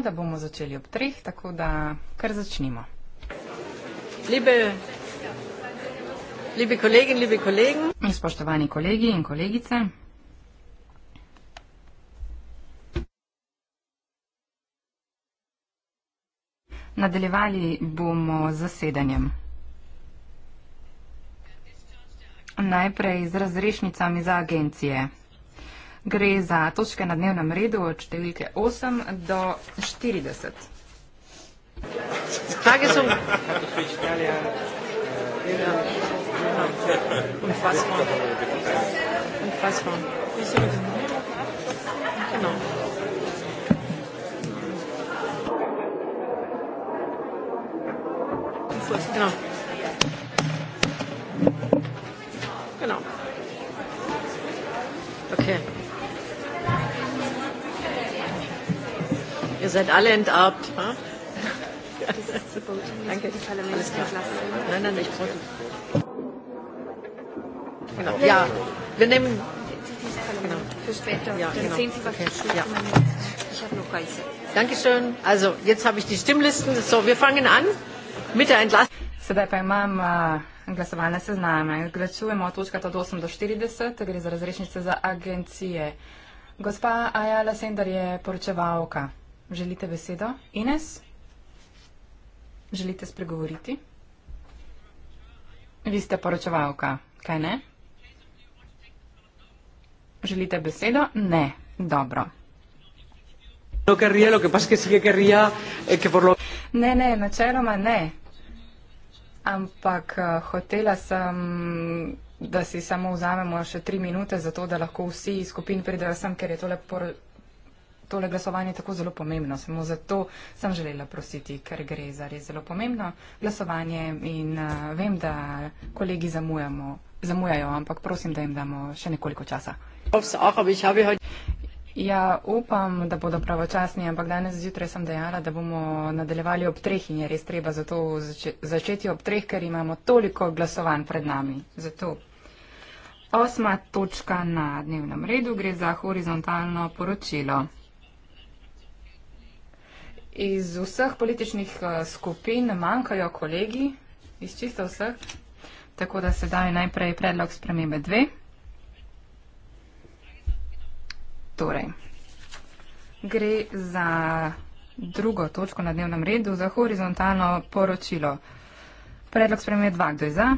bilo, da bomo začeli ob treh, tako da kar začnimo. Liebe, liebe kolegin, liebe kolegin. Spoštovani kolegi in kolegice. Nadaljevali bomo z zasedanjem. Najprej z razrešnicami za agencije. Gre za točke na dnevnem redu od številke 8 do 40. Tage so. Genau. Genau. Okay. Ihr seid alle enterbt. Ha? Das ist die Punkt. Danke. Die nein, nein, ich brauche genau. Ja, wir nehmen genau. für später. Ja, Dann genau. sehen Sie, was okay. ja. ich habe noch Geise. Dankeschön. Also jetzt habe ich die Stimmlisten. So, wir fangen an mit der Entlastung. Sedaj pa imam uh, glasovalne sezname. Glasujemo od točkata od 8 do 40, gre za razrešnice za agencije. Gospa Ajala Sender je poročevalka. Želite besedo? Ines? Želite spregovoriti? Vi ste poročevalka, kaj ne? Želite besedo? Ne. Dobro. No eh, ne, ne, načeloma ne. Ampak eh, hotela sem, da si samo vzamemo še tri minute, zato da lahko vsi iz skupin pridejo sem, ker je tole tole glasovanje tako zelo pomembno. Samo zato sem želela prositi, ker gre za res zelo pomembno glasovanje in uh, vem, da kolegi zamujamo, zamujajo, ampak prosim, da jim damo še nekoliko časa. Ja, upam, da bodo pravočasni, ampak danes zjutraj sem dejala, da bomo nadaljevali ob treh in je res treba zato zače začeti ob treh, ker imamo toliko glasovanj pred nami. Zato. Osma točka na dnevnem redu gre za horizontalno poročilo. Iz vseh političnih uh, skupin manjkajo kolegi, iz čisto vseh, tako da se daj najprej predlog spremembe dve. Torej, gre za drugo točko na dnevnem redu, za horizontalno poročilo. Predlog spremembe dva, kdo je za?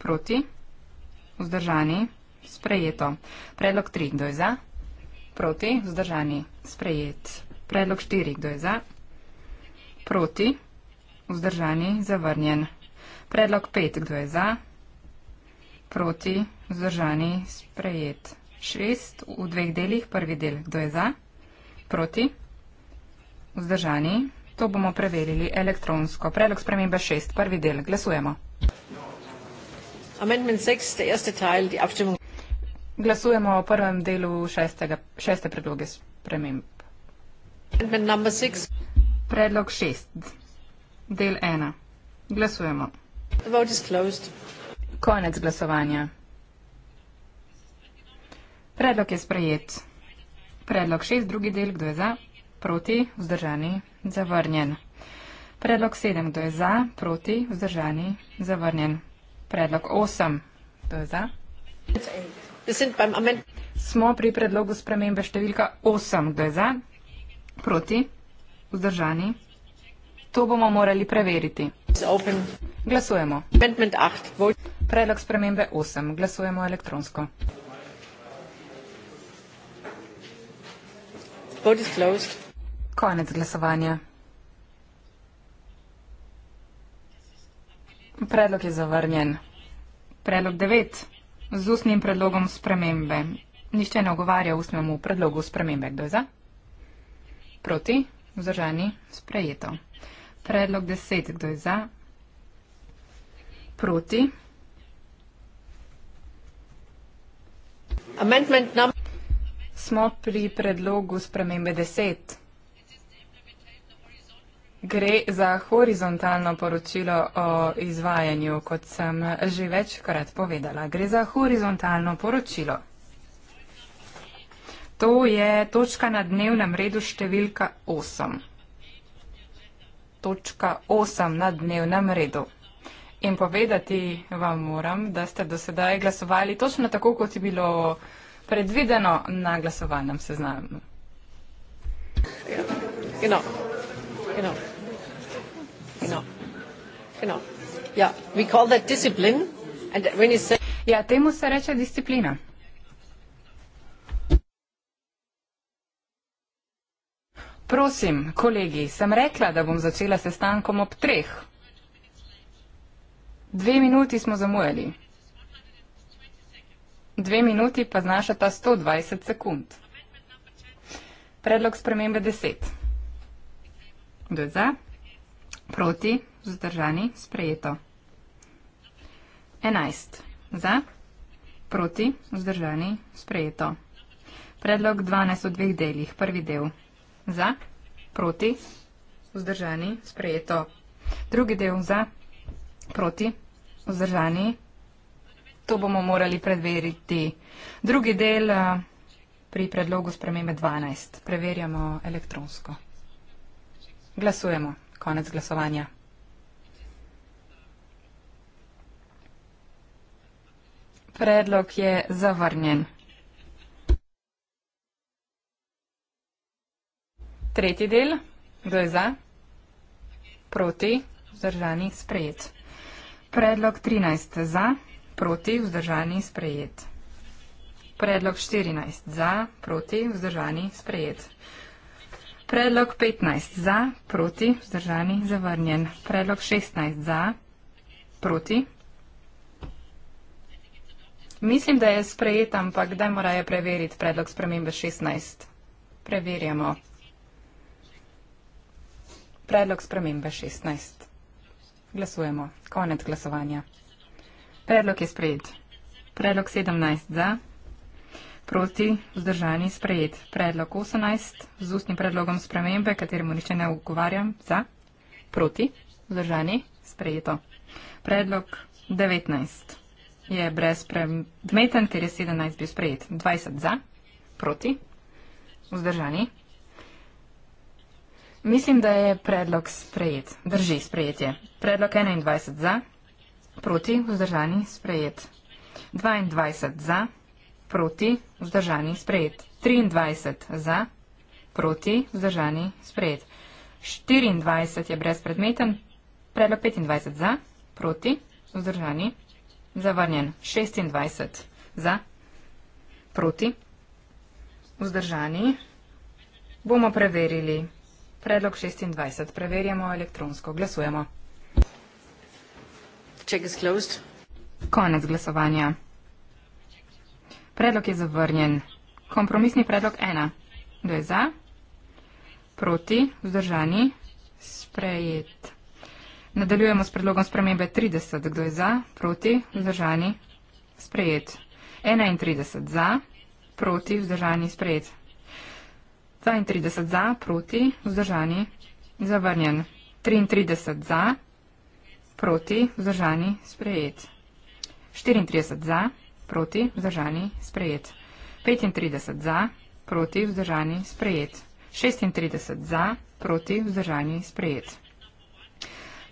Proti? Vzdržani? Sprejeto. Predlog tri, kdo je za? Proti? Vzdržani? Sprejeto. Predlog 4. Kdo je za? Proti. Vzdržani. Zavrnjen. Predlog 5. Kdo je za? Proti. Vzdržani. Sprejet. 6. V dveh delih. Prvi del. Kdo je za? Proti. Vzdržani. To bomo preverili elektronsko. Predlog spremembe 6. Prvi del. Glasujemo. Amendment 6. Erste teil. Glasujemo o prvem delu šeste predloge spremembe. Predlog šest, del ena. Glasujemo. Konec glasovanja. Predlog je sprejet. Predlog šest, drugi del, kdo je za, proti, vzdržani, zavrnjen. Predlog sedem, kdo je za, proti, vzdržani, zavrnjen. Predlog osem, kdo je za. Smo pri predlogu spremembe številka 8. Kdo je za? Proti? Vzdržani? To bomo morali preveriti. Glasujemo. Predlog spremembe 8. Glasujemo elektronsko. Konec glasovanja. Predlog je zavrnjen. Predlog 9. Z ustnim predlogom spremembe. Nišče ne ogovarja ustnemu predlogu spremembe. Kdo je za? Proti? Vzdržani? Sprejeto. Predlog deset. Kdo je za? Proti? Smo pri predlogu spremembe deset. Gre za horizontalno poročilo o izvajanju, kot sem že večkrat povedala. Gre za horizontalno poročilo. To je točka na dnevnem redu številka 8. Točka 8 na dnevnem redu. In povedati vam moram, da ste do sedaj glasovali točno tako, kot je bilo predvideno na glasovalnem seznamu. Ja, ja, temu se reče disciplina. Prosim, kolegi, sem rekla, da bom začela sestankom ob treh. Dve minuti smo zamujali. Dve minuti pa znašata 120 sekund. Predlog spremembe 10. Kdo je za? Proti? Zdržani? Sprejeto. 11. Za? Proti? Zdržani? Sprejeto. Predlog 12 v dveh delih. Prvi del. Za, proti, vzdržani, sprejeto. Drugi del za, proti, vzdržani. To bomo morali predveriti. Drugi del eh, pri predlogu spremembe 12. Preverjamo elektronsko. Glasujemo. Konec glasovanja. Predlog je zavrnjen. Tretji del, kdo je za? Proti, vzdržani, sprejet. Predlog 13 za, proti, vzdržani, sprejet. Predlog 14 za, proti, vzdržani, sprejet. Predlog 15 za, proti, vzdržani, zavrnjen. Predlog 16 za, proti. Mislim, da je sprejet, ampak dajmo raje preveriti predlog spremembe 16. Preverjamo predlog spremembe 16. Glasujemo. Konec glasovanja. Predlog je sprejet. Predlog 17 za. Proti vzdržani sprejet. Predlog 18 z ustnim predlogom spremembe, kateremu niče ne ugovarjam, za. Proti vzdržani sprejeto. Predlog 19 je brezpredmeten, ker je 17 bil sprejet. 20 za. Proti vzdržani Mislim, da je predlog sprejet. Drži sprejetje. Predlog 21 za, proti, vzdržani, sprejet. 22 za, proti, vzdržani, sprejet. 23 za, proti, vzdržani, sprejet. 24 je brezpredmeten. Predlog 25 za, proti, vzdržani, zavrnjen. 26 za, proti, vzdržani. Bomo preverili. Predlog 26. Preverjamo elektronsko. Glasujemo. Konec glasovanja. Predlog je zavrnjen. Kompromisni predlog 1. Kdo je za? Proti? Vzdržani? Sprejet. Nadaljujemo s predlogom spremembe 30. Kdo je za? Proti? Vzdržani? Sprejet. 31 za, proti, vzdržani, sprejet. 32 za, proti, vzdržani, zavrnjen. 33 za, proti, vzdržani, sprejet. 34 za, proti, vzdržani, sprejet. 35 za, proti, vzdržani, sprejet. 36 za, proti, vzdržani, sprejet.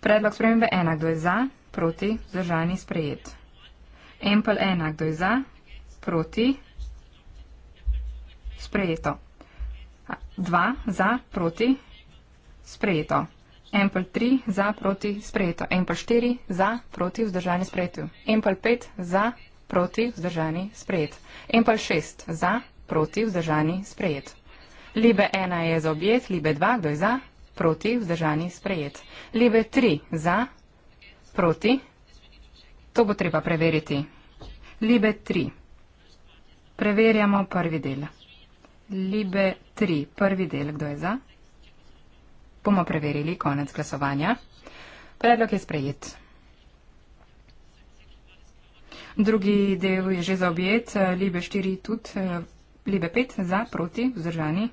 Predlog spremembe ena, kdo je za, proti, vzdržani, sprejet. Empel ena, kdo je za, proti, sprejeto. 2 za, proti, sprejeto. Empel 3 za, proti, sprejeto. Empel 4 za, proti, vzdržani, sprejeto. Empel 5 za, proti, vzdržani, sprejet. Empel 6 za, proti, vzdržani, sprejet. Libe 1 je za objet, libe 2, kdo je za, proti, vzdržani, sprejet. Libe 3 za, proti, to bo treba preveriti. Libe 3. Preverjamo prvi del. Libe 3. Prvi del, kdo je za? Bomo preverili konec glasovanja. Predlog je sprejet. Drugi del je že zaobjet, Libe 4 tudi, Libe 5 za, proti, vzdržani.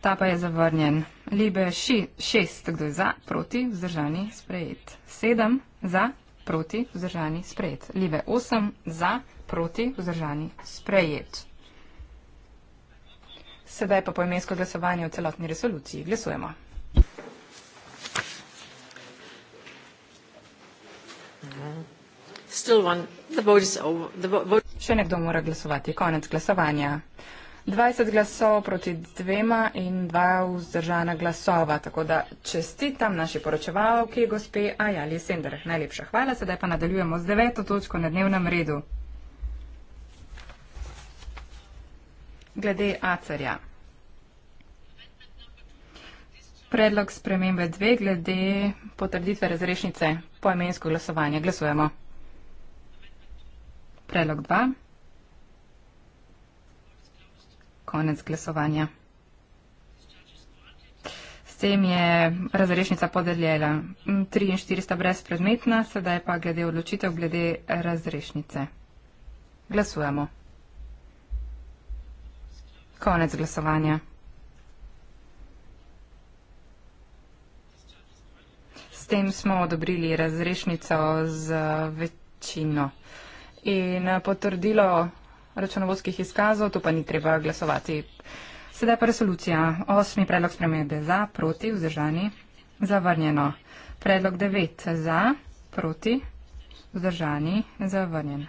Ta pa je zavrnjen. Libe 6, kdo je za, proti, vzdržani, sprejet. 7 za, proti, vzdržani, sprejet. Libe 8 za, proti, vzdržani, sprejet. Sedaj pa poimensko glasovanje o celotni resoluciji. Glasujemo. Še nekdo mora glasovati. Konec glasovanja. 20 glasov proti dvema in dva vzdržana glasova. Tako da čestitam naši poročevalki, gospe Ajali Sender. Najlepša hvala. Sedaj pa nadaljujemo z deveto točko na dnevnem redu. glede Acerja. Predlog spremembe dve glede potrditve razrešnice po imensko glasovanje. Glasujemo. Predlog dva. Konec glasovanja. S tem je razrešnica podeljela 3 in 400 brezpredmetna, sedaj pa glede odločitev glede razrešnice. Glasujemo. Konec glasovanja. S tem smo odobrili razrešnico z večino in eh, potrdilo računovodskih izkazov, to pa ni treba glasovati. Sedaj pa resolucija. Osmi predlog spremembe za, proti, vzdržani, zavrnjeno. Predlog devet za, proti, vzdržani, zavrnjeno.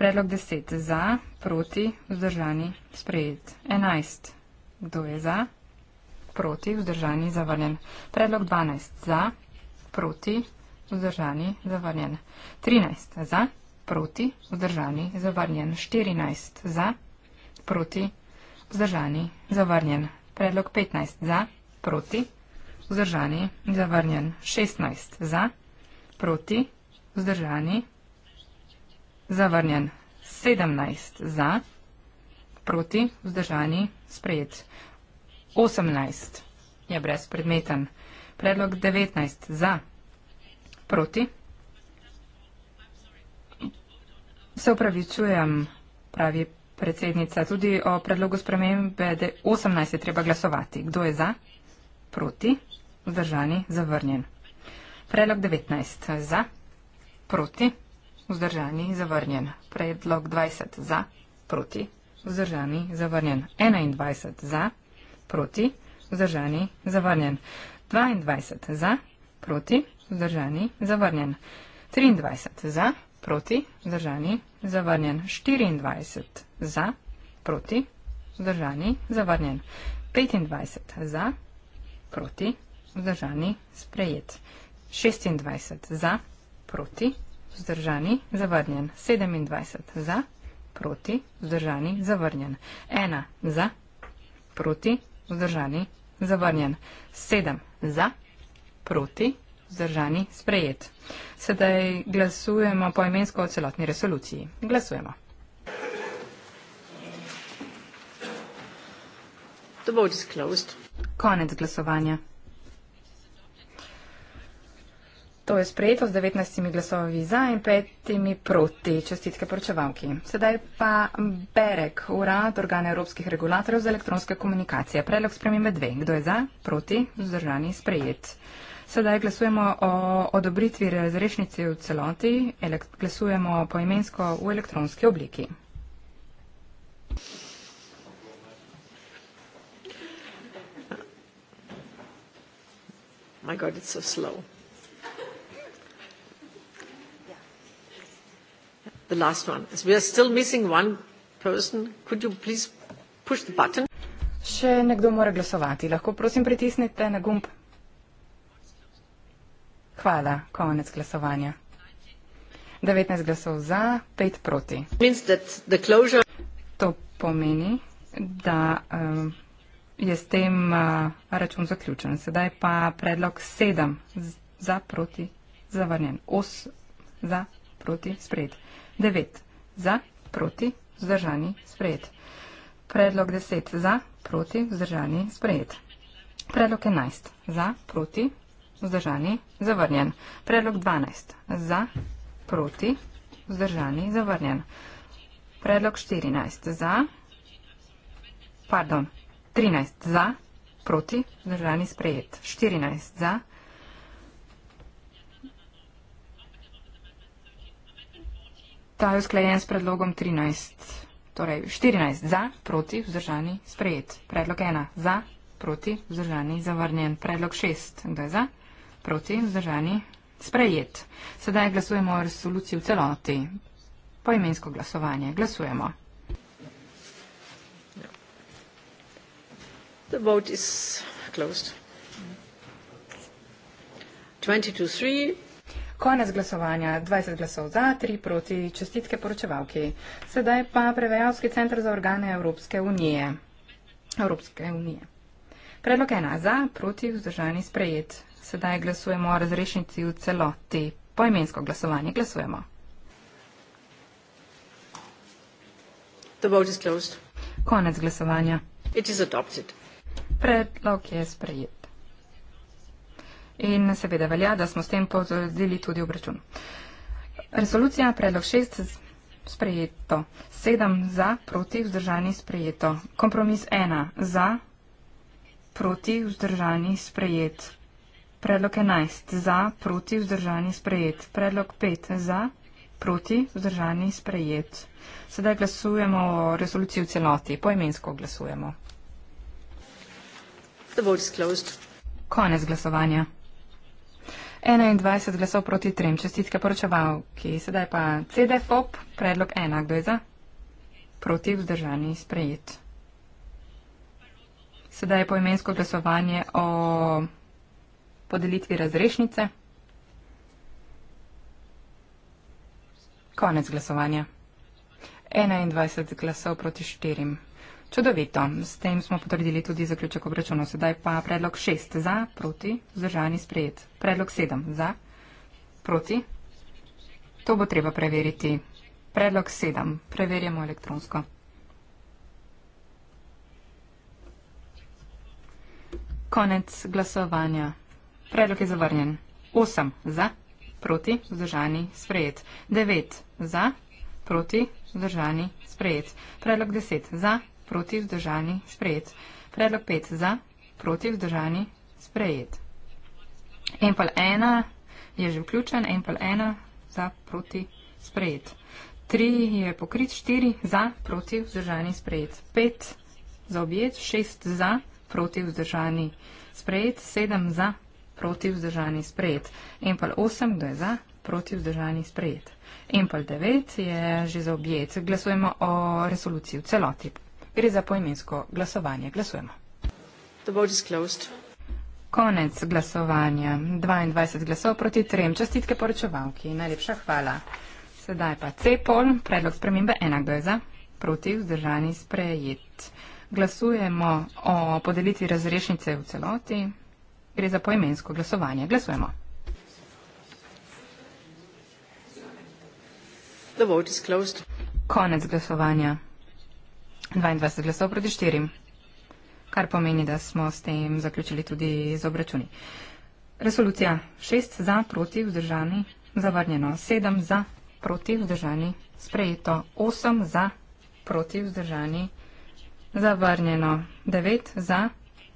Predlog 10 za, proti, vzdržani, sprejet. 11. Kdo je za? Proti, vzdržani, zavrnjen. Predlog 12 za, proti, vzdržani, zavrnjen. 13 za, proti, vzdržani, zavrnjen. 14 za, proti, vzdržani, zavrnjen. Predlog 15 za, proti, vzdržani, zavrnjen. 16 za, proti, vzdržani, zavrnjen zavrnjen 17 za, proti, vzdržani, sprejet 18 je brezpredmeten. Predlog 19 za, proti, se upravičujem, pravi predsednica, tudi o predlogu spremembe 18 je treba glasovati. Kdo je za, proti, vzdržani, zavrnjen. Predlog 19 za, proti, vzdržani vzdržani, zavrnjen. Predlog 20 za, proti, vzdržani, zavrnjen. 21 za, proti, vzdržani, zavrnjen. 22 za, proti, vzdržani, zavrnjen. 23 za, proti, vzdržani, zavrnjen. 24 za, proti, vzdržani, zavrnjen. 25 za, proti, vzdržani, sprejet. 26 za, proti, vzdržani, zavrnjen vzdržani, zavrnjen, 27 za, proti, vzdržani, zavrnjen, 1 za, proti, vzdržani, zavrnjen, 7 za, proti, vzdržani, sprejet. Sedaj glasujemo po imensko o celotni resoluciji. Glasujemo. The vote is closed. Konec glasovanja. To je sprejeto z 19 glasovi za in 5 proti. Čestitke poročevalki. Sedaj pa Berek, urad organa evropskih regulatorjev za elektronske komunikacije. Predlog spremembe 2. Kdo je za? Proti? Zdržani? Sprejet. Sedaj glasujemo o odobritvi razrešnice v celoti. Glasujemo poimensko v elektronski obliki. My God, it's so slow. the last one. As we are still missing one person, could you please push the button? Še nekdo mora glasovati. Lahko prosim pritisnite na gumb. Hvala. Konec glasovanja. 19 glasov za, 5 proti. To pomeni, da uh, je s tem uh, račun zaključen. Sedaj pa predlog 7 za, proti, zavrnjen. 8 za, proti, sprejeti. 9. Za, proti, vzdržani, sprejet. Predlog 10. Za, proti, vzdržani, sprejet. Predlog 11. Za, proti, vzdržani, zavrnjen. Predlog 12. Za, proti, vzdržani, zavrnjen. Predlog 14. Za, pardon, 13. Za, proti, vzdržani, sprejet. 14. Za, Ta je usklajen s predlogom 13, torej 14 za, proti, vzdržani, sprejet. Predlog 1 za, proti, vzdržani, zavrnjen. Predlog 6, kdo je za, proti, vzdržani, sprejet. Sedaj glasujemo o resoluciji v celoti. Poimensko glasovanje. Glasujemo. The vote is closed. 22-3, Konec glasovanja, 20 glasov za, 3 proti, čestitke poročevalki. Sedaj pa prevejalski centr za organe Evropske unije. Evropske unije. Predlog ena za, proti, vzdržani sprejet. Sedaj glasujemo o razrešnici v celoti. Poimensko glasovanje glasujemo. Konec glasovanja. Predlog je sprejet. In seveda velja, da smo s tem potrdili tudi obračun. Resolucija, predlog 6, sprejeto. 7 za, proti, vzdržani, sprejeto. Kompromis 1 za, proti, vzdržani, sprejet. Predlog 11 za, proti, vzdržani, sprejet. Predlog 5 za, proti, vzdržani, sprejet. Sedaj glasujemo o resoluciji v celoti. Poimensko glasujemo. Konec glasovanja. 21 glasov proti 3. Čestitke poročeval, ki sedaj pa CDFOP, predlog ena, kdo je za? Proti vzdržani sprejet. Sedaj je poimensko glasovanje o podelitvi razrešnice. Konec glasovanja. 21 glasov proti 4. Čudovito. S tem smo potrdili tudi zaključek obračuna. Sedaj pa predlog 6 za, proti, vzdržani sprejet. Predlog 7 za, proti. To bo treba preveriti. Predlog 7. Preverjamo elektronsko. Konec glasovanja. Predlog je zavrnjen. 8 za, proti, vzdržani sprejet. 9 za, proti, vzdržani sprejet. Predlog 10 za, proti proti vzdržani, sprejet. Predlog 5 za, proti vzdržani, sprejet. Enpal 1 je že vključen, enpal 1 za, proti, sprejet. 3 je pokrit, 4 za, proti vzdržani, sprejet. 5 za objet, 6 za, proti vzdržani, sprejet. 7 za, proti vzdržani, sprejet. Enpal 8, kdo je za? proti vzdržani sprejet. Empal 9 je že za objet. Glasujemo o resoluciji v celoti. Gre za poimensko glasovanje. Glasujemo. Konec glasovanja. 22 glasov proti 3. Čestitke poročevalki. Najlepša hvala. Sedaj pa C-pol. Predlog spremembe enako je za. Proti vzdržani sprejet. Glasujemo o podelitvi razrešnice v celoti. Gre za poimensko glasovanje. Glasujemo. Konec glasovanja. 22 glasov proti 4. Kar pomeni, da smo s tem zaključili tudi z obračuni. Resolucija 6 za, proti, vzdržani, zavrnjeno. 7 za, proti, vzdržani, sprejeto. 8 za, proti, vzdržani, zavrnjeno. 9 za,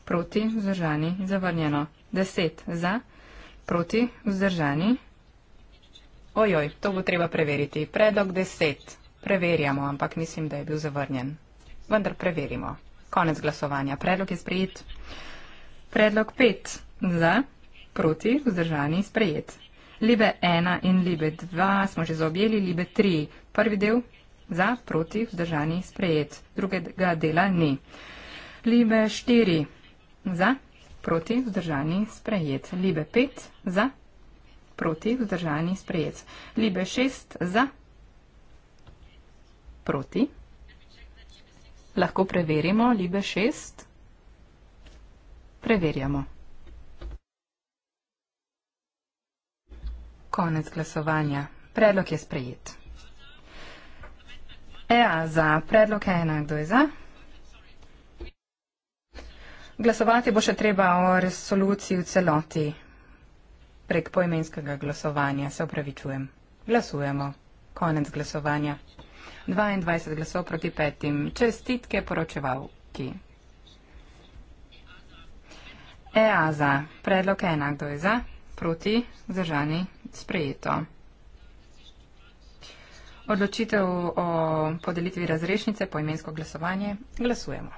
proti, vzdržani, zavrnjeno. 10 za, proti, vzdržani. Ojoj, to bo treba preveriti. Predlog 10. Preverjamo, ampak mislim, da je bil zavrnjen vendar preverimo. Konec glasovanja. Predlog je sprejet. Predlog 5 za, proti, vzdržani, sprejet. Libe 1 in Libe 2 smo že zaobjeli, Libe 3. Prvi del za, proti, vzdržani, sprejet. Drugega dela ni. Libe 4 za, proti, vzdržani, sprejet. Libe 5 za, proti, vzdržani, sprejet. Libe 6 za, proti. Lahko preverimo, libe šest. Preverjamo. Konec glasovanja. Predlog je sprejet. Ea za, predlog ena, kdo je za? Glasovati bo še treba o resoluciji v celoti. Prek poimenskega glasovanja se opravičujem. Glasujemo. Konec glasovanja. 22 glasov proti petim. Čestitke poročevalki. EASA, predlog ena, kdo je za, proti, zdržani, sprejeto. Odločitev o podelitvi razrešnice po imensko glasovanje. Glasujemo.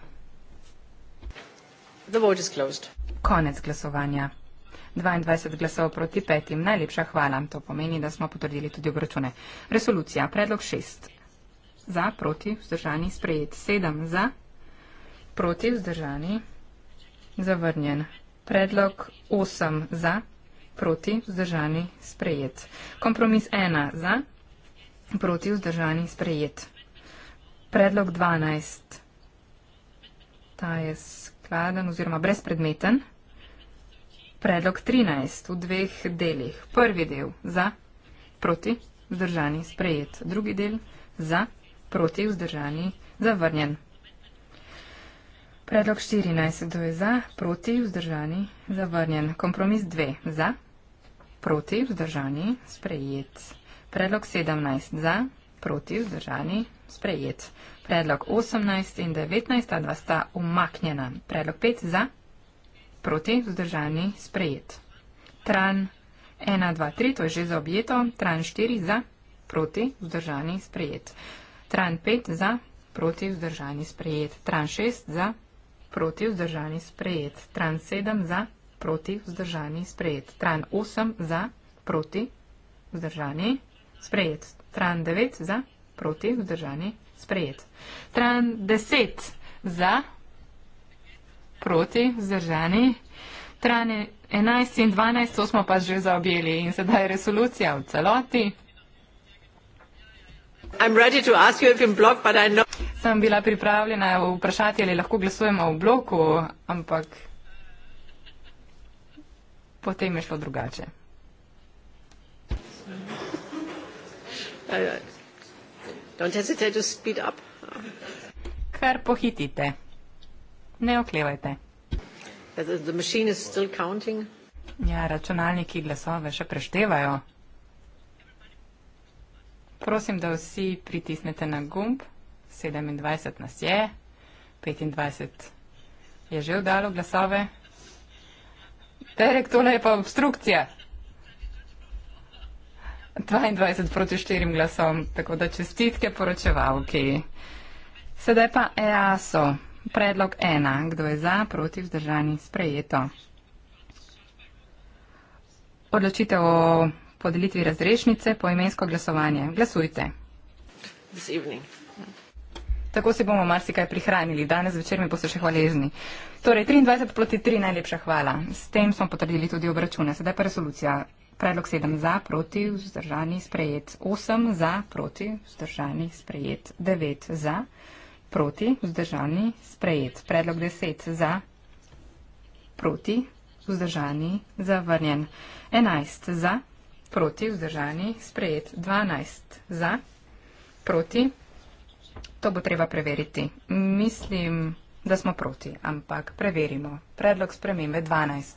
Konec glasovanja. 22 glasov proti petim. Najlepša hvala. To pomeni, da smo potrdili tudi obračune. Resolucija, predlog šest za, proti, vzdržani, sprejet. 7 za, proti, vzdržani, zavrnjen. Predlog 8 za, proti, vzdržani, sprejet. Kompromis 1 za, proti, vzdržani, sprejet. Predlog 12. Ta je skladen oziroma brezpredmeten. Predlog 13 v dveh delih. Prvi del za, proti, vzdržani, sprejet. Drugi del za, proti proti vzdržani, zavrnjen. Predlog 14. Kdo je za, proti vzdržani, zavrnjen. Kompromis 2. Za, proti vzdržani, sprejet. Predlog 17. Za, proti vzdržani, sprejet. Predlog 18 in 19. Dva sta umaknjena. Predlog 5. Za, proti vzdržani, sprejet. Tran 1, 2, 3. To je že zaobjeto. Tran 4. Za, proti vzdržani, sprejet. Tran 5 za, proti vzdržani sprejet. Tran 6 za, proti vzdržani sprejet. Tran 7 za, proti vzdržani sprejet. Tran 8 za, proti vzdržani sprejet. Tran 9 za, proti vzdržani sprejet. Tran 10 za, proti vzdržani Tran 11 in 12 so smo pa že zaobjeli in sedaj resolucija v celoti Block, Sem bila pripravljena vprašati, ali lahko glasujemo v bloku, ampak potem je šlo drugače. Kar pohitite. Ne oklevajte. Ja, računalniki glasove še preštevajo. Prosim, da vsi pritisnete na gumb. 27 nas je, 25 je že vdalo glasove. Terek, tole je pa obstrukcija. 22 proti 4 glasom, tako da čestitke poročevalki. Sedaj pa EASO, predlog 1. Kdo je za, proti, vzdržani, sprejeto. Odločitev o podelitvi razrešnice poimensko glasovanje. Glasujte. Tako si bomo marsikaj prihranili. Danes večer mi boste še hvaležni. Torej, 23 proti 3 najlepša hvala. S tem smo potrdili tudi obračune. Sedaj pa resolucija. Predlog 7 za, proti, vzdržani, sprejet. 8 za, proti, vzdržani, sprejet. 9 za, proti, vzdržani, sprejet. Predlog 10 za, proti, vzdržani, zavrnjen. 11 za, proti proti vzdržani sprejet 12. Za, proti, to bo treba preveriti. Mislim, da smo proti, ampak preverimo. Predlog spremembe 12.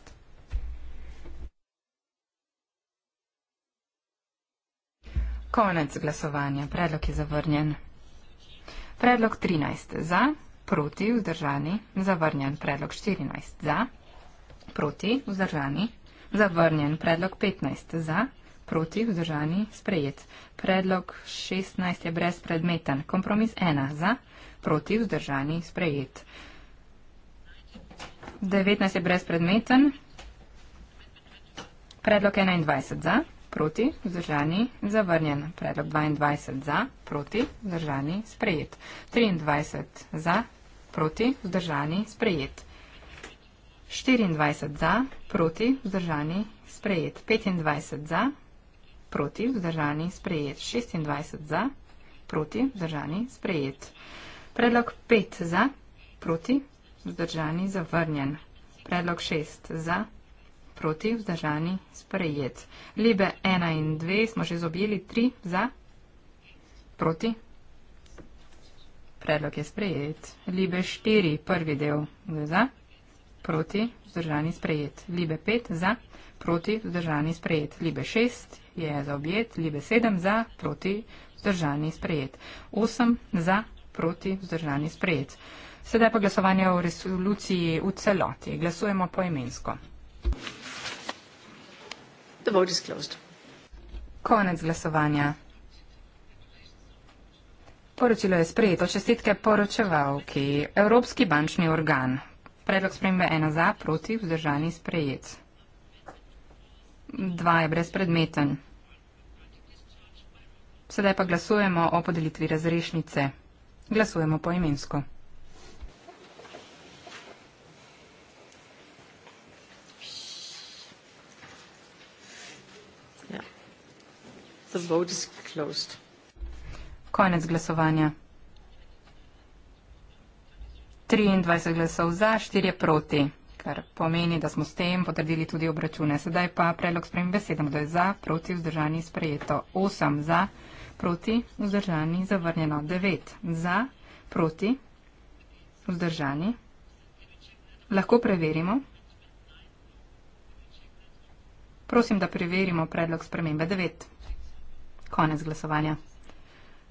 Konec glasovanja. Predlog je zavrnjen. Predlog 13. Za, proti, vzdržani, zavrnjen. Predlog 14. Za, proti, vzdržani, zavrnjen. Predlog 15. Za, proti vzdržani sprejet. Predlog 16 je brezpredmeten. Kompromis 1 za proti vzdržani sprejet. 19 je brezpredmeten. Predlog 21 za proti vzdržani zavrnjen. Predlog 22 za proti vzdržani sprejet. 23 za proti vzdržani sprejet. 24 za, proti, vzdržani, sprejet. 25 za, proti, vzdržani, sprejet. 26 za, proti, vzdržani, sprejet. Predlog 5 za, proti, vzdržani, zavrnjen. Predlog 6 za, proti, vzdržani, sprejet. Libe 1 in 2 smo že zobjeli 3 za, proti. Predlog je sprejet. Libe 4, prvi del za, proti, vzdržani, sprejet. Libe 5 za, proti, vzdržani, sprejet. Libe 6 za je za objet, lebe sedem za, proti, vzdržani, sprejet. Osem za, proti, vzdržani, sprejet. Sedaj pa glasovanje o resoluciji v celoti. Glasujemo poimensko. Konec glasovanja. Poročilo je sprejeto. Čestitke poročevalki. Evropski bančni organ. Predlog spremembe ena za, proti, vzdržani, sprejet. Dva je brezpredmeten. Sedaj pa glasujemo o podelitvi razrešnice. Glasujemo po imensko. Ja. Konec glasovanja. 23 glasov za, 4 proti, kar pomeni, da smo s tem potrdili tudi obračune. Sedaj pa predlog sprem besedem, kdo je za, proti, vzdržani, sprejeto. 8 za, proti, vzdržani, zavrnjeno 9, za, proti, vzdržani. Lahko preverimo. Prosim, da preverimo predlog spremembe 9. Konec glasovanja.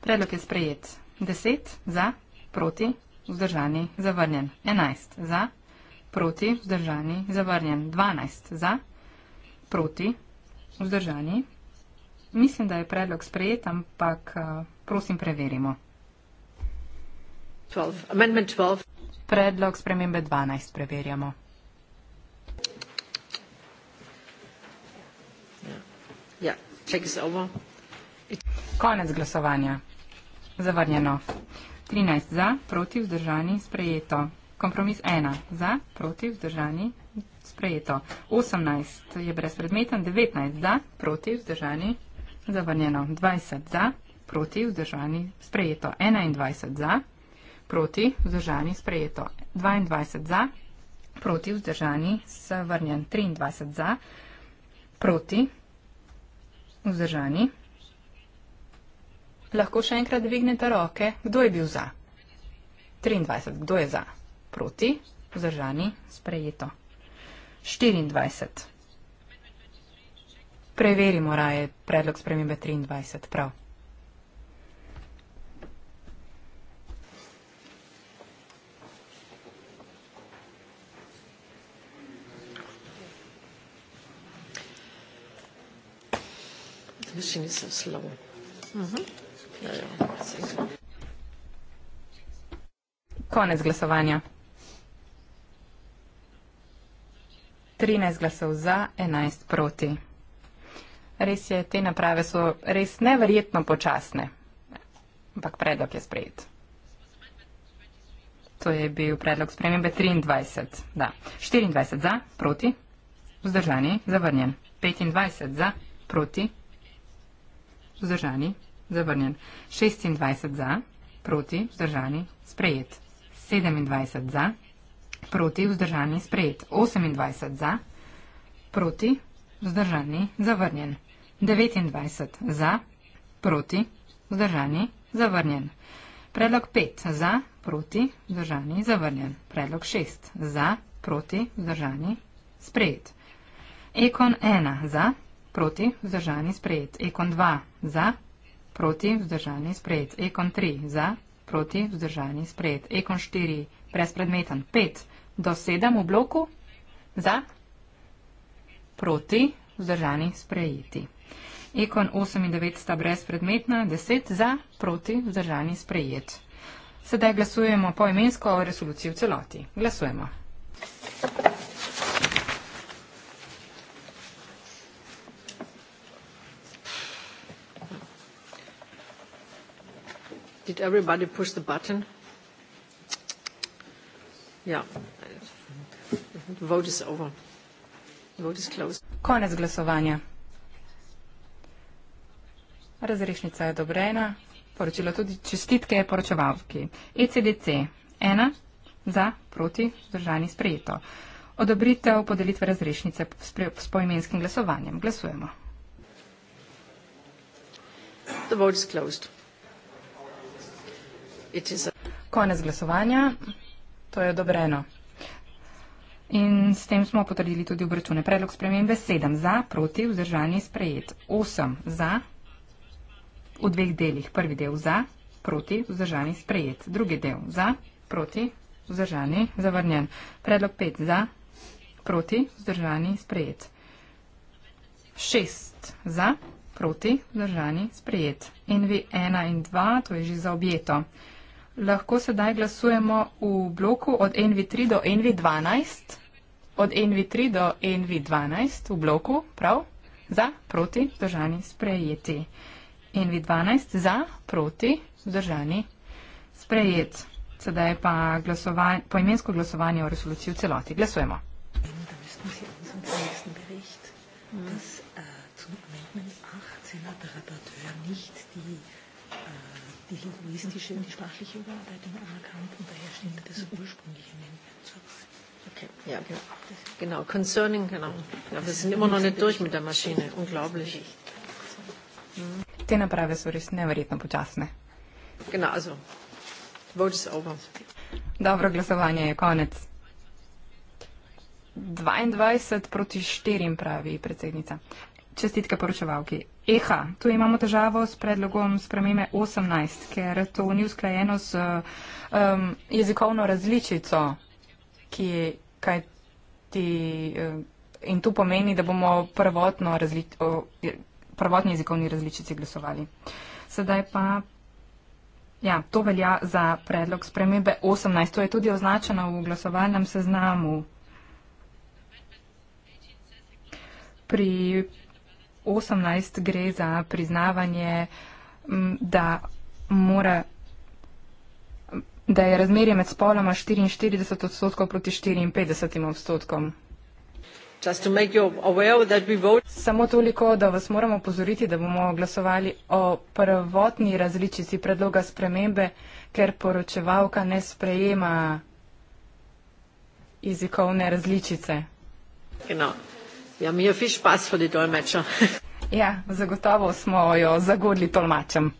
Predlog je sprejet 10, za, proti, vzdržani, zavrnjen 11, za, proti, vzdržani, zavrnjen 12, za, proti, vzdržani, Mislim, da je predlog sprejet, ampak eh, prosim preverimo. 12. 12. Predlog spremembe 12 preverjamo. Konec glasovanja. Zavrnjeno. 13 za, proti vzdržani, sprejeto. Kompromis 1 za, proti vzdržani, sprejeto. 18 je brezpredmeten, 19 za, proti vzdržani, zavrnjeno 20 za, proti vzdržani sprejeto 21 za, proti vzdržani sprejeto 22 za, proti vzdržani zavrnjen 23 za, proti vzdržani. Lahko še enkrat dvignete roke, kdo je bil za? 23, kdo je za? Proti, vzdržani, sprejeto. 24, Preverimo raje predlog spremembe 23, prav. Še nisem slovo. Konec glasovanja. 13 glasov za, 11 proti. Res je, te naprave so res neverjetno počasne. Ampak predlog je sprejet. To je bil predlog spremembe 23. Da. 24 za, proti, vzdržani, zavrnjen. 25 za, proti, vzdržani, zavrnjen. 26 za, proti, vzdržani, sprejet. 27 za, proti, vzdržani, sprejet. 28 za, proti, vzdržani, zavrnjen. 29 za, proti, vzdržani, zavrnjen. Predlog 5 za, proti, vzdržani, zavrnjen. Predlog 6 za, proti, vzdržani, sprejet. Ekon 1 za, proti, vzdržani, sprejet. Ekon 2 za, proti, vzdržani, sprejet. Ekon 3 za, proti, vzdržani, sprejet. Ekon 4 brezpredmeten. 5 do 7 v bloku za, proti, vzdržani, sprejeti. Ekon 8 in 9 sta brezpredmetna, 10 za, proti, vzdržani sprejet. Sedaj glasujemo poimensko o resoluciji v celoti. Glasujemo. Did everybody push the button? Yeah. The vote is over. The vote is closed. Konec glasovanja. Razrešnica je dobrena, poročilo tudi čestitke poročevalki. ECDC, ena, za, proti, vzdržani, sprejeto. Odobritev podelitve razrešnice s poimenskim glasovanjem. Glasujemo. Konec glasovanja, to je odobreno. In s tem smo potrdili tudi obračune. Predlog spremembe 7 za, proti, vzdržani, sprejet. 8 za, v dveh delih. Prvi del za, proti, vzdržani, sprejet. Drugi del za, proti, vzdržani, zavrnjen. Predlog pet za, proti, vzdržani, sprejet. Šest za, proti, vzdržani, sprejet. In vi ena in dva, to je že za objeto. Lahko sedaj glasujemo v bloku od NV3 do NV12. Od NV3 do NV12 v bloku, prav? Za, proti, držani, sprejeti in vi 12 za, proti, vzdržani, sprejet. Sedaj pa glasovan, poimensko glasovanje o resoluciji v celoti. Glasujemo. Okay. Ja, genau. genau, concerning, genau. Ja, wir sind immer noch nicht durch mit der Maschine. Unglaublich. Te naprave so res neverjetno počasne. Gnazo. Vodi se obam. Dobro glasovanje je konec. 22 proti 4, pravi predsednica. Čestitke poročevalki. Eha, tu imamo težavo s predlogom spremembe 18, ker to ni usklajeno s um, jezikovno različico, ki je kaj ti. Um, in to pomeni, da bomo prvotno različico. Uh, prvotni jezikovni različici glasovali. Sedaj pa, ja, to velja za predlog spremembe 18. To je tudi označeno v glasovalnem seznamu. Pri 18 gre za priznavanje, da mora da je razmerje med spoloma 44 odstotkov proti 54 odstotkom. Samo toliko, da vas moramo pozoriti, da bomo glasovali o prvotni različici predloga spremembe, ker poročevalka ne sprejema jezikovne različice. Ja, ja, zagotovo smo jo zagodli tolmačem.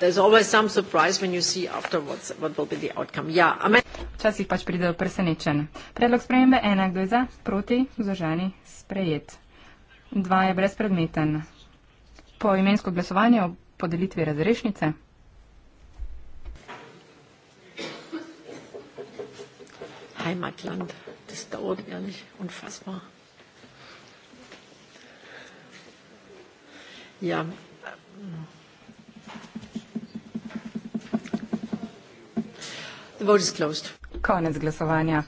There's always some surprise when you see afterwards what will be the outcome. Ja, amen. Včasih pač pride do presenečen. Predlog spremembe ena, kdo je za, proti, vzdržani, sprejet. Dva je brezpredmeten. Po imensko glasovanje o podelitvi razrešnice. Heimatland, das dauert ehrlich ja unfassbar. Ja. Yeah. vote is closed. Konec glasovanja.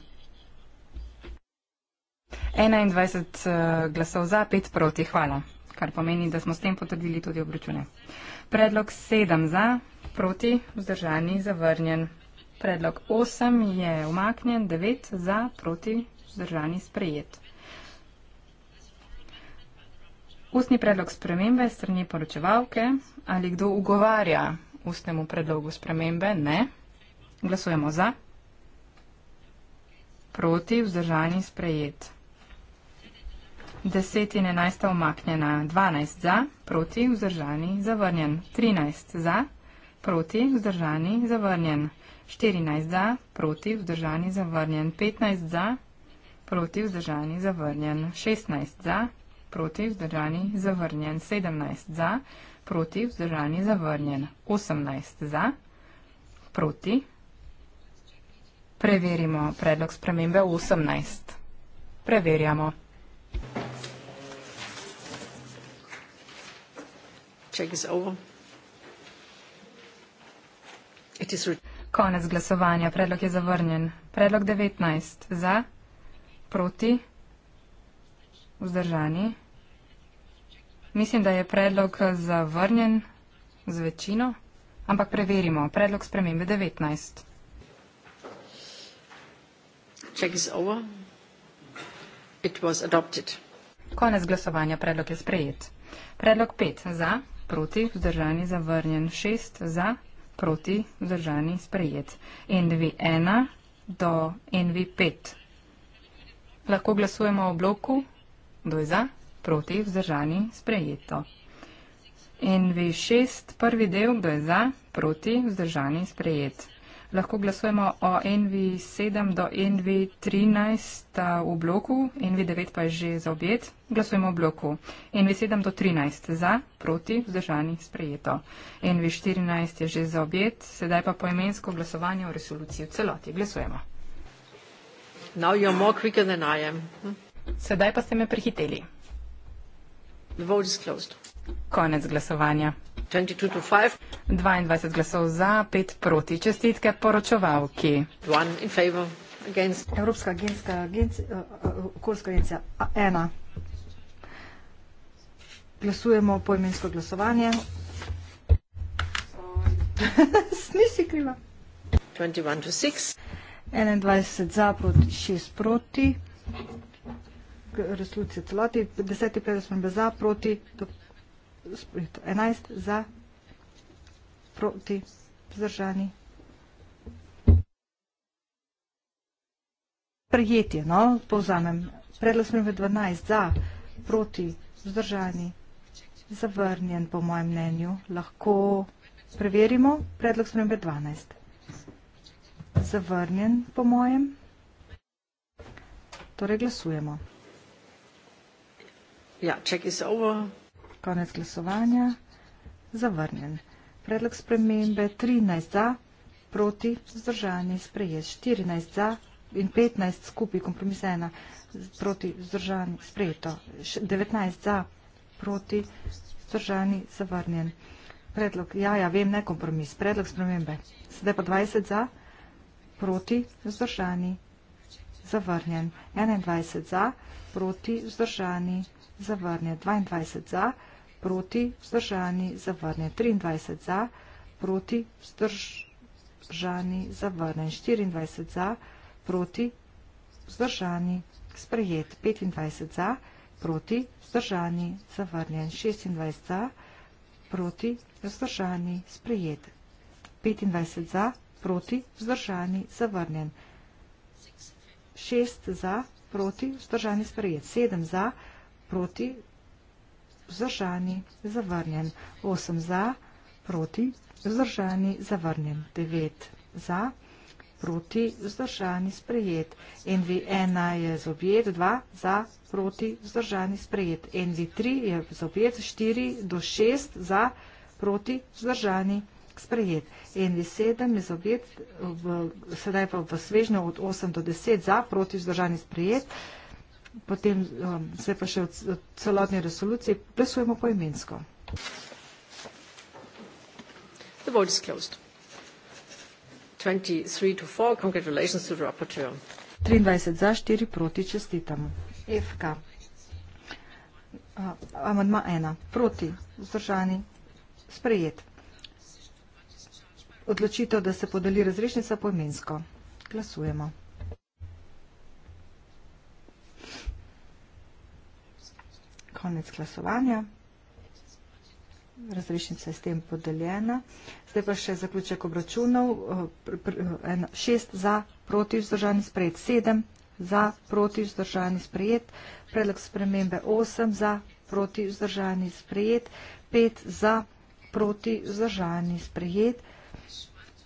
21 uh, eh, glasov za, 5 proti, hvala. Kar pomeni, da smo s tem potrdili tudi obračune. Predlog 7 za, proti, vzdržani, zavrnjen. Predlog 8 je umaknjen, 9 za, proti, vzdržani, sprejet. Ustni predlog spremembe strani poročevalke. Ali kdo ugovarja ustnemu predlogu spremembe? Ne. Glasujemo za. Proti, vzdržani, sprejet. 10 in 11 omaknjena. 12 za, proti, vzdržani, zavrnjen. 13 za, proti, vzdržani, zavrnjen. 14 za, proti, vzdržani, zavrnjen. 15 za, proti, vzdržani, zavrnjen. 16 za, proti, vzdržani, zavrnjen. 17 za, proti, vzdržani, zavrnjen. 18 za, proti, vzdržani, zavrnjen. Preverimo predlog spremembe 18. Preverjamo. Konec glasovanja. Predlog je zavrnjen. Predlog 19. Za, proti, vzdržani. Mislim, da je predlog zavrnjen z večino, ampak preverimo. Predlog spremembe 19 check is over. It was adopted. Konec glasovanja, predlog je sprejet. Predlog 5 za, proti, vzdržani, zavrnjen. 6 za, proti, vzdržani, sprejet. NV1 do NV5. Lahko glasujemo o bloku. Kdo je za, proti, vzdržani, sprejeto. NV6, prvi del, kdo je za, proti, vzdržani, sprejeto lahko glasujemo o NV7 do NV13 v bloku, NV9 pa je že za objed. Glasujemo v bloku. NV7 do 13 za, proti, vzdržani, sprejeto. NV14 je že za objed, sedaj pa poemensko glasovanje o resoluciji v celoti. Glasujemo. Hm? Sedaj pa ste me prehiteli. The vote is closed. Konec glasovanja. 22 glasov za, 5 proti. Čestitke poročevalki. Evropska genska agencija, eh, eh, okoljska agencija, ena. Glasujemo po imensko glasovanje. Nisi kriva. 21 za, proti 6 proti. Resolucija celoti. 10.50 smo bili za, proti. 11 za proti vzdržani. Prijetje, no, povzamem. Predlog smrbe 12 za proti vzdržani zavrnjen, po mojem mnenju. Lahko preverimo. Predlog smrbe 12. Zavrnjen, po mojem. Torej glasujemo. Ja, check is over. Konec glasovanja. Zavrnjen. Predlog spremembe 13 za, proti, vzdržani, sprejet. 14 za in 15 skupaj, kompromis 1, proti, vzdržani, sprejeto. 19 za, proti, vzdržani, zavrnjen. Predlog, ja, ja, vem, ne kompromis. Predlog spremembe. Sedaj pa 20 za, proti, vzdržani, zavrnjen. 21 za, proti, vzdržani, zavrnjen. 22 za, proti, vzdržani, zavrnjen proti, vzdržani, zavrnjen. 23 za, proti, vzdržani, zavrnjen. 24 za, proti, vzdržani, sprejet. 25 za, proti, vzdržani, zavrnjen. 26 za, proti, vzdržani, sprejet. 25 za, proti, vzdržani, zavrnjen. 6 za, proti, vzdržani, sprejet. 7 za, proti, vzdržani, sprejet vzdržani, zavrnjen, 8 za, proti, vzdržani, zavrnjen, 9 za, proti, vzdržani, sprejet, NV1 je z objed, 2 za, proti, vzdržani, sprejet, NV3 je z objed, 4 do 6 za, proti, vzdržani, sprejet, NV7 je z objed, v, sedaj pa v svežnju od 8 do 10 za, proti, vzdržani, sprejet, potem um, se pa še v celotni resoluciji glasujemo poimensko. The vote is closed. 23 to 4, congratulations to the rapporteur. 23 za, 4 proti, čestitam. FK. Uh, amandma 1. Proti, vzdržani, sprejet. Odločitev, da se podeli razrešnica poimensko. Glasujemo. konec glasovanja. Razrešnica je s tem podeljena. Zdaj pa še zaključek obračunov. Eh, šest za, proti vzdržani sprejet. Sedem za, proti vzdržani sprejet. Predlog spremembe osem za, proti vzdržani sprejet. Pet za, proti vzdržani sprejet.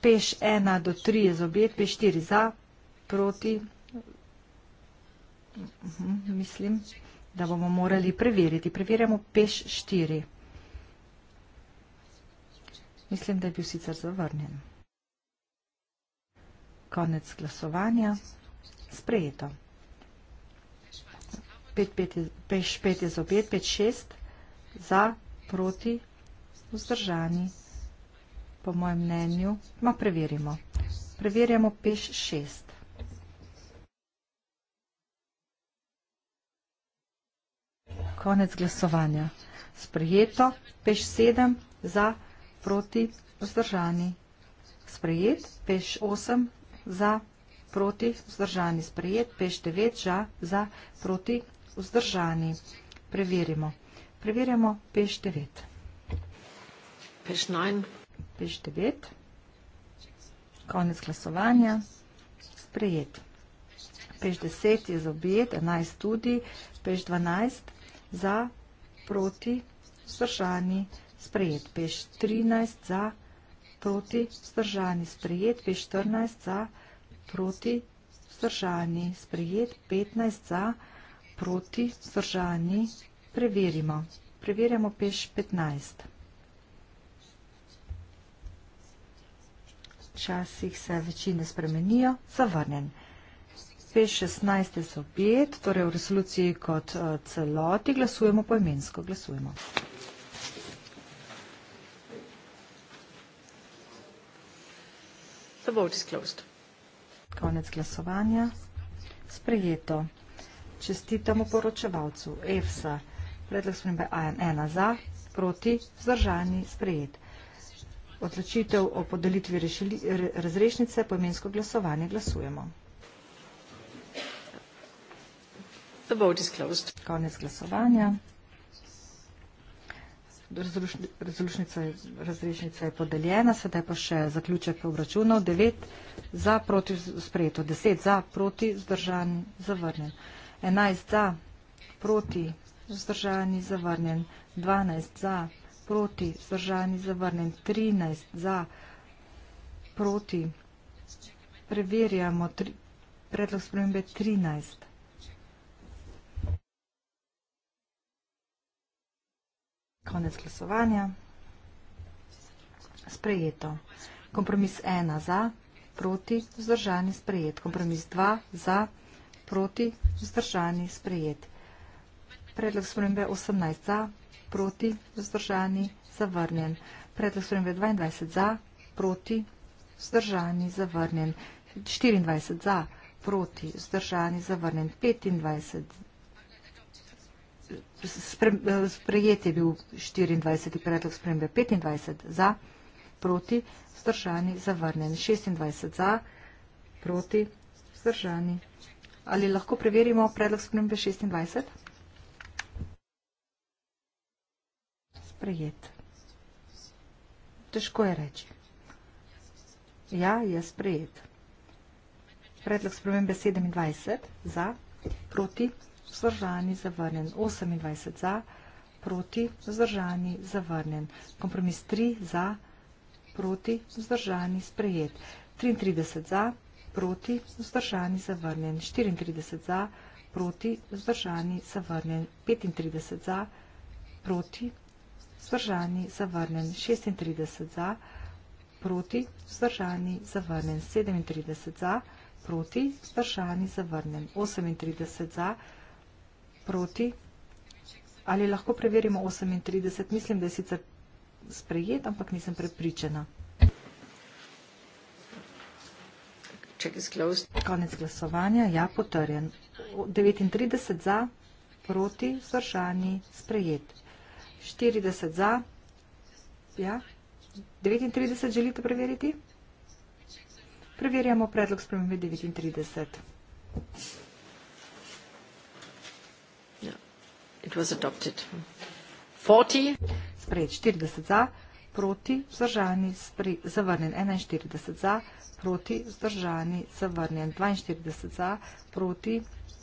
Peš ena do tri je zobjet. Peš štiri za, proti. Uh mhm, -huh, mislim da bomo morali preveriti. Preverjamo peš 4. Mislim, da je bil sicer zavrnjen. Konec glasovanja. Sprejeto. Peš 5 je za obet, peš 6 za, proti, vzdržani, po mojem mnenju. Ma preverimo. Preverjamo peš 6. konec glasovanja. Sprejeto, peš 7 za, proti, vzdržani. Sprejet, peš 8 za, proti, vzdržani. Sprejet, peš 9 za, za, proti, vzdržani. Preverimo. Preverjamo peš 9. Peš 9. Peš 9. Konec glasovanja. Sprejet. Peš 10 je za objed, 11 tudi, peš 12 za, za, proti, vzdržani, sprejet, peš 13 za, proti, vzdržani, sprejet, peš 14 za, proti, vzdržani, sprejet, 15 za, proti, vzdržani, preverimo. Preverjamo peš 15. Včasih se večine spremenijo, zavrnen. Zavrnen. P16 so 5, torej v resoluciji kot eh, celoti glasujemo poimensko. Glasujemo. The vote is closed. Konec glasovanja. Sprejeto. Čestitamo poročevalcu EFSA. Predlog spremembe AN1 za, proti, vzdržani, sprejet. Odločitev o podelitvi razrešnice poimensko glasovanje glasujemo. The vote is closed. Konec glasovanja. Razrušnica, razrešnica je podeljena, sedaj pa še zaključek obračunov. 9 za proti sprejeto, 10 za proti zdržan zavrnjen, 11 za proti zdržan zavrnjen, 12 za proti zdržan zavrnjen, 13 za proti preverjamo tri, predlog spremembe 13. Konec glasovanja. Sprejeto. Kompromis 1 za, proti, vzdržani, sprejet. Kompromis 2 za, proti, vzdržani, sprejet. Predlog spremembe 18 za, proti, vzdržani, zavrnjen. Predlog spremembe 22 za, proti, vzdržani, zavrnjen. 24 za, proti, vzdržani, zavrnjen. 25 za, sprejet je bil 24. predlog spremembe, 25 za, proti, vzdržani, zavrnjeni, 26 za, proti, vzdržani. Ali lahko preverimo predlog spremembe 26? Sprejet. Težko je reči. Ja, je sprejet. Predlog spremembe 27 za, proti, vzdržani vzdržani, zavrnjen. 28 za, proti, vzdržani, zavrnjen. Kompromis 3 za, proti, vzdržani, sprejet. 33 za, proti, vzdržani, zavrnjen. 34 za, proti, vzdržani, zavrnjen. 35 za, proti, vzdržani, zavrnjen. 36 za, proti, vzdržani, zavrnjen. 37 za, proti, vzdržani, zavrnjen. 38 za, proti, vzdržani, zavrnjen proti. Ali lahko preverimo 38? Mislim, da je sicer sprejet, ampak nisem prepričana. Konec glasovanja. Ja, potrjen. 39 za, proti, vzdržani, sprejet. 40 za. Ja. 39 želite preveriti? Preverjamo predlog spremembe 39. It was adopted. 40. Sprejet 40 za, proti vzdržani, spri, zavrnjen 41 za, proti vzdržani, zavrnjen 42 za, proti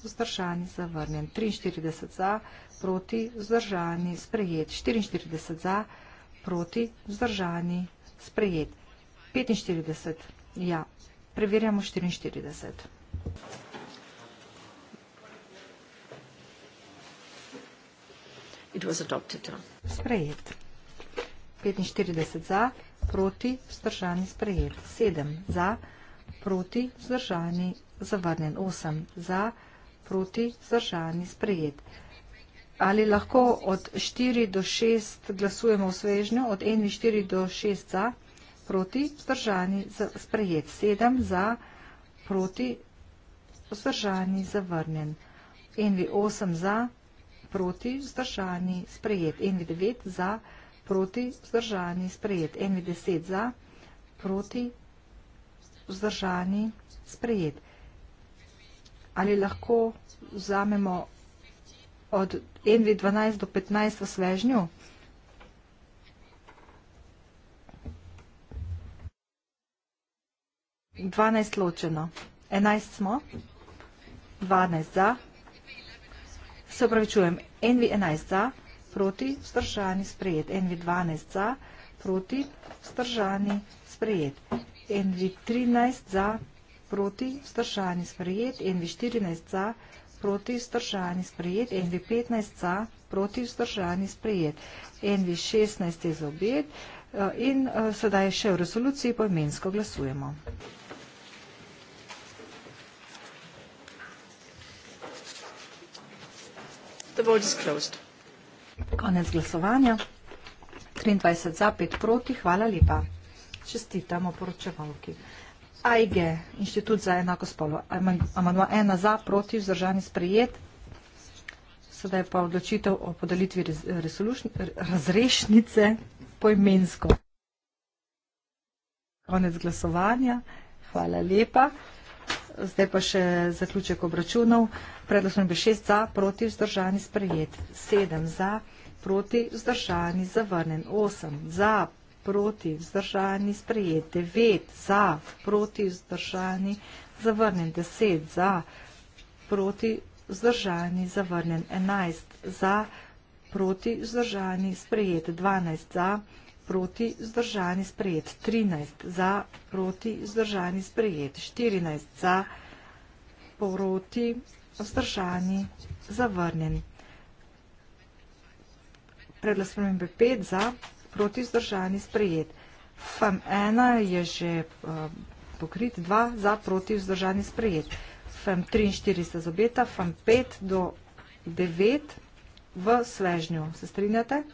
vzdržani, zavrnjen 43 za, proti vzdržani, sprejet 44 za, proti vzdržani, sprejet 45 ja. Preverjamo 44. it was adopted. Ja. Sprejet. 45 za, proti, vzdržani, sprejet. 7 za, proti, vzdržani, zavrnjen. 8 za, proti, vzdržani, sprejet. Ali lahko od 4 do 6 glasujemo v svežnju, od 1 4 do 6 za, proti, vzdržani, sprejet. 7 za, proti, vzdržani, zavrnjen. 1 8 za, proti, vzdržani, sprejet proti, vzdržani, sprejet. Envi 9 za, proti, vzdržani, sprejet. Envi 10 za, proti, vzdržani, sprejet. Ali lahko vzamemo od Envi 12 do 15 v svežnju? Dvanajst ločeno. Enajst smo. Dvanajst za se upravičujem, NV11 za, proti, vzdržani, sprejet. NV12 za, proti, vzdržani, sprejet. NV13 za, proti, vzdržani, sprejet. NV14 za, proti, vzdržani, sprejet. NV15 za, proti, vzdržani, sprejet. NV16 je za obet. Eh, in eh, sedaj še v resoluciji poimensko glasujemo. Hvala. The vote is closed. Konec glasovanja. 23 za, 5 proti. Hvala lepa. Čestitamo poročevalki. AIGE, Inštitut za enako spolo. Amandma 1 za, proti, vzdržani sprejet. Sedaj pa odločitev o podelitvi razrešnice pojmensko. Konec glasovanja. Hvala lepa. Zdaj pa še zaključek obračunov. Predlog smo bili šest za, proti vzdržani sprejet. Sedem za, proti vzdržani zavrnen. Osem za, proti vzdržani sprejet. Devet za, proti vzdržani zavrnen. Deset za, proti vzdržani zavrnen. Enajst za, proti vzdržani sprejet. Dvanajst za, proti vzdržani sprejet proti zdržani sprejet, 13 za proti zdržani sprejet, 14 za proti zdržani zavrnjen. Predlasprememb je 5 za proti zdržani sprejet. FM1 je že pokrit, 2 za proti vzdržani sprejet. FM3 in 4 sta zobeta, FM5 do 9 v svežnju. Se strinjate? Vsega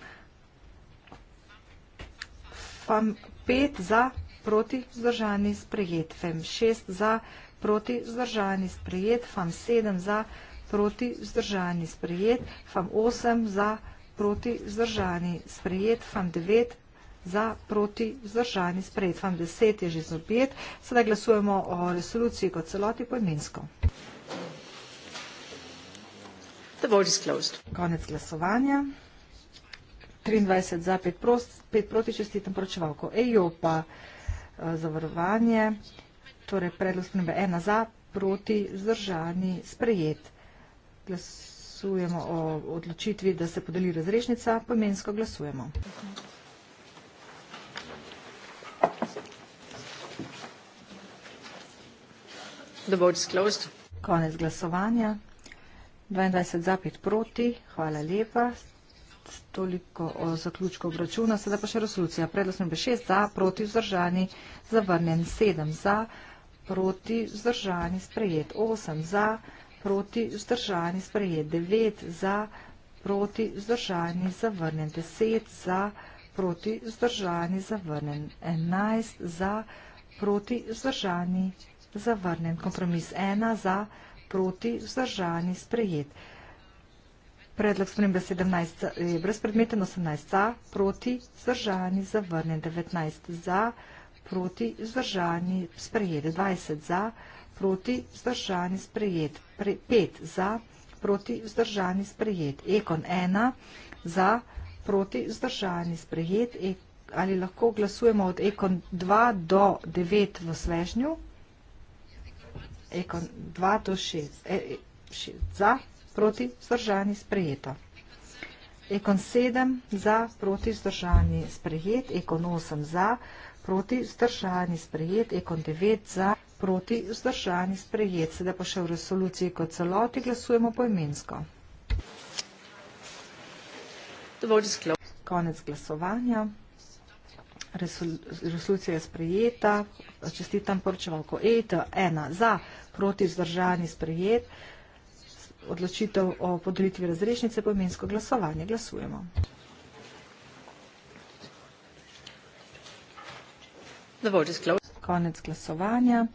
pa pet za proti vzdržani sprejetvem, šest za proti vzdržani sprejetvam, sedem za proti vzdržani sprejetvam, osem za proti vzdržani sprejetvam, devet za proti vzdržani sprejetvam, deset je že zopet. Sedaj glasujemo o resoluciji kot celoti pojmensko. The vote is closed. Konec glasovanja. 23 za, 5, prost, 5 proti, čestitam poročevalko. EJO pa eh, zavarovanje, torej predlog spremembe 1 za, proti, zdržani, sprejet. Glasujemo o odločitvi, da se podeli razrešnica, pomensko glasujemo. The vote is closed. Konec glasovanja. 22 za, 5 proti. Hvala lepa toliko o zaključku obračuna, sedaj pa še resolucija. Predlog smo bili šest za, proti vzdržani, zavrnjen sedem za, proti vzdržani sprejet, osem za, proti vzdržani sprejet, devet za, proti vzdržani zavrnjen, deset za, proti vzdržani zavrnjen, enajst za, proti vzdržani zavrnjen, kompromis ena za, proti vzdržani sprejet. Predlog spremembe 17 je eh, brezpredmeten, 18 za, proti, zdržani, zavrnjen, 19 za, proti, zdržani, sprejet, 20 za, proti, zdržani, sprejet, 5 za, proti, zdržani, sprejet, ekon 1 za, proti, zdržani, sprejet, e, ali lahko glasujemo od ekon 2 do 9 v svežnju, ekon 2 do 6, 6 e, e, za, proti vzdržani sprejeto. Ekon 7 za proti vzdržani sprejet, ekon 8 za proti vzdržani sprejet, ekon 9 za proti vzdržani sprejet. Sedaj pa še v resoluciji kot celoti glasujemo poimensko. Konec glasovanja. Resolucija je sprejeta. Čestitam poročevalko ETA 1 za proti vzdržani sprejet odločitev o podelitvi razrešnice po imensko glasovanje. Glasujemo. Konec glasovanja.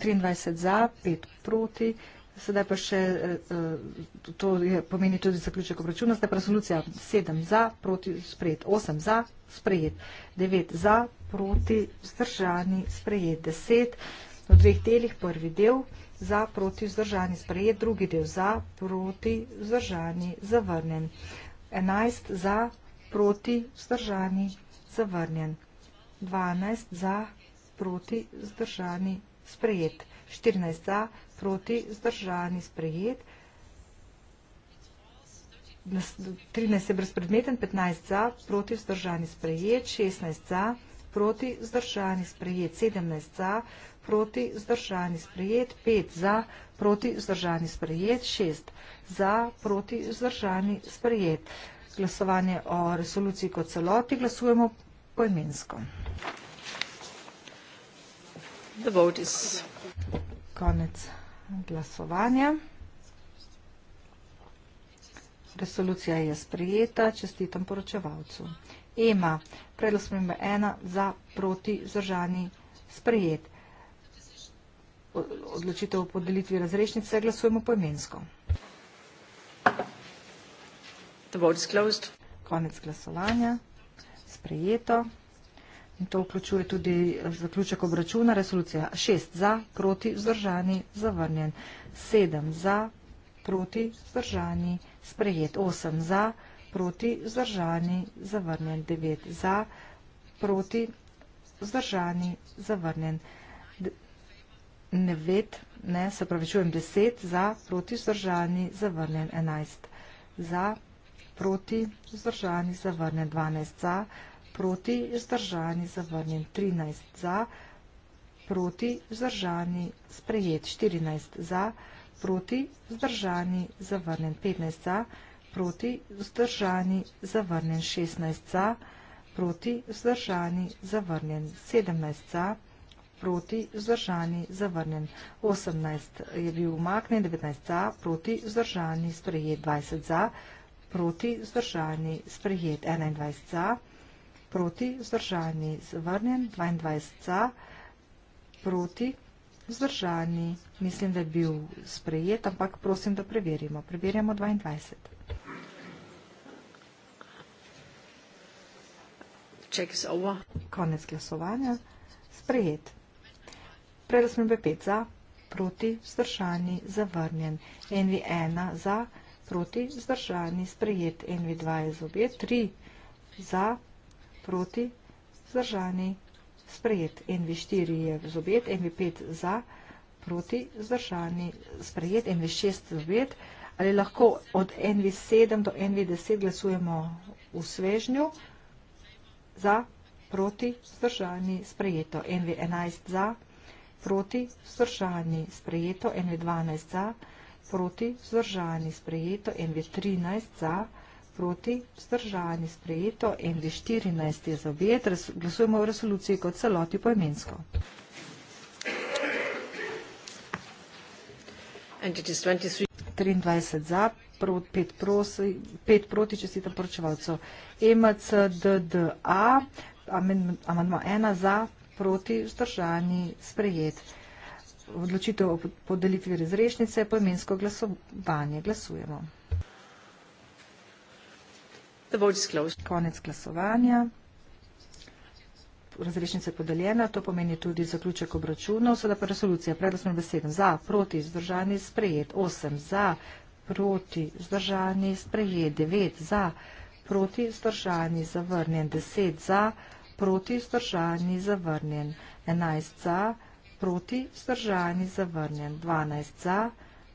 23 za, 5 proti. Sedaj pa še, eh, eh, to je, pomeni tudi zaključek obračuna, zdaj pa resolucija 7 za, proti, sprejet, 8 za, sprejet, 9 za, proti, vzdržani, sprejet, 10 v dveh delih, prvi del za, proti, vzdržani, sprejet, drugi del za, proti, vzdržani, zavrnjen. 11 za, proti, vzdržani, zavrnjen. 12 za, proti, vzdržani, sprejet. 14 za, proti, vzdržani, sprejet. 13 je brezpredmeten, 15 za, proti, vzdržani, sprejet. 16 za, proti, vzdržani, sprejet. 17 za, proti, vzdržani, sprejet proti vzdržani sprejet, 5 za, proti vzdržani sprejet, 6 za, proti vzdržani sprejet. Glasovanje o resoluciji kot celoti glasujemo poimensko. Konec glasovanja. Resolucija je sprejeta, čestitam poročevalcu. Ema, predlog smembe 1 za proti vzdržani sprejet odločitev o podelitvi razrešnice, glasujemo poimensko. Konec glasovanja. Sprejeto. In to vključuje tudi eh, zaključek obračuna. Resolucija 6 za, proti, vzdržani, zavrnjen. 7 za, proti, vzdržani, sprejet. 8 za, proti, vzdržani, zavrnjen. 9 za, proti, vzdržani, zavrnjen. 9, ne, se pravi, čujem 10, za, proti, zdržani, zavrnjen, 11, za, proti, zdržani, zavrnjen, 12, za, proti, zdržani, zavrnjen, 13, za, proti, zdržani, sprejet, 14, za, proti, zdržani, zavrnjen, 15, za, proti, zdržani, zavrnjen, 16, za, proti, zdržani, zavrnjen, 17, za, proti, zdržani, zavrnjen, 17, za, proti vzdržani zavrnen. 18 je bil umaknen, 19 za, proti vzdržani sprejet, 20 za, proti vzdržani sprejet, 21 za, proti vzdržani zavrnen, 22 za, proti vzdržani, mislim, da je bil sprejet, ampak prosim, da preverimo. Preverjamo 22. Check is over. Konec glasovanja. Sprejet. Predlog smo bili 5 za, proti, vzdržani, zavrnjen. NV1 za, proti, vzdržani, sprejet. NV2 je z obje. 3 za, proti, vzdržani, sprejet. NV4 je z obje. NV5 za, proti, vzdržani, sprejet. NV6 z obje. Ali lahko od NV7 do NV10 glasujemo v svežnju? Za, proti, vzdržani, sprejeto. NV11 za, proti, vzdržani proti vzdržani, sprejeto en je 12 za, proti vzdržani, sprejeto en je 13 za, proti vzdržani, sprejeto en je 14 je za objed, glasujemo v resoluciji kot celoti poemensko. And it is 23. 23 za, 5, prosi, 5 proti, čestitam poročevalcev. EMCDDA, amandma 1 za, proti vzdržani sprejet. Odločitev o podelitvi razrešnice je poimensko glasovanje. Glasujemo. Konec glasovanja. Razrešnica je podeljena, to pomeni tudi zaključek obračunov. Sedaj pa resolucija. Predlog smo 7 za, proti vzdržani sprejet. 8 za, proti vzdržani sprejet. 9 za, proti vzdržani zavrnjen. 10 za proti vzdržani zavrnjen, 11 za, proti vzdržani zavrnjen, 12 za,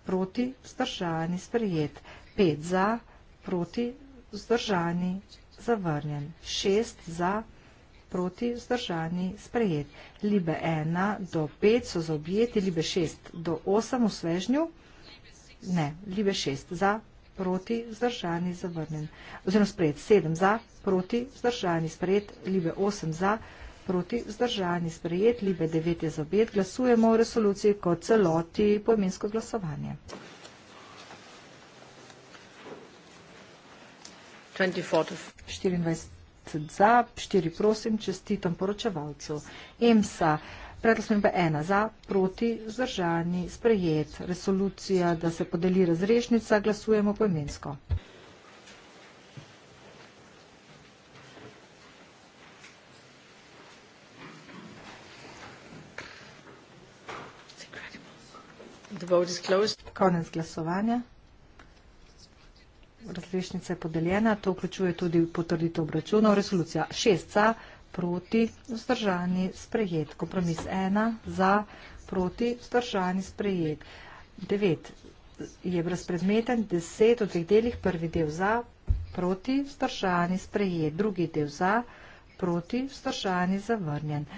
proti vzdržani sprejet, 5 za, proti vzdržani zavrnjen, 6 za, proti vzdržani sprejet. Libe 1 do 5 so zaobjeti, libe 6 do 8 v svežnju, ne, libe 6 za, proti vzdržani zavrnjen proti, vzdržani, zavrnen. Oziroma sprejet 7 za, proti, vzdržani, sprejet, libe 8 za, proti, vzdržani, sprejet, libe 9 je za obet. Glasujemo o resoluciji kot celoti pomensko glasovanje. 24 za, 4 prosim, čestitam poročevalcu. EMSA. Predlog smo pa ena za, proti, zdržani, sprejet. Resolucija, da se podeli razrešnica, glasujemo poimensko. Konec glasovanja. Razrešnica je podeljena, to vključuje tudi potrditev obračunov. Resolucija 6 za, proti, vzdržani, sprejet. Kompromis ena, za, proti, vzdržani, sprejet. Devet je brezpredmeten, deset v dveh delih, prvi del za, proti, vzdržani, sprejet, drugi del za, proti, vzdržani, zavrnjen.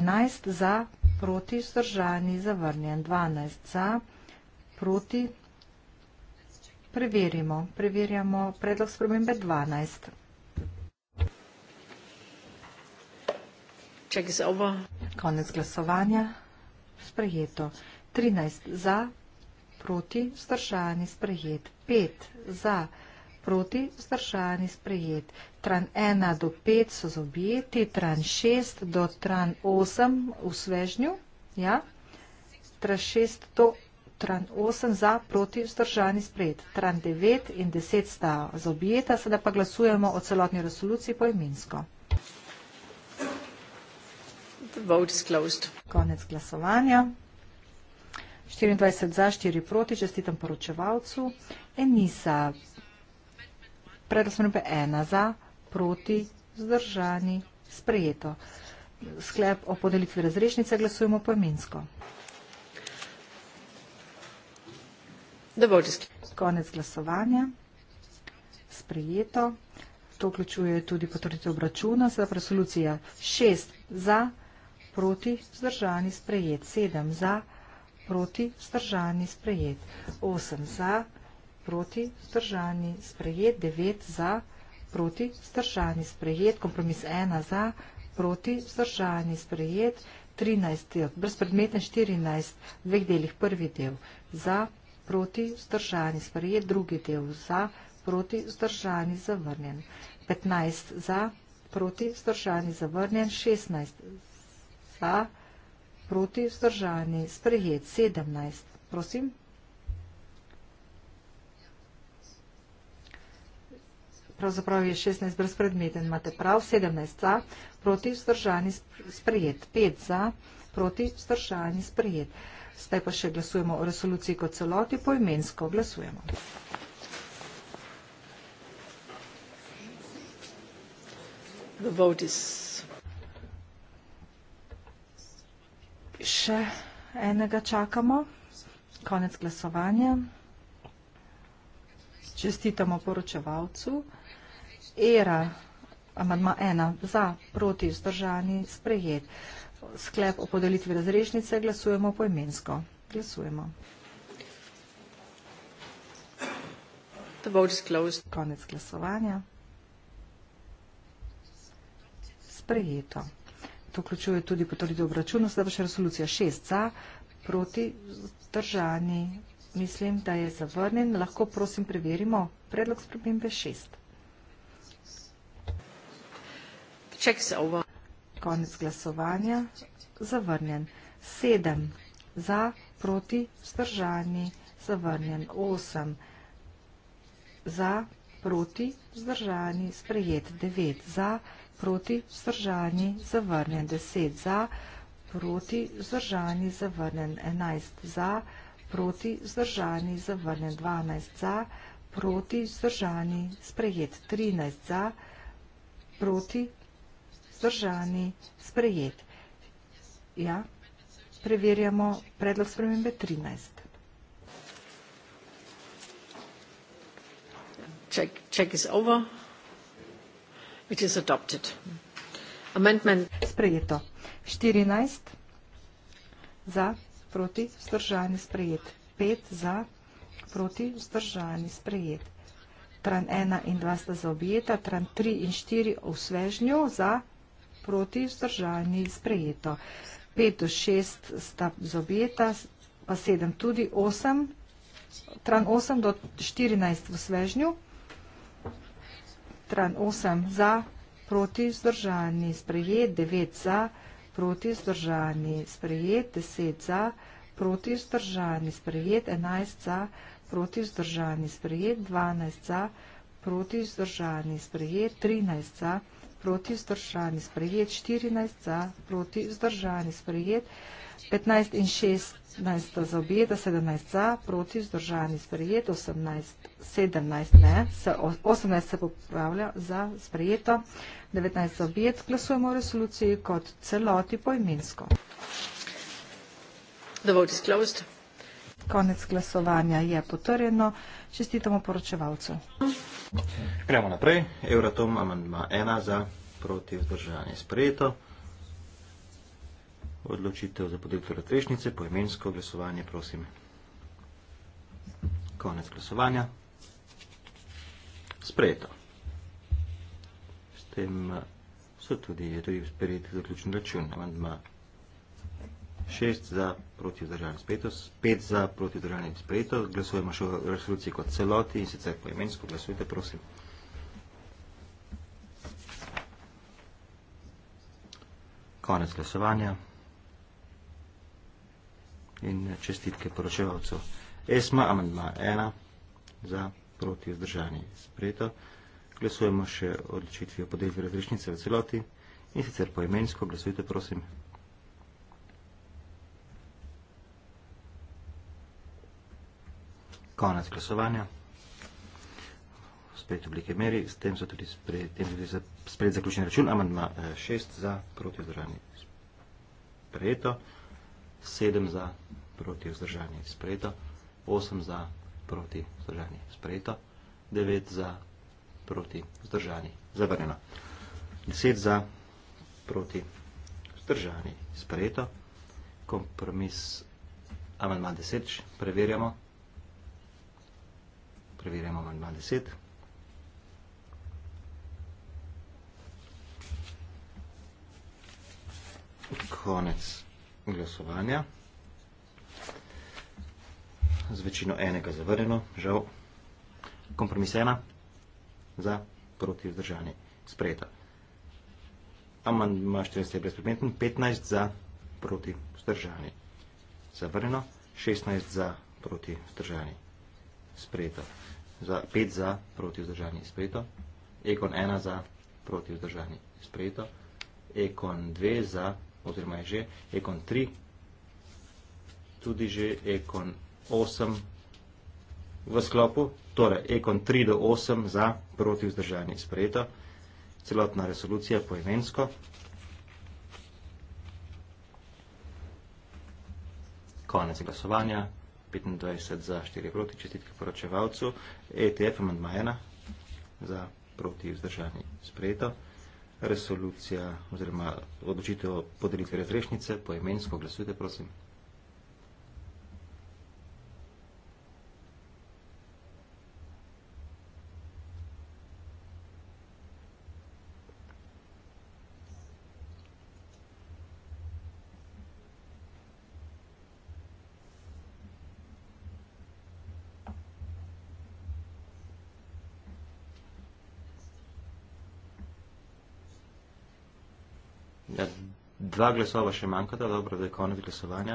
Enajst za, proti, vzdržani, zavrnjen. Dvanajst za, proti, preverimo, preverjamo predlog spremembe dvanajst. Ček za ovo. Konec glasovanja. Sprejeto. 13 za, proti, vzdržani, sprejet. 5 za, proti, vzdržani, sprejet. Tran 1 do 5 so zaobjeti, tran 6 do tran 8 v svežnju. Ja? Tran 6 do tran 8 za, proti, vzdržani, sprejet. Tran 9 in 10 sta zaobjeta, sedaj pa glasujemo o celotni resoluciji poimensko. imensko vote is closed. Konec glasovanja. 24 za, 4 proti, čestitam poročevalcu. Enisa, predlog smrbe 1 za, proti, zdržani, sprejeto. Sklep o podelitvi razrešnice glasujemo pojmensko. The vote is closed. Konec glasovanja, sprejeto. To vključuje tudi potvrditev obračuna, sedaj resolucija 6 za, 4 proti proti, vzdržani, sprejet, 7 za, proti, vzdržani, sprejet, 8 za, proti, vzdržani, sprejet, 9 za, proti, vzdržani, sprejet, kompromis 1 za, proti, vzdržani, sprejet, 13 del, brezpredmeten 14, v dveh delih prvi del, za, proti, vzdržani, sprejet, drugi del, za, proti, vzdržani, zavrnjen, 15 za, proti, vzdržani, zavrnjen, 16 za, dva, proti vzdržani, sprejet, sedemnajst, prosim. Pravzaprav je 16 brezpredmeten, imate prav, 17 za, proti vzdržani sprejet, 5 za, proti vzdržani sprejet. Zdaj pa še glasujemo o resoluciji kot celoti, poimensko glasujemo. The vote is še enega čakamo. Konec glasovanja. Čestitamo poročevalcu. Era, amadma ena, za, proti, vzdržani, sprejet. Sklep o podelitvi razrešnice glasujemo poimensko. Glasujemo. The vote is closed. Konec glasovanja. Sprejeto to vključuje tudi potrditev računa, sedaj pa še resolucija 6 za, proti držani. Mislim, da je zavrnjen. Lahko prosim preverimo predlog spremembe 6. Konec glasovanja. Zavrnjen. 7 za, proti vzdržani. Zavrnjen. 8 za, proti vzdržani. Sprejet. 9 za, proti, vzdržani, zavrnjen, 10 za, proti, vzdržani, zavrnjen, 11 za, proti, vzdržani, zavrnjen, 12 za, proti, vzdržani, sprejet, 13 za, proti, vzdržani, sprejet. Ja, preverjamo predlog spremembe 13. Check, check is over which is adopted. Amendment. Sprejeto. 14 za, proti, vzdržani, sprejet. 5 za, proti, vzdržani, sprejet. Tran 1 in 2 sta za objeta, tran 3 in 4 v svežnju za, proti, vzdržani, sprejeto. 5 do 6 sta za objeta, pa 7 tudi 8, tran 8 do 14 v svežnju stran 8 za, proti vzdržani, sprejet 9 za, proti vzdržani, sprejet 10 za, proti vzdržani, sprejet 11 za, proti vzdržani, sprejet 12 za, proti vzdržani, sprejet 13 za, sprejet 13 za, proti vzdržani sprejet, 14 za proti vzdržani sprejet, 15 in 16 za obje, 17 za proti vzdržani sprejet, 18, 17 ne, 18 se popravlja za sprejeto, 19 za obje, glasujemo resoluciji kot celoti poimensko. The vote is closed. Konec glasovanja je potrjeno. Čestitamo poročevalcu. Gremo naprej. Euratom amandma 1 za proti vzdržanje sprejeto. Odločitev za podeltora Trešnice. Poimensko glasovanje, prosim. Konec glasovanja. Sprejeto. S tem eh, so tudi, tudi sprejeti zaključni račun. Amandma 1. 6 za proti vzdržanje spletov, 5 za proti vzdržanje spletov, glasujemo še v resoluciji kot celoti in sicer poimensko glasujte, prosim. Konec glasovanja in čestitke poročevalcev. ESMA, amandma 1 za proti vzdržanje spletov, glasujemo še odločitvijo podelitve različnice v celoti in sicer poimensko glasujte, prosim. Konec glasovanja. Spet v oblike meri. S tem so tudi spet zaključen račun. Amandma 6 eh, za proti vzdržanje sprejeto. 7 za proti vzdržanje sprejeto. 8 za proti vzdržanje sprejeto. 9 za proti vzdržanje zavrneno. 10 za proti vzdržanje sprejeto. Kompromis amandma 10. Preverjamo. Preverjamo preverjamo manjman deset. Konec glasovanja. Z večino enega zavrjeno, žal. Kompromis ena. Za proti vzdržanje sprejeta. Amandma 14 je brezpredmeten, 15 za proti vzdržanje zavrjeno, 16 za proti vzdržanje sprejeta za, 5 za proti vzdržanje sprejeto, ekon 1 za proti vzdržanje sprejeto, ekon 2 za, oziroma je že, ekon 3, tudi že ekon 8 v sklopu, torej ekon 3 do 8 za proti vzdržanje sprejeto, celotna resolucija poimensko. Konec glasovanja. 25 za 4 proti, čestitke poročevalcu. ETF amandma 1 za proti vzdržanje sprejeto. Resolucija oziroma odločitev podelitve razrešnice, poimensko glasujte, prosim. Dva glasova še manjkata, dobro, da je konec glasovanja.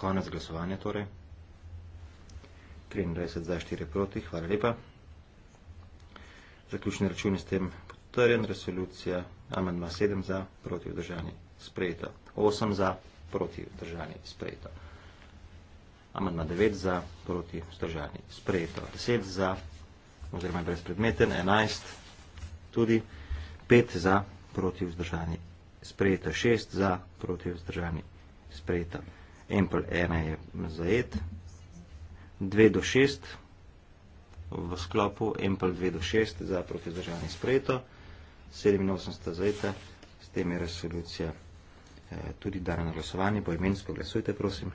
Konec glasovanja torej. 23 za 4 proti, hvala lepa. Zaključni račun je s tem potrjen, resolucija, amandma 7 za, proti vdržanje, sprejeto. 8 za, proti vdržanje, sprejeto. Amandma 9 za, proti vzdržanje, sprejeto. 10 za, oziroma brez predmeten, 11 tudi. 5 za, proti vzdržani, sprejeta 6 za, proti vzdržani, sprejeta. Empel 1 je zajet, 2 do 6 v sklopu, Empel 2 do 6 za, proti vzdržani, sprejeta, 87 zajeta, s tem je resolucija eh, tudi dana na glasovanje, poimensko glasujte, prosim.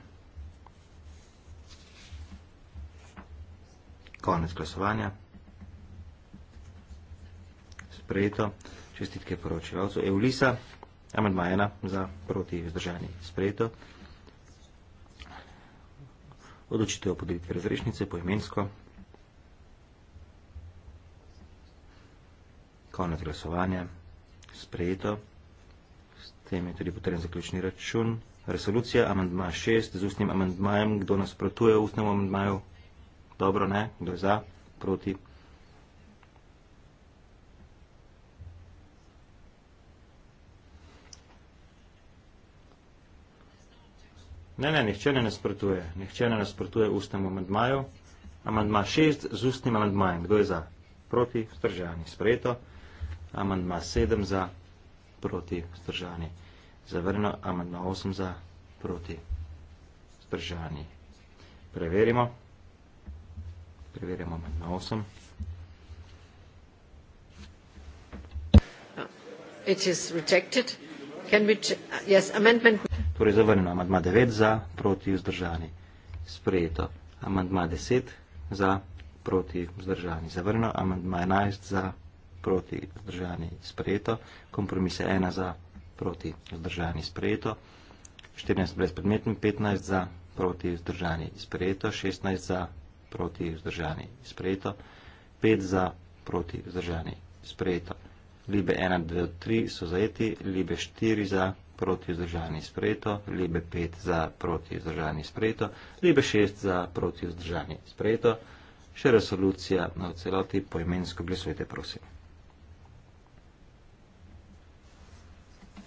Konec glasovanja. Sprejeto čestitke poročevalcu. Eulisa, amendma ena za proti vzdržanje sprejeto. Odločitev o podelitvi razrešnice poimensko. Konec glasovanja sprejeto. S tem je tudi potreben zaključni račun. Resolucija, amendma šest z ustnim amendmajem. Kdo nasprotuje ustnemu amendmaju? Dobro, ne. Kdo je za? Proti Ne, ne, nihče ne nasprotuje. Nihče ne nasprotuje ustnemu amandmaju. Amandma 6 z ustnim amandmajem. Kdo je za? Proti, vzdržani. Sprejeto. Amandma 7 za, proti, vzdržani. Zavrno. Amandma 8 za, proti, vzdržani. Preverimo. Preverimo amandma 8. It is rejected. Can we, yes, amendment. Torej zavrnjeno. Amandma 9 za, proti vzdržani. Sprejeto. Amandma 10 za, proti vzdržani. Zavrnjeno. Amandma 11 za, proti vzdržani. Sprejeto. Kompromise 1 za, proti vzdržani. Sprejeto. 14 brez predmetni, 15 za, proti vzdržani. Sprejeto. 16 za, proti vzdržani. Sprejeto. 5 za, proti vzdržani. Sprejeto. Libe 1, 2, 3 so zajeti, libe 4 za, proti vzdržani sprejeto, lebe 5 za proti vzdržani sprejeto, lebe 6 za proti vzdržani sprejeto, še resolucija na celoti poimensko glasujte, prosim.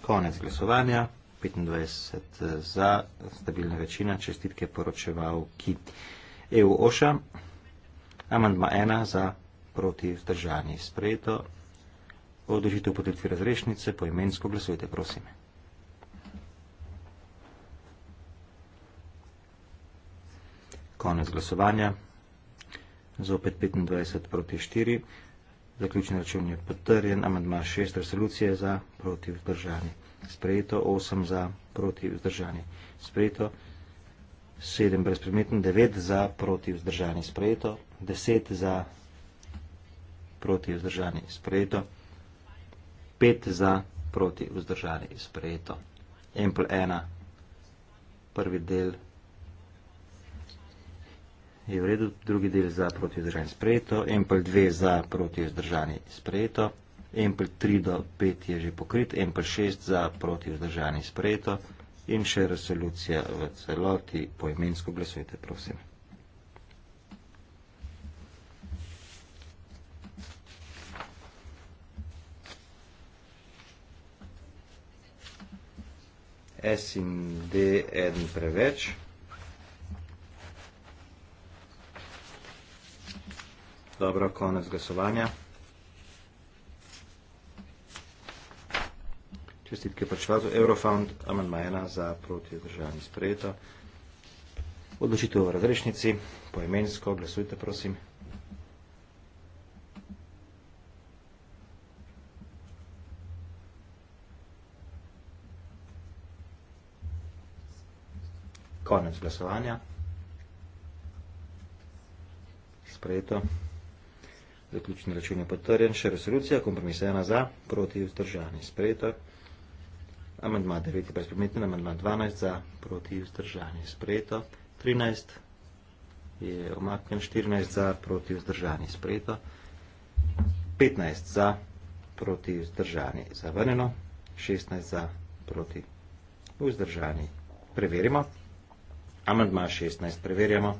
Konec glasovanja, 25 eh, za, stabilna večina, čestitke poročeval ki. EU OŠA, amandma 1 za proti vzdržani sprejeto, odložitev potretvi razrešnice, poimensko glasujte, prosim. konec glasovanja. Zopet 25 proti 4. Zaključen račun je potrjen. Amandma 6 resolucije za proti vzdržani. Sprejeto 8 za proti vzdržani. Sprejeto 7 brezpredmetno, 9 za proti vzdržani. Sprejeto 10 za proti vzdržani. Sprejeto 5 za proti vzdržani. Sprejeto. Empl 1, prvi del je v redu, drugi del za proti vzdržanje sprejeto, MPL 2 za proti vzdržanje sprejeto, MPL 3 do 5 je že pokrit, MPL 6 za proti vzdržanje sprejeto in še resolucija v celoti poimensko glasujete, prosim. S in D, eden preveč. Dobro, konec glasovanja. Čestitke pač vazu. Eurofound, amen majena za proti državni sprejeto. Odločitev v razrešnici, poimensko, glasujte prosim. Konec glasovanja. Sprejeto zaključni račun je potrjen, še resolucija, kompromis je ena za, proti vzdržani, sprejeta. Amendma 9 je predspremetni, amendma 12 za, proti vzdržani, sprejeta. 13 je omaknjen, 14 za, proti vzdržani, sprejeta. 15 za, proti vzdržani, zavrneno. 16 za, proti vzdržani, preverimo. Amendma 16 preverjamo.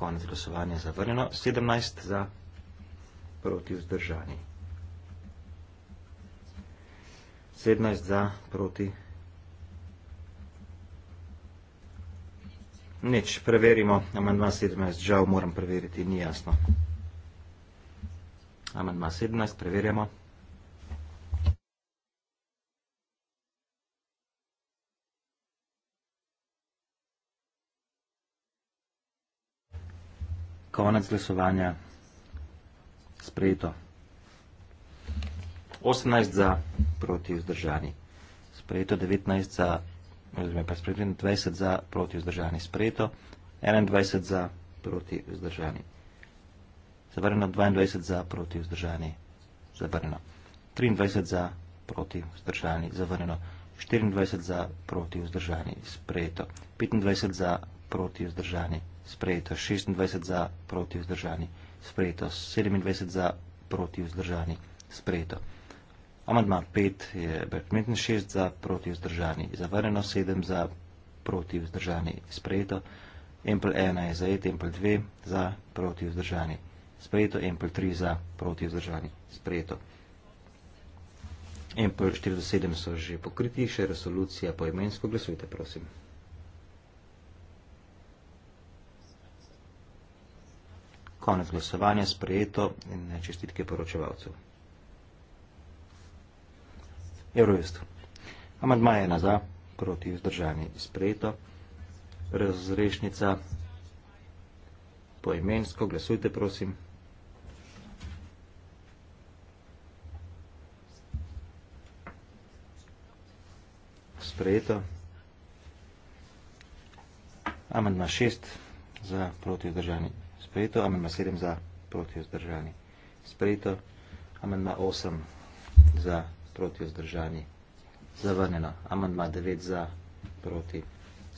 konec glasovanja zavrnjeno, 17 za proti vzdržani. 17 za proti Nič, preverimo. Amandma 17, žal moram preveriti, ni jasno. Amandma 17, preverjamo. 17. konec glasovanja sprejeto. 18 za proti vzdržani. Sprejeto 19 za, oziroma pa sprejeto 20 za proti vzdržani. Sprejeto 21 za proti vzdržani. Zavrneno 22 za proti vzdržani. Zavrneno 23 za proti vzdržani. Zavrneno 24 za proti vzdržani. Sprejeto 25 za proti vzdržani sprejeto 26 za, proti vzdržani, sprejeto 27 za, proti vzdržani, sprejeto. Amadma 5 je Berkmenten 6 za, proti vzdržani, zavrjeno 7 za, proti vzdržani, sprejeto. Empel 1 je zajet, Empel 2 za, proti vzdržani, sprejeto. Empel 3 za, proti vzdržani, sprejeto. Empel 47 so že pokriti, še resolucija poimensko, glasujte prosim. Konec glasovanja sprejeto in čestitke poročevalcev. Eurovest. Amadma je za proti vzdržanje sprejeto. Razrešnica poimensko. Glasujte, prosim. Sprejeto. Amadma šest za proti vzdržanje sprejeto, amen ima sedem za, proti vzdržani. Sprejeto, amen ima osem za, proti vzdržani. Zavrneno, amen ima devet za, proti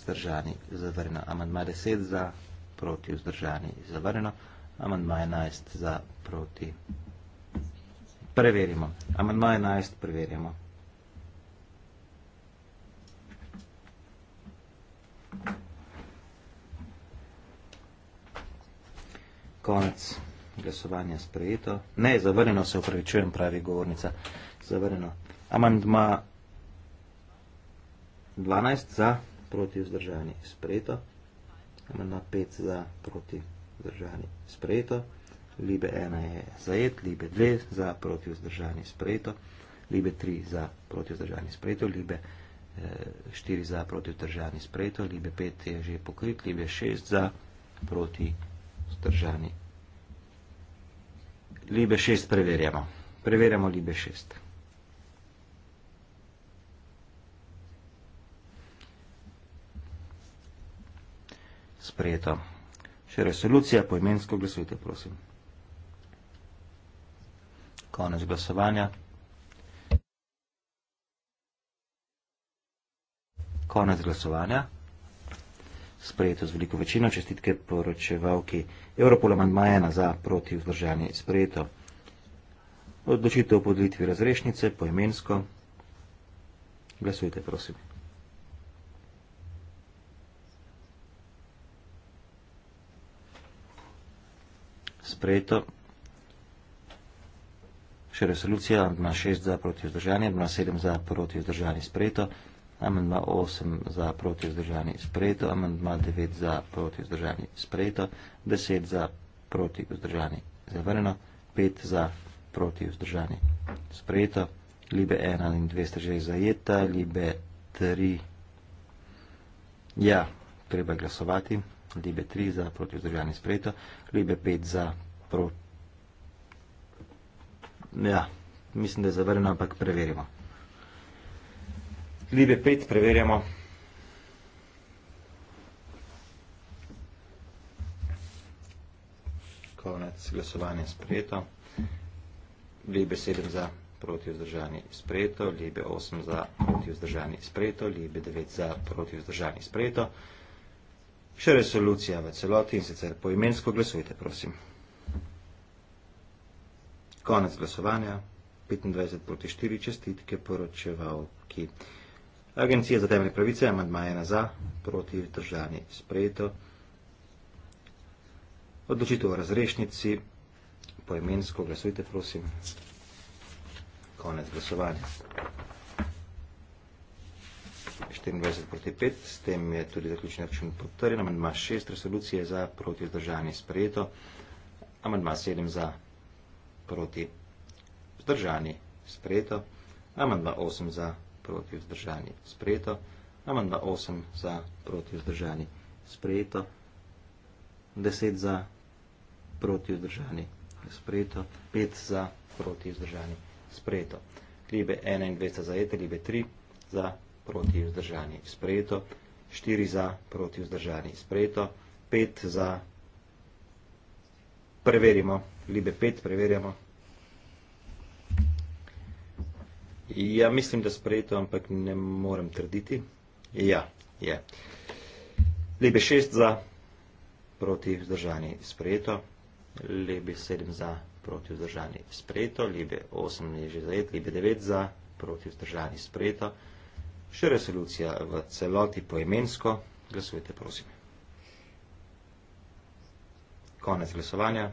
vzdržani. Zavrneno, amen ima deset za, proti vzdržani. Zavrneno, amen ima enajst za, proti. Preverimo, amen ima enajst, preverimo. Thank you. konec glasovanja sprejeto. Ne, zavrnjeno se upravičujem, pravi govornica. Zavrnjeno. Amandma 12 za proti vzdržani sprejeto. Amandma 5 za proti vzdržani sprejeto. Libe 1 je zajet, Libe 2 za proti vzdržani sprejeto. Libe 3 za proti vzdržani sprejeto. Libe 4 eh, za proti vzdržani sprejeto. Libe 5 je že pokrit. Libe 6 za proti vzdržani sprejeto držani. Libe 6 preverjamo. Preverjamo Libe 6. Sprejeto. Še resolucija, poimensko glasujte, prosim. Konec glasovanja. Konec glasovanja sprejeto z veliko večino. Čestitke poročevalki Evropola Mandmajena za proti vzdržanje sprejeto. Odločitev o podelitvi razrešnice poimensko. Glasujte, prosim. Sprejeto. Še resolucija, 26 za proti vzdržanje, 27 za proti vzdržanje sprejeto. Amendma 8 za proti vzdržani sprejeto, amendma 9 za proti vzdržani sprejeto, 10 za proti vzdržani zavrjeno, 5 za proti vzdržani sprejeto, libe 1 in 2 sta že zajeta, libe 3, ja, treba glasovati, libe 3 za proti vzdržani sprejeto, libe 5 za proti, ja, mislim, da je zavrjeno, ampak preverimo. Libe 5 preverjamo. Konec glasovanja sprejeto. Libe 7 za proti vzdržanje sprejeto, Libe 8 za proti vzdržanje sprejeto, Libe 9 za proti vzdržanje sprejeto. Še resolucija v celoti in sicer poimensko glasujte, prosim. Konec glasovanja, 25 proti 4 čestitke poročevalki. Agencija za temelje pravice, amadmaje na za, proti državni sprejeto. Odločitev o razrešnici, poimensko glasujte, prosim. Konec glasovanja. 24 proti 5, s tem je tudi zaključen račun potrjen. Amadma 6, resolucije za, proti državni sprejeto. Amadma 7 za, proti državni sprejeto. Amadma 8 za, proti državni sprejeto proti vzdržani sprejeto, amandma 8 za proti vzdržani sprejeto, 10 za proti vzdržani sprejeto, 5 za proti vzdržani sprejeto. Libe 21 za ete, libe 3 za proti vzdržani sprejeto, 4 za proti vzdržani sprejeto, 5 za preverimo, libe 5 preverjamo, Ja, mislim, da sprejeto, ampak ne morem trditi. Ja, je. Lebe šest za proti vzdržanje sprejeto, lebe sedem za proti vzdržanje sprejeto, lebe osem je že zajet, lebe devet za proti vzdržanje sprejeto. Še resolucija v celoti poimensko. Glasujte, prosim. Konec glasovanja.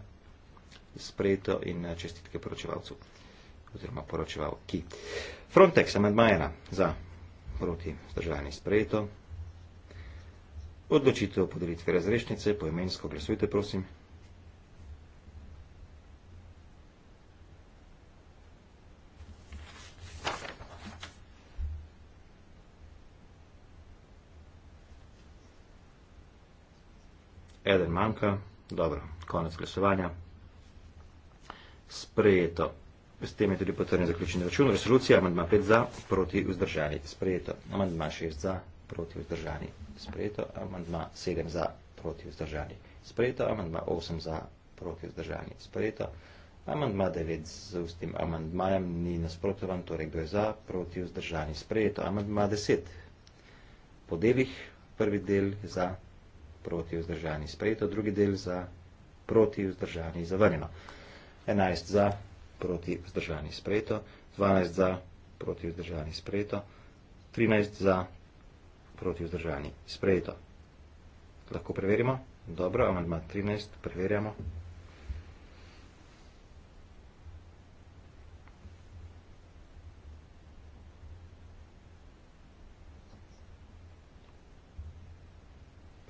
Sprejeto in čestitke poročevalcu oziroma poročevalki. Frontex amandmajena za proti zdržanje sprejeto. Odločitev podelitve razrešnice, poimensko glasujte, prosim. Eden manjka, dobro, konec glasovanja. Sprejeto. S tem je tudi potrjen zaključen račun. Resolucija, amandma 5 za, proti vzdržani, sprejeto. Amandma 6 za, proti vzdržani, sprejeto. Amandma 7 za, proti vzdržani, sprejeto. Amandma 8 za, proti vzdržani, sprejeto. Amandma 9 z ustim amandmajem ni nasprotovan, torej kdo je za, proti vzdržani, sprejeto. Amandma 10. Po delih, prvi del za, proti vzdržani, sprejeto. Drugi del za, proti vzdržani, zavrnjeno. 11 za, proti vzdržani sprejeto, 12 za proti vzdržani sprejeto, 13 za proti vzdržani sprejeto. Lahko preverimo? Dobro, amandma 13, preverjamo.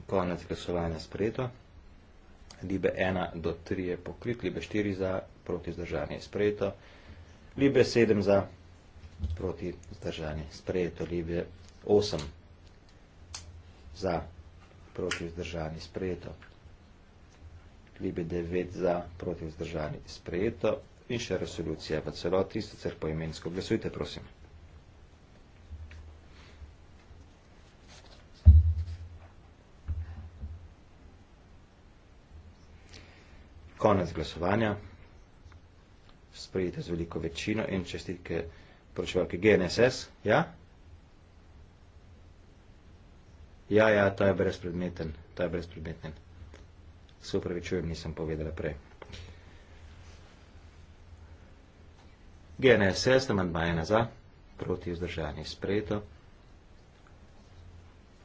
Konec glasovanja sprejeto. Libe 1 do 3 je pokrit, libe 4 za proti zdržanje sprejeto. Libe 7 za proti zdržanje sprejeto. Libe 8 za proti zdržanje sprejeto. Libe 9 za proti zdržanje sprejeto. In še resolucija v celoti, sicer poimensko. Glasujte, prosim. Konec glasovanja sprejete z veliko večino in čestitke poročevalke GNSS. Ja? ja, ja, ta je brezpredmeten, ta je brezpredmeten. Se upravičujem, nisem povedala prej. GNSS, namandmajena za, proti vzdržanje sprejeto.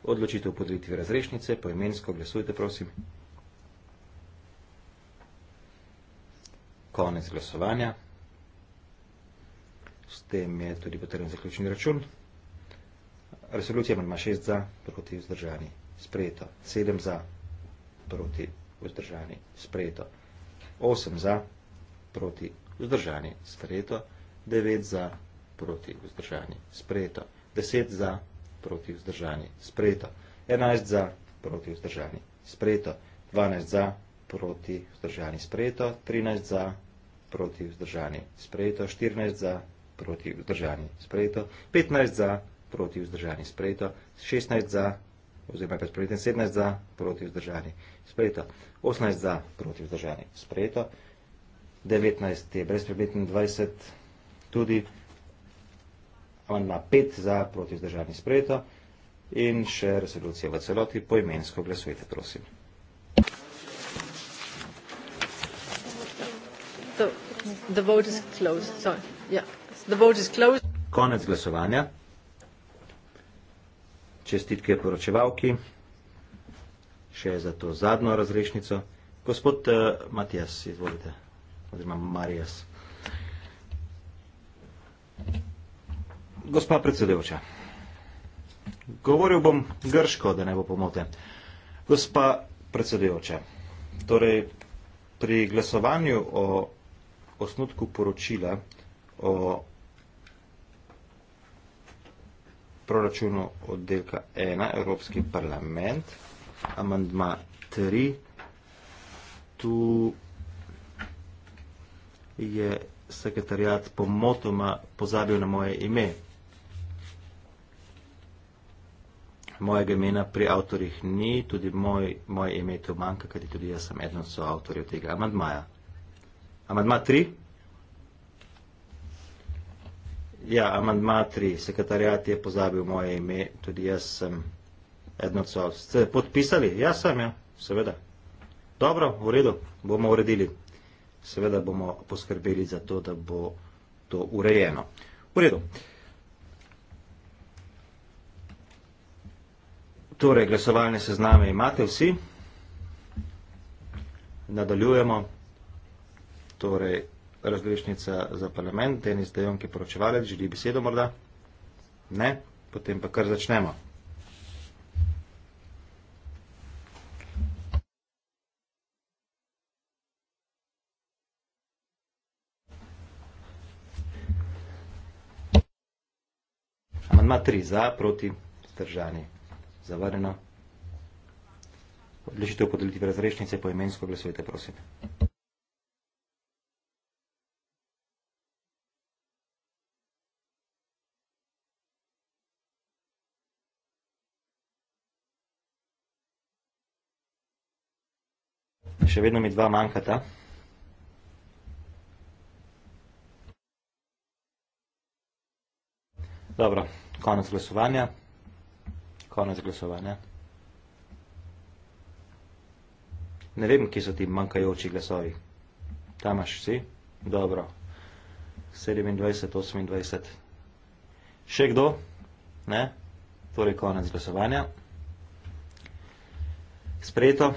Odločitev v podritvi razrešnice, poimensko glasujte, prosim. Konec glasovanja s tem je tudi potreben zaključni račun. Resolucija ima 6 za, proti vzdržani, sprejeto. 7 za, proti vzdržani, sprejeto. 8 za, proti vzdržani, sprejeto. 9 za, proti vzdržani, sprejeto. 10 za, proti vzdržani, sprejeto. 11 za, proti vzdržani, sprejeto. 12 za, proti vzdržani, sprejeto. 13 za, proti vzdržani, sprejeto. 14 za, proti vzdržani, sprejeto proti vzdržani sprejeto, 15 za, proti vzdržani sprejeto, 16 za, oziroma pa sprejeto, 17 za, proti vzdržani sprejeto, 18 za, proti vzdržani sprejeto, 19 je brezpredmeten, 20 tudi, amandma 5 za, proti vzdržani sprejeto in še resolucija v celoti, poimensko glasujte, prosim. The, the vote is closed, sorry, yeah. Konec glasovanja. Čestitke poročevalki. Še za to zadnjo razrešnico. Gospod uh, Matijas, izvolite. Oziroma Marijas. Gospa predsedevča, govoril bom grško, da ne bo pomote. Gospa predsedevča, torej pri glasovanju o osnutku poročila o proračunu oddelka 1, Evropski parlament, amandma 3, tu je sekretarjat pomotoma pozabil na moje ime. Mojega imena pri avtorjih ni, tudi moj, moje ime tu manjka, kajti tudi jaz sem eden od soavtorjev tega amandmaja. Amandma 3. Ja, amandma 3, sekretarjat je pozabil moje ime, tudi jaz sem edno cel. Ste podpisali? Ja, sem, ja, seveda. Dobro, v redu, bomo uredili. Seveda bomo poskrbeli za to, da bo to urejeno. V redu. Torej, glasovalne sezname imate vsi. Nadaljujemo. Torej, razrešnica za parlament, Denis Dejon, ki je poročevalec, želi besedo morda? Ne? Potem pa kar začnemo. Amandma 3 za, proti, zdržani, zavarjeno. Odlišite v podelitvi razrešnice, poimensko glasujte, prosim. še vedno mi dva manjkata. Dobro, konec glasovanja. Konec glasovanja. Ne vem, kje so ti manjkajoči glasovi. Tam imaš vsi? Dobro. 27, 28. Še kdo? Ne? Torej konec glasovanja. Sprejeto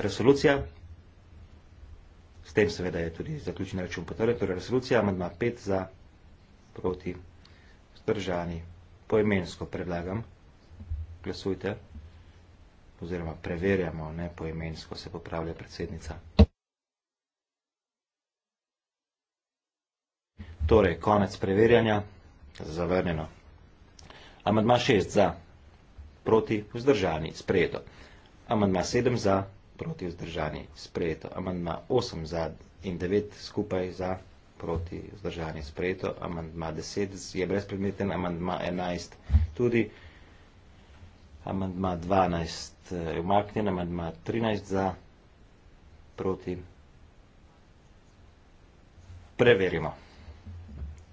resolucija, s tem seveda je tudi zaključen račun potrebno, torej resolucija, amadma 5 za proti vzdržani. Poimensko predlagam, glasujte, oziroma preverjamo, ne poimensko se popravlja predsednica. Torej, konec preverjanja, zavrnjeno. Amadma 6 za proti vzdržani, sprejeto. Amadma 7 za proti vzdržani proti vzdržani sprejeto. Amandma 8 za in 9 skupaj za proti vzdržani sprejeto. Amandma 10 je brezpredmeten. Amandma 11 tudi. Amandma 12 eh, je umaknjen. Amandma 13 za proti. Preverimo.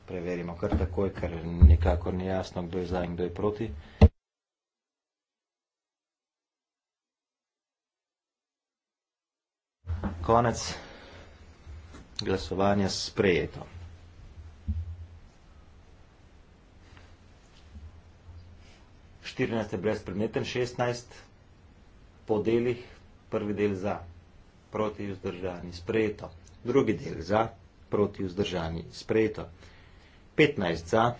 Preverimo kar takoj, ker nikakor ni jasno, kdo je za in kdo je proti. konec glasovanja sprejeto. Štirinajst je brezpredmeten, šestnajst po delih, prvi del za, proti vzdržani, sprejeto. Drugi del za, proti vzdržani, sprejeto. Petnajst za,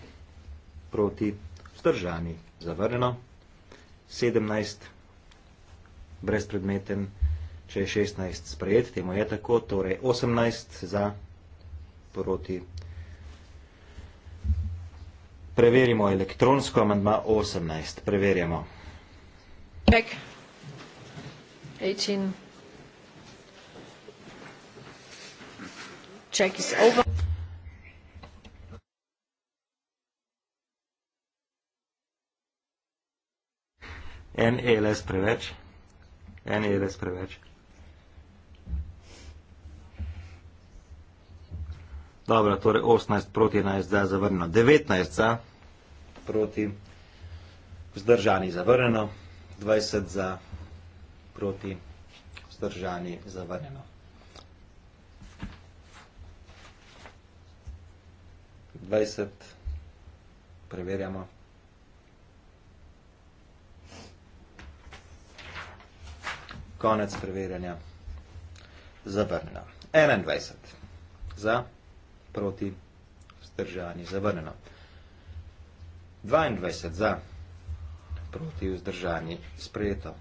proti vzdržani, zavrneno. Sedemnajst brezpredmeten, šestnajst. Če je 16 sprejet, temu je tako, torej 18 za proti. Preverimo elektronsko amandma 18. Preverjamo. Pek. Ečin. Check is over. En ELS preveč. En ELS preveč. Dobro, torej 18 proti 11 zdaj zavrnjeno, 19 za proti vzdržani zavrnjeno, 20 za proti vzdržani zavrnjeno. Dvajset, preverjamo. Konec preverjanja. Zavrnjeno. Enaindvajset. Za proti vzdržanje zavrneno. 22 za proti vzdržanje sprejeto.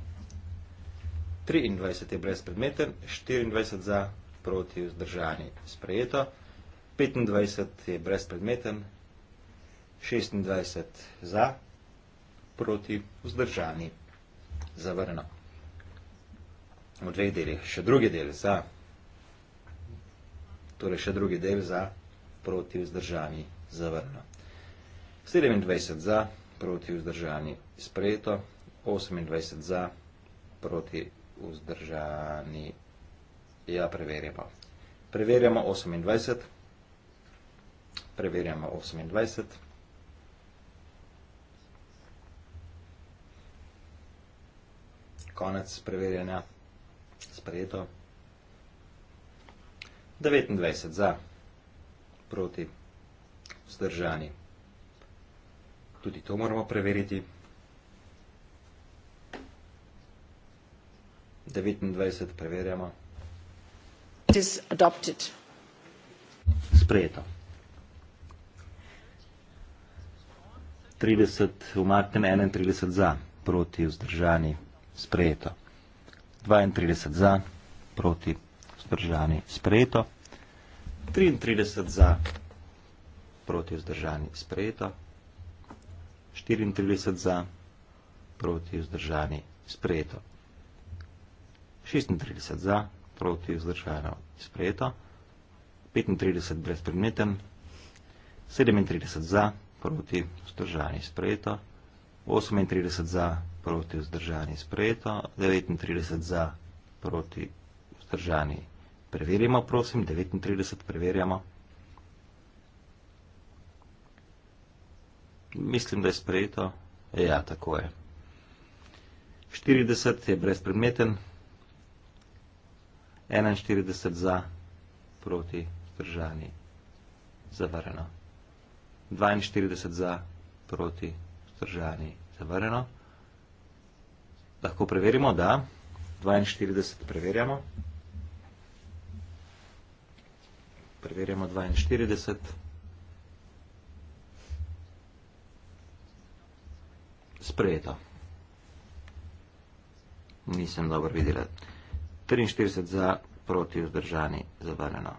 23 je brezpredmeten, 24 za proti vzdržanje sprejeto, 25 je brezpredmeten, 26 za proti vzdržanje zavrneno. V dveh delih. Še drugi del za, torej še drugi del za proti vzdržani zavrnjeno. 27 za, proti vzdržani sprejeto, 28 za, proti vzdržani, ja, preverjamo. Preverjamo 28, preverjamo 28, konec preverjanja, sprejeto, 29 za, proti vzdržani. Tudi to moramo preveriti. 29 preverjamo. It is adopted. Sprejeto. 30 umaknem, 31 za, proti vzdržani, sprejeto. 32 za, proti vzdržani, sprejeto. 33 za, proti vzdržani sprejeto, 34 za, proti vzdržani sprejeto, 36 za, proti vzdržano sprejeto, 35 brezpredmeten, 37 za, proti vzdržani sprejeto, 38 za, proti vzdržani sprejeto, 39 za, proti vzdržani sprejeto, Preverjamo, prosim, 39 preverjamo. Mislim, da je sprejeto. Ja, tako je. 40 je brezpredmeten, 41 za, proti, vzdržani, zavrjeno. 42 za, proti, vzdržani, zavrjeno. Lahko preverimo, da. 42 preverjamo. preverjamo 42. Sprejeto. Nisem dobro videla. 43 za, proti vzdržani, zavarjeno.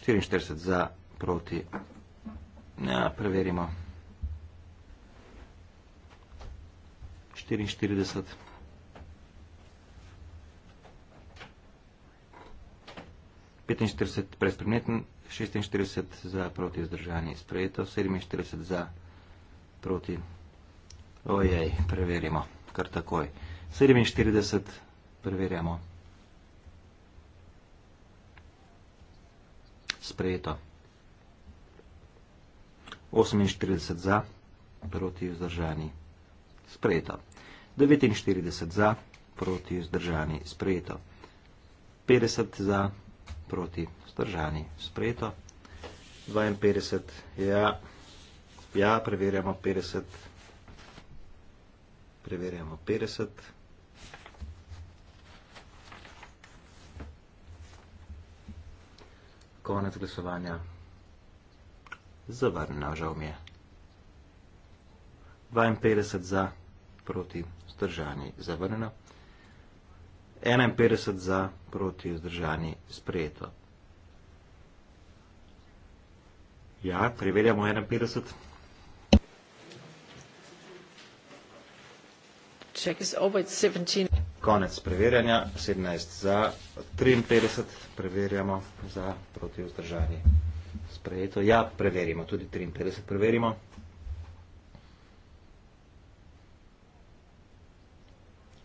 44 za, proti. Ja, preverimo. 44. 45 pred spremljenjem, 46 za proti zdržanje sprejeto, 47 za proti, ojej, preverimo, kar takoj, 47 preverjamo, sprejeto, 48 za proti vzdržani sprejeto, 49 za proti vzdržani sprejeto, 50 za proti proti, vzdržani, sprejeto. 52, ja, ja, preverjamo 50, preverjamo 50. Konec glasovanja. Zavrnjeno, žal mi je. 52 za, proti, vzdržani, zavrnjeno. 51 za, proti, vzdržani, zavrnjeno proti zdržani sprejeto. Ja, preverjamo 51. Check is over 17. Konec preverjanja, 17 za, 53 preverjamo za proti vzdržanje. Sprejeto, ja, preverimo, tudi 53 preverimo.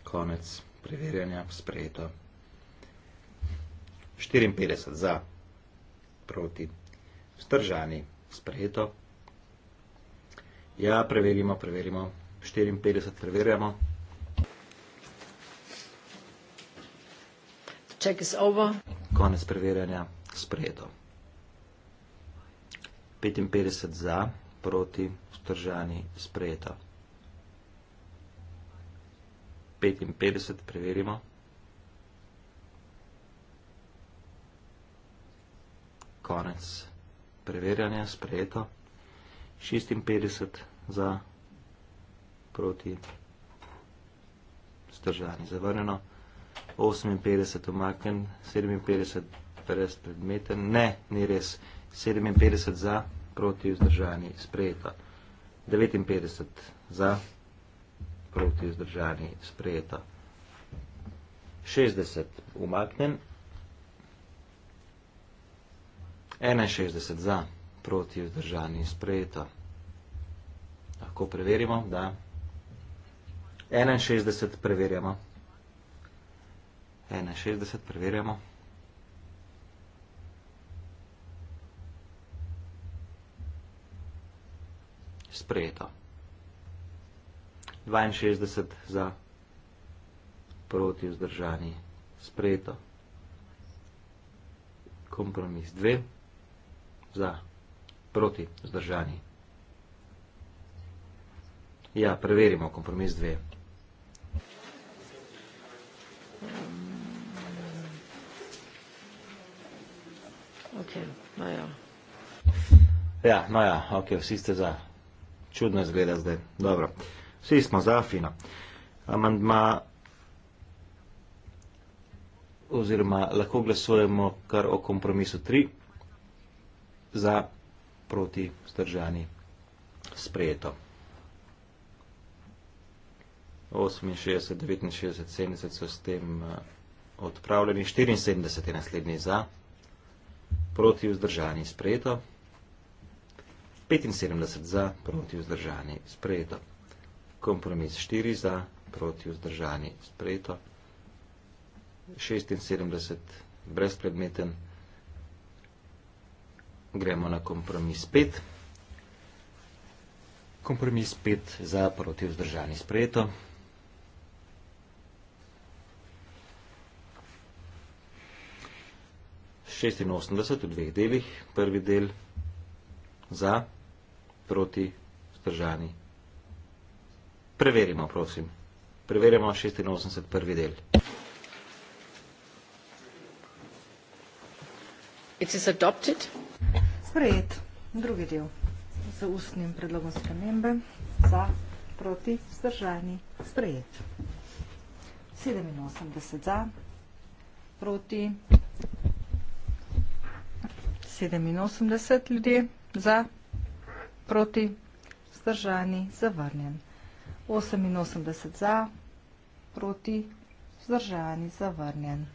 Konec preverjanja, sprejeto. 54 za, proti, vzdržani, sprejeto. Ja, preverimo, preverimo. 54 preverjamo. Check is over. Konec preverjanja, sprejeto. 55 za, proti, vzdržani, sprejeto. 55 preverimo. konec preverjanja, sprejeto. 56 za, proti, zdržani, zavrnjeno. 58 omaken, 57 brez predmeten, ne, ni res. 57 za, proti, zdržani, sprejeto. 59 za, proti, zdržani, sprejeto. 60 umaknen, 61 za, proti vzdržani sprejeto. Lahko preverimo, da. 61 preverjamo. 61 preverjamo. Sprejeto. 62 za, proti vzdržani sprejeto. Kompromis 2 za, proti zdržani. Ja, preverimo kompromis dve. Okay, no ja. ja, no ja, ok, vsi ste za. Čudno izgleda zdaj. Dobro. Vsi smo za, fino. Amandma oziroma lahko glasujemo kar o kompromisu 3 za proti vzdržani sprejeto. 68, 69, 70 so s tem eh, odpravljeni, 74 je naslednji za, proti vzdržani sprejeto, 75 za, proti vzdržani sprejeto, kompromis 4 za, proti vzdržani sprejeto, 76 brezpredmeten, gremo na kompromis 5. Kompromis 5 za proti vzdržani sprejeto. Šestinosemdeset v dveh delih, prvi del za, proti, vzdržani. Preverimo, prosim. Preverimo šestinosemdeset prvi del. Sprejet. Drugi del. Za ustnim predlogom spremembe. Za, proti, vzdržani. Sprejet. 87 za, proti, 87 ljudje za, proti, vzdržani, zavrnjen. 88 za, proti, vzdržani, zavrnjen.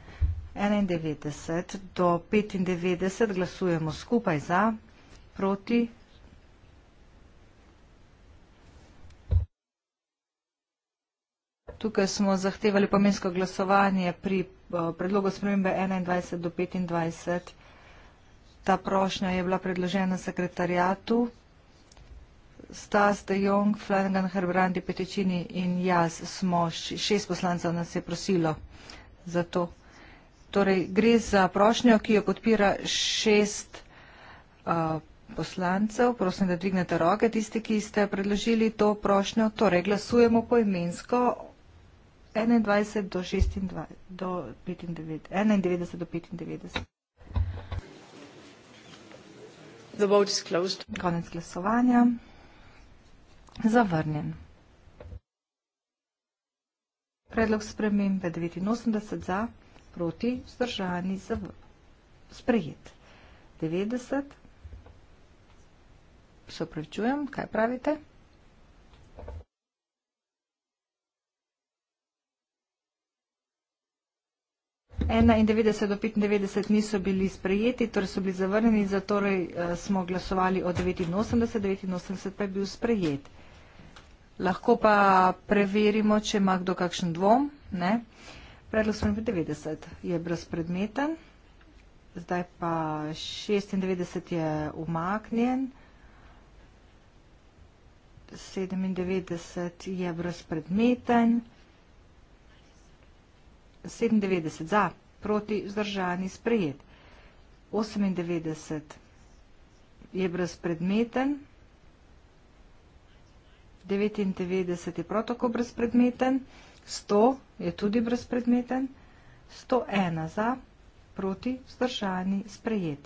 91 do 95 glasujemo skupaj za, proti. Tukaj smo zahtevali pomensko glasovanje pri predlogu spremembe 21 do 25. Ta prošnja je bila predložena sekretarjatu. Stas de Jong, Flanagan, Herbrandi, Petečini in jaz smo, šest poslancev nas je prosilo za to. Torej, gre za prošnjo, ki jo podpira šest uh, poslancev. Prosim, da dvignete roke, tisti, ki ste predložili to prošnjo. Torej, glasujemo po imensko 21 do, 26, do 95, 91 do 95. The vote is closed. Konec glasovanja. Zavrnjen. Predlog spremembe 89 za proti, vzdržani, zav, sprejet. 90, se upravičujem, kaj pravite? Ena in 90 do 95 niso bili sprejeti, torej so bili zavrnjeni, zato eh, smo glasovali o 89, 89 pa je bil sprejet. Lahko pa preverimo, če ima kdo kakšen dvom. Ne? Predlog spremembe 90 je brezpredmeten, zdaj pa 96 je umaknjen, 97 je brezpredmeten, 97 za, proti vzdržani sprejet, 98 je brezpredmeten, 99 je protoko brezpredmeten, 100 je brezpredmeten, je tudi brezpredmeten. 101 za, proti, vzdržani, sprejet.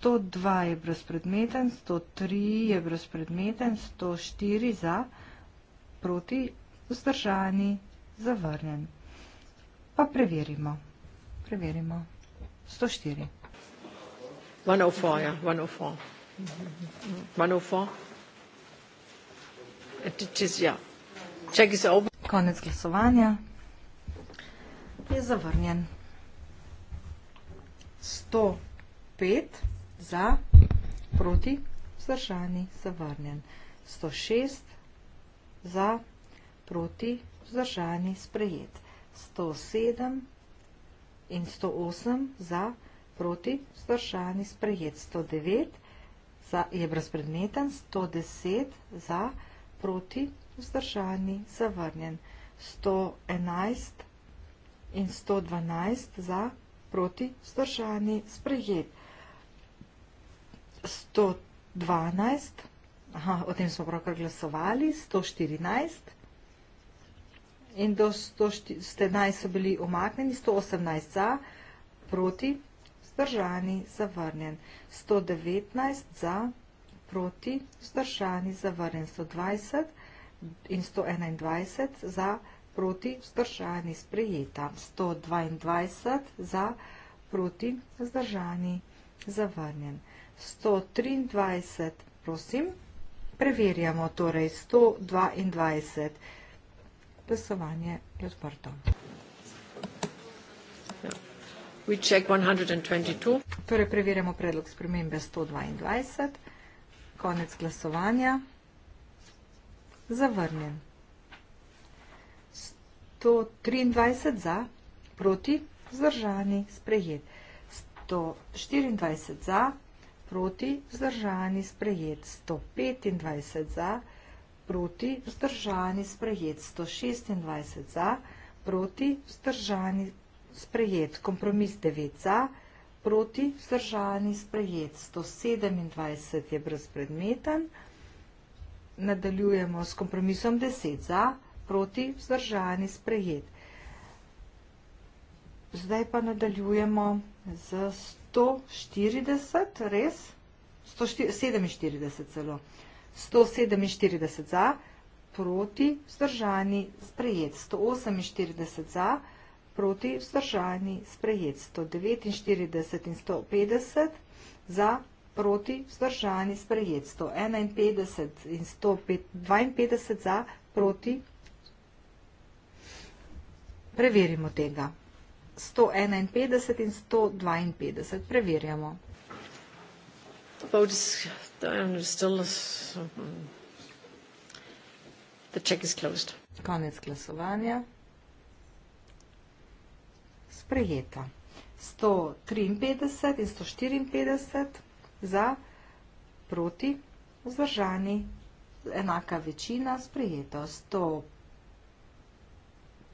102 je brezpredmeten, 103 je brezpredmeten, 104 za, proti, vzdržani, zavrnjen. Pa preverimo. Preverimo. 104. 104, ja, 104. 104. Mhm. Mhm. Mhm. It is, yeah. Ja. Če ki se ob... Konec glasovanja. Je zavrnjen. 105 za, proti, vzdržani, zavrnjen. 106 za, proti, vzdržani, sprejet. 107 in 108 za, proti, vzdržani, sprejet. 109 je brezpredmeten, 110 za, proti, vzdržani, sprejet vzdržani, zavrnjen. 111 in 112 za proti vzdržani, sprejet. 112, aha, o tem smo pravkar glasovali, 114 in do 111 so bili omakneni, 118 za proti vzdržani, zavrnjen. 119 za proti vzdržani, zavrnjen. 120 in 121 za proti vzdržani sprejeta, 122 za proti vzdržani zavrnjen, 123 prosim, preverjamo torej 122, glasovanje je odprto. We check 122. Torej preverjamo predlog spremembe 122, konec glasovanja zavrnjen. 123 za, proti, vzdržani, sprejet. 124 za, proti, vzdržani, sprejet. 125 za, proti, vzdržani, sprejet. 126 za, proti, vzdržani, sprejet. Kompromis 9 za, proti, vzdržani, sprejet. 127 je brezpredmeten, 127 je brezpredmeten nadaljujemo s kompromisom 10 za, proti, vzdržani, sprejet. Zdaj pa nadaljujemo z 140, res? 147 celo. 147 za, proti, vzdržani, sprejet. 148 za, proti, vzdržani, sprejet. 149 in 150 za, proti, vzdržani, sprejet. 151 in 152 za, proti. Preverimo tega. 151 in 152. Preverjamo. The vote is done. Um, still, um, the check is closed. Konec glasovanja. Sprejeta. 153 in 154 za, proti, vzdržani, enaka večina, sprejeto 155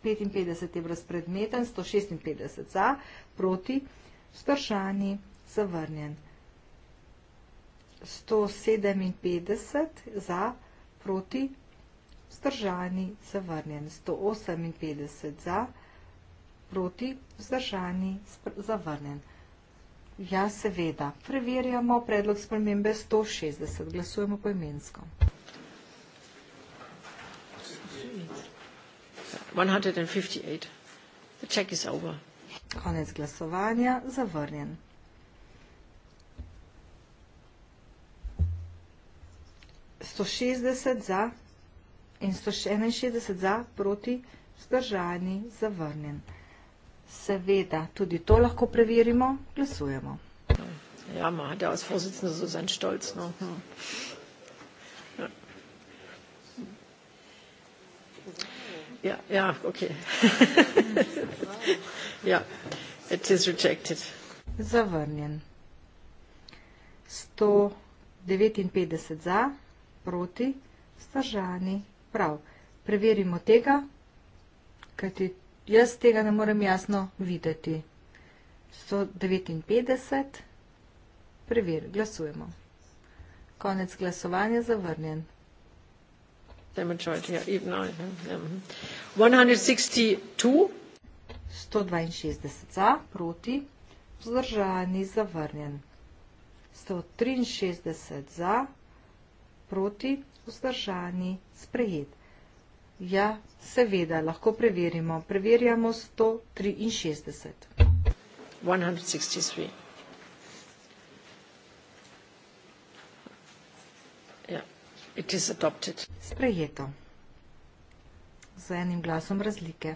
je razpredmeten, 156 za, proti, vzdržani, zavrnjen. 157 za, proti, vzdržani, zavrnjen. 158 za, proti, vzdržani, zavrnjen. Ja, seveda. Preverjamo predlog spremembe 160. Glasujemo po imensko. 158. The check is over. Konec glasovanja. Zavrnjen. Sto šestdeset za in sto enajstdeset za proti zdržani zavrnjen. Seveda, tudi to lahko preverimo, glasujemo. Ja, ima, da vas vozicno zelo zan štolcno. Hm. Ja. ja, ja, ok. Ja, it is rejected. Zavrnjen. 159 za, proti, stržani, prav. Preverimo tega, kajti jaz tega ne morem jasno videti. 159. Prever, glasujemo. Konec glasovanja zavrnjen. The majority, yeah, even I, yeah. 162 mm-hmm. za, proti, vzdržani, zavrnjen. 163 za, proti, vzdržani, sprejet. Ja, seveda, lahko preverimo. Preverjamo 163. 163. Sprejeto. Z enim glasom razlike.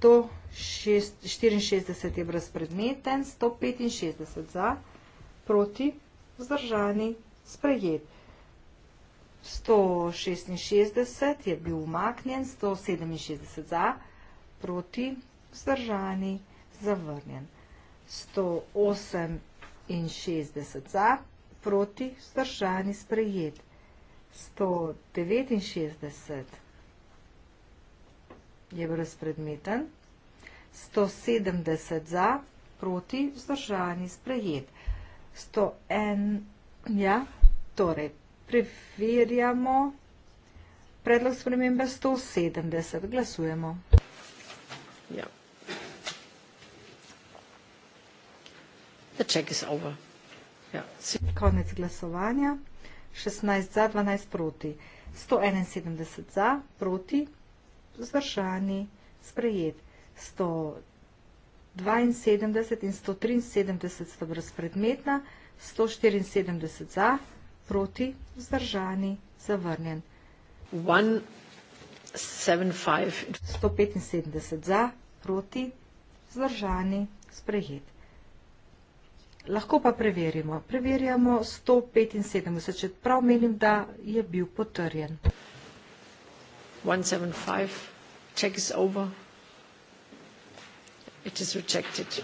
164 je brezpredmeten, 165 za, proti, vzdržani, sprejeti. 166 je bil umaknjen, 167 za, proti, vzdržani, zavrnjen. 168 za, proti, vzdržani, sprejet. 169 je bil razpredmeten. 170 za, proti, vzdržani, sprejet. 101, ja, torej, preverjamo predlog spremembe 170. Glasujemo. Ja. The check is over. Ja. Konec glasovanja. 16 za, 12 proti. 171 za, proti, zdržani, sprejet. 172 in 173 sta brezpredmetna, 174 za, proti, vzdržani, zavrnjen. 175 za, proti, vzdržani, sprejet. Lahko pa preverimo. Preverjamo 175, če prav menim, da je bil potrjen. 175, check is over. It is rejected.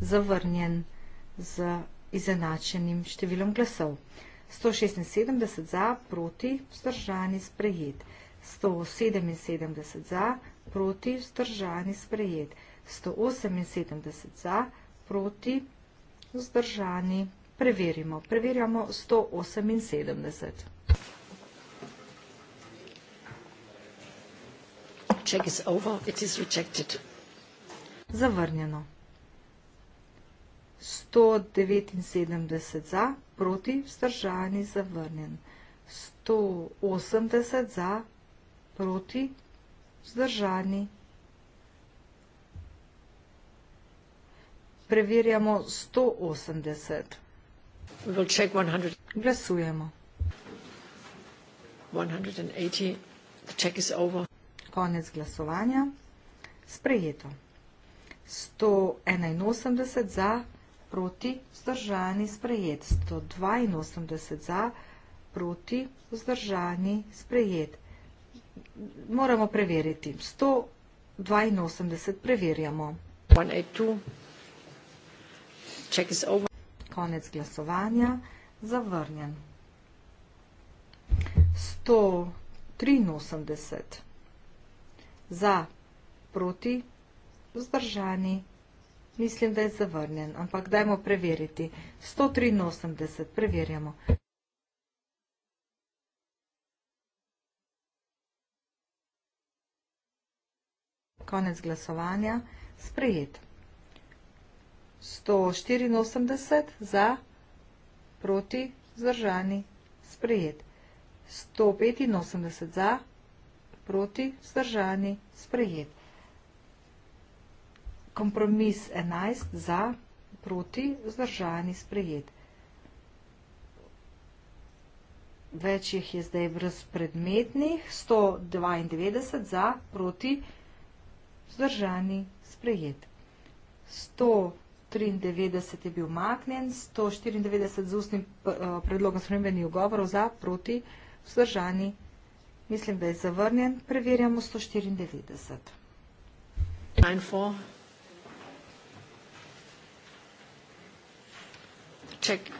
Zavrnjen z izenačenim številom glasov. 176 za, proti, vzdržani, sprejet. 177 za, proti, vzdržani, sprejet. 178 za, proti, vzdržani, preverimo. Preverjamo 178. Check is over, it is rejected. Zavrnjeno. 179 za, proti, vzdržani, zavrnjen. 180 za, proti, vzdržani. Preverjamo 180. We'll check 100. Glasujemo. 180. The check is over. Konec glasovanja. Sprejeto. 181 za, proti, vzdržani, sprejet, 182 za, proti, vzdržani, sprejet. Moramo preveriti, 182 preverjamo. Konec glasovanja, zavrnjen. 183 za, proti, vzdržani, sprejet. Mislim, da je zavrnjen, ampak dajmo preveriti. 183, preverjamo. Konec glasovanja, sprejet. 184 za, proti, zdržani, sprejet. 185 za, proti, zdržani, sprejet kompromis 11 za, proti, vzdržani, sprejet. Več jih je zdaj brezpredmetnih, 192 za, proti, vzdržani, sprejet. 193 je bil maknen, 194 z ustnim eh, predlogom spremenjenih ugovorov za, proti, vzdržani, mislim, da je zavrnjen, preverjamo 194. 9-4. Vrček.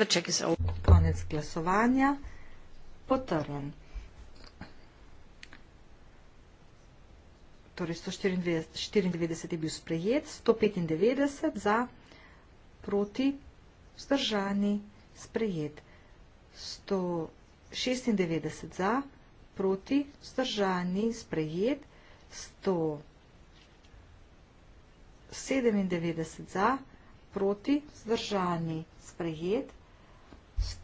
Vrček je zaupal. Konec glasovanja. Potrjen. Torej 194 je bil sprejet, 195 za proti vzdržani sprejet. 196 za proti vzdržani sprejet. 197 za proti vzdržani sprejet. 197 za proti, vzdržani, sprejet,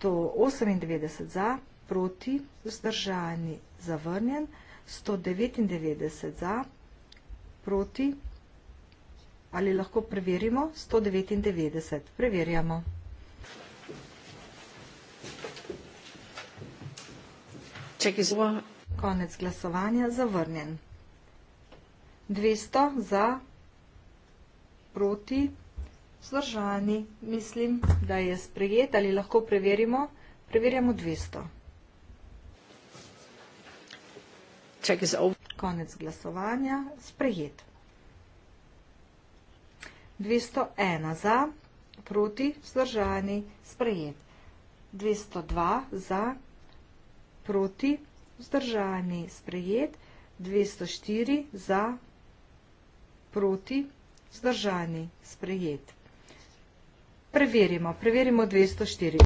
198 za, proti, vzdržani, zavrnjen, 199 za, proti, ali lahko preverimo, 199, preverjamo. Čekaj zelo. Konec glasovanja, zavrnjen. 200 za, proti, vzdržani, vzdržani. Mislim, da je sprejet ali lahko preverimo. Preverjamo 200. Check is over. Konec glasovanja. Sprejet. 201 za, proti, vzdržani, sprejet. 202 za, proti, vzdržani, sprejet. 204 za, proti, vzdržani, sprejet. Preverimo, preverimo 204.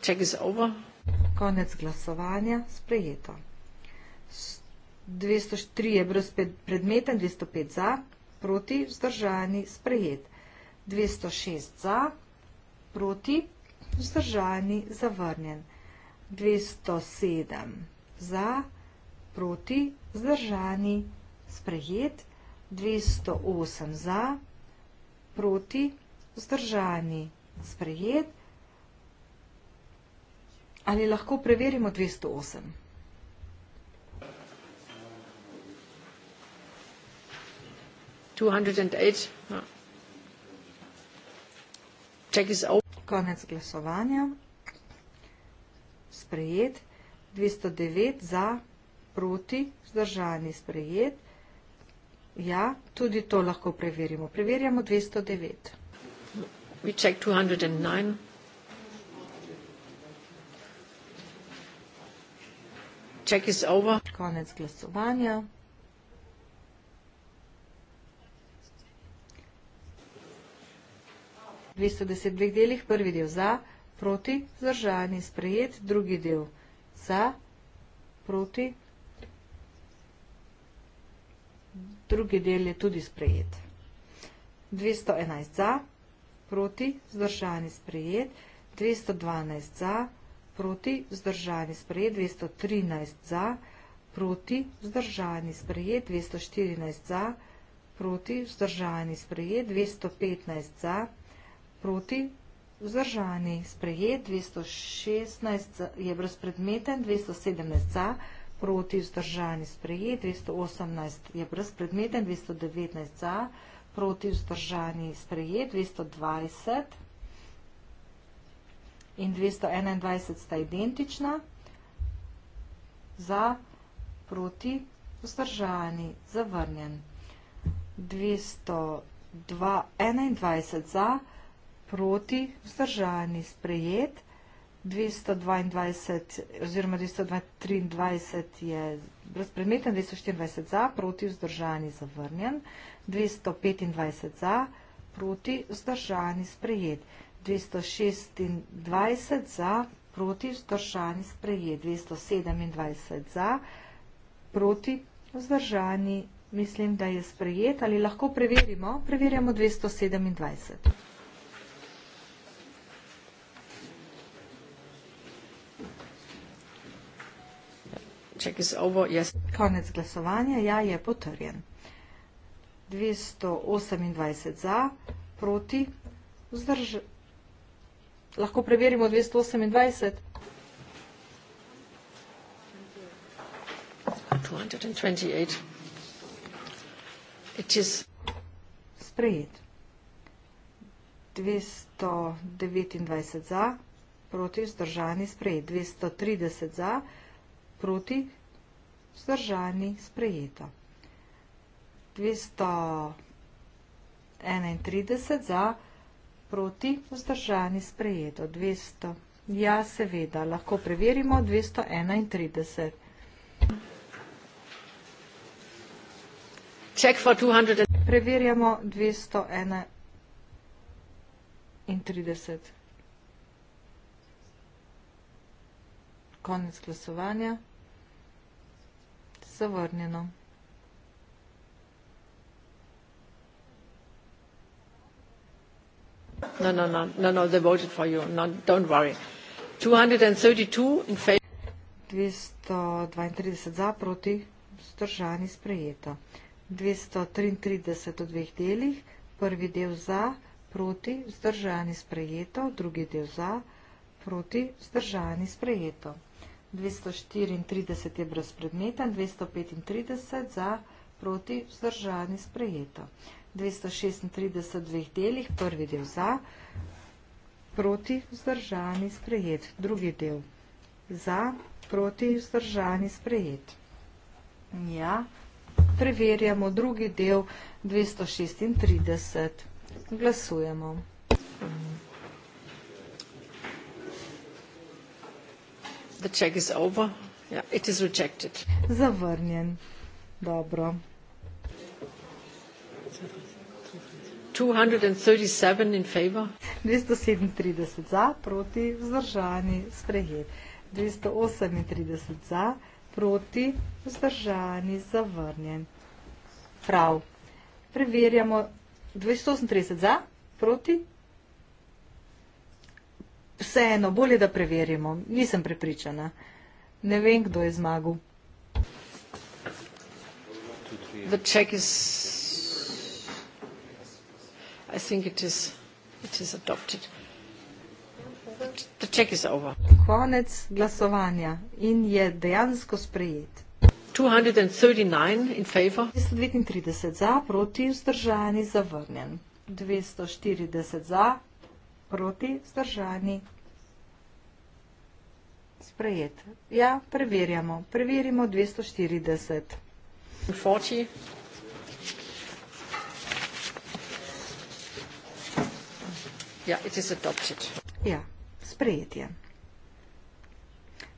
Ček za ovo. Konec glasovanja, sprejeto. 203 je brez predmeten, 205 za, proti, vzdržani, sprejet. 206 za, proti, vzdržani, zavrnjen. 207 za, proti, vzdržani, sprejet. 208 za, proti, vzdržani, sprejet. Ali lahko preverimo 208? No. Konec glasovanja. Sprejet. 209 za, proti, zdržani sprejet. Ja, tudi to lahko preverimo. Preverjamo 209. We check 209. Check is over. Konec glasovanja. Dvesto deset dveh delih, prvi del za, proti, zdržani, sprejet, drugi del za, proti, zdržani. drugi del je tudi sprejet. 211 za, proti, zdržani sprejet, 212 za, proti, zdržani sprejet, 213 za, proti, zdržani sprejet, 214 za, proti, vzdržani sprejet, 215 za, proti, vzdržani sprejet, 216 je brezpredmeten, 217 za, proti, proti vzdržani sprejet, 218 je brezpredmeten, 219 za, proti vzdržani sprejet, 220 in 221 sta identična, za, proti vzdržani, zavrnjen. 221 za, proti vzdržani sprejet, 220. 222 oziroma 223 je brezpredmeten, 224 za, proti vzdržani zavrnjen, 225 za, proti vzdržani sprejet, 226 za, proti vzdržani sprejet, 227 za, proti vzdržani, mislim, da je sprejet, ali lahko preverimo, preverjamo 227. Check is over, yes. Konec glasovanja, ja, je potrjen. 228 za, proti, vzdrž. Lahko preverimo 228. 228. It is... Sprejet. 229 za, proti, vzdržani, sprejet. 230 za, proti vzdržani sprejeta. 231 za proti vzdržani sprejeto. 200. Ja, seveda, lahko preverimo 231. Check for 200. Preverjamo 231. Konec glasovanja zavrnjeno. No, no, no, no, no, they voted for you. No, don't worry. 232 za proti, stržani sprejeto. 233 v dveh delih, prvi del za proti, stržani sprejeto, drugi del za proti, stržani sprejeto. 234 je brez predmeta, 235 za proti vzdržani sprejeto. 236 v dveh delih, prvi del za, proti vzdržani sprejet, drugi del za, proti vzdržani sprejet. Ja, preverjamo drugi del 236. Glasujemo. Mm. The check is over. Yeah, it is rejected. Zavrnjen. Dobro. 237 in favor. 237 za, proti, vzdržani, sprejet. 238 za, proti, vzdržani, zavrnjen. Prav. Preverjamo 238 za, proti, vseeno, bolje da preverimo. Nisem prepričana. Ne vem, kdo je zmagal. Konec glasovanja in je dejansko sprejet. 239 za, proti vzdržajni zavrnjen. 240 za, proti vzdržani. Sprejet. Ja, preverjamo. Preverimo 240. 40. Ja, it is adopted. Ja, sprejet je.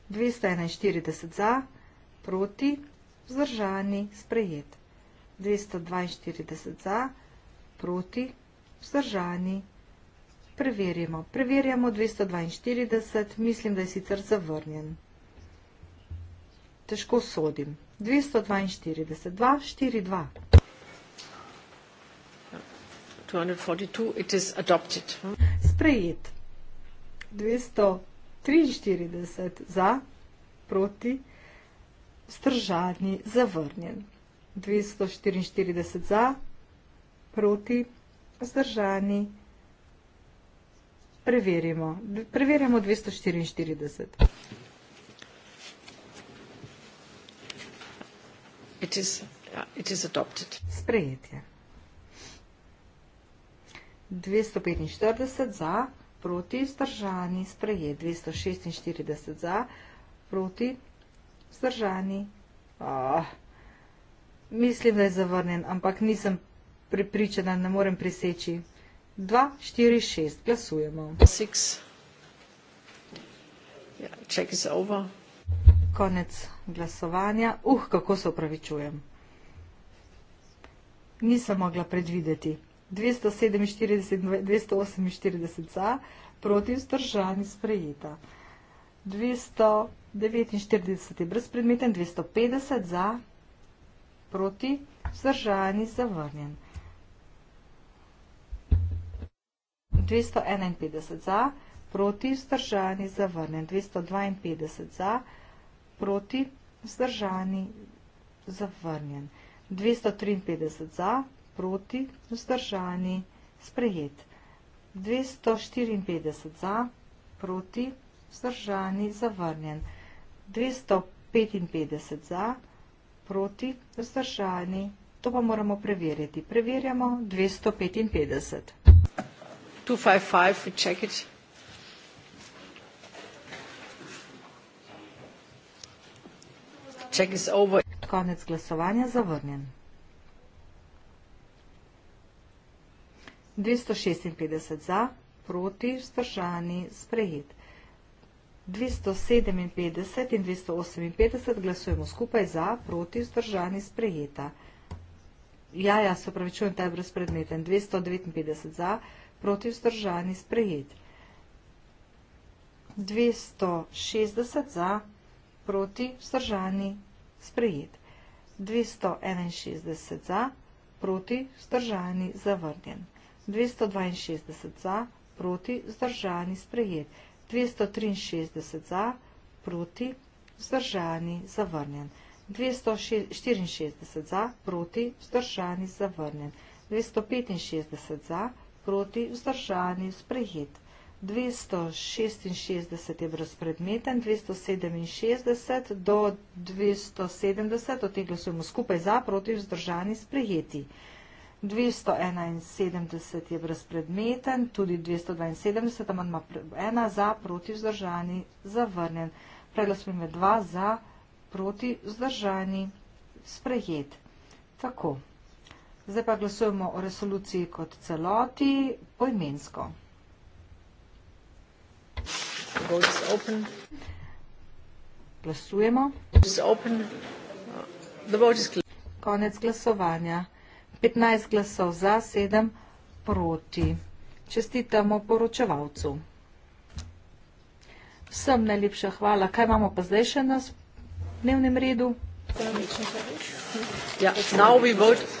241 za, proti, vzdržani, sprejet. 242 za, proti, vzdržani, sprejet. Preverimo. Preverjamo 242, mislim, da je sicer zavrnjen. Težko sodim. 242, 2, 4, 2. 242, it is adopted. Sprejet. 243 za, proti, stržani, zavrnjen. 244 za, proti, stržani, zavrnjen preverimo. Preverjamo 244. It is, it is adopted. Sprejetje. 245 za, proti zdržani, sprejet. 246 za, proti zdržani. Oh, ah. mislim, da je zavrnen, ampak nisem pripričana, ne morem priseči. 2, 4, 6. Glasujemo. 6. Ja, check is over. Konec glasovanja. Uh, kako se upravičujem. Nisem mogla predvideti. 247, 248 za, proti vzdržani sprejeta. 249 je brezpredmeten, 250 za, proti vzdržani zavrnjen. 251 za, proti vzdržani, zavrnjen. 252 za, proti vzdržani, zavrnjen. 253 za, proti vzdržani, sprejet. 254 za, proti vzdržani, zavrnjen. 255 za, proti vzdržani, to pa moramo preveriti. Preverjamo 255. 255, we check it. Check is over. Konec glasovanja, zavrnjen. 256 za, proti, vzdržani, sprejet. 257 in 258 glasujemo skupaj za, proti, vzdržani, sprejeta. Ja, ja, se opravičujem, ta je brezpredmeten. 259 za, proti vzdržani sprejet. 260 za, proti vzdržani sprejet. 261 za, proti vzdržani zavrnjen. 262 za, proti vzdržani sprejet. 263 za, proti vzdržani zavrnjen. 264 za, proti vzdržani zavrnjen. 265 za, proti vzdržani zavrnjen. 265 za, nasproti, vzdržani, sprejet. 266 je brezpredmeten, 267 do 270, od teh glasujemo skupaj za, proti, vzdržani, sprejeti. 271 je brezpredmeten, tudi 272, tam ima ena za, proti, vzdržani, zavrnen. Preglasujem je dva za, proti, vzdržani, sprejet. Tako. Zdaj pa glasujemo o resoluciji kot celoti poimensko. Glasujemo. Konec glasovanja. 15 glasov za, 7 proti. Čestitamo poročevalcu. Vsem najlepša hvala. Kaj imamo pa zdaj še na dnevnem redu? Ja, zdaj bomo glasovali.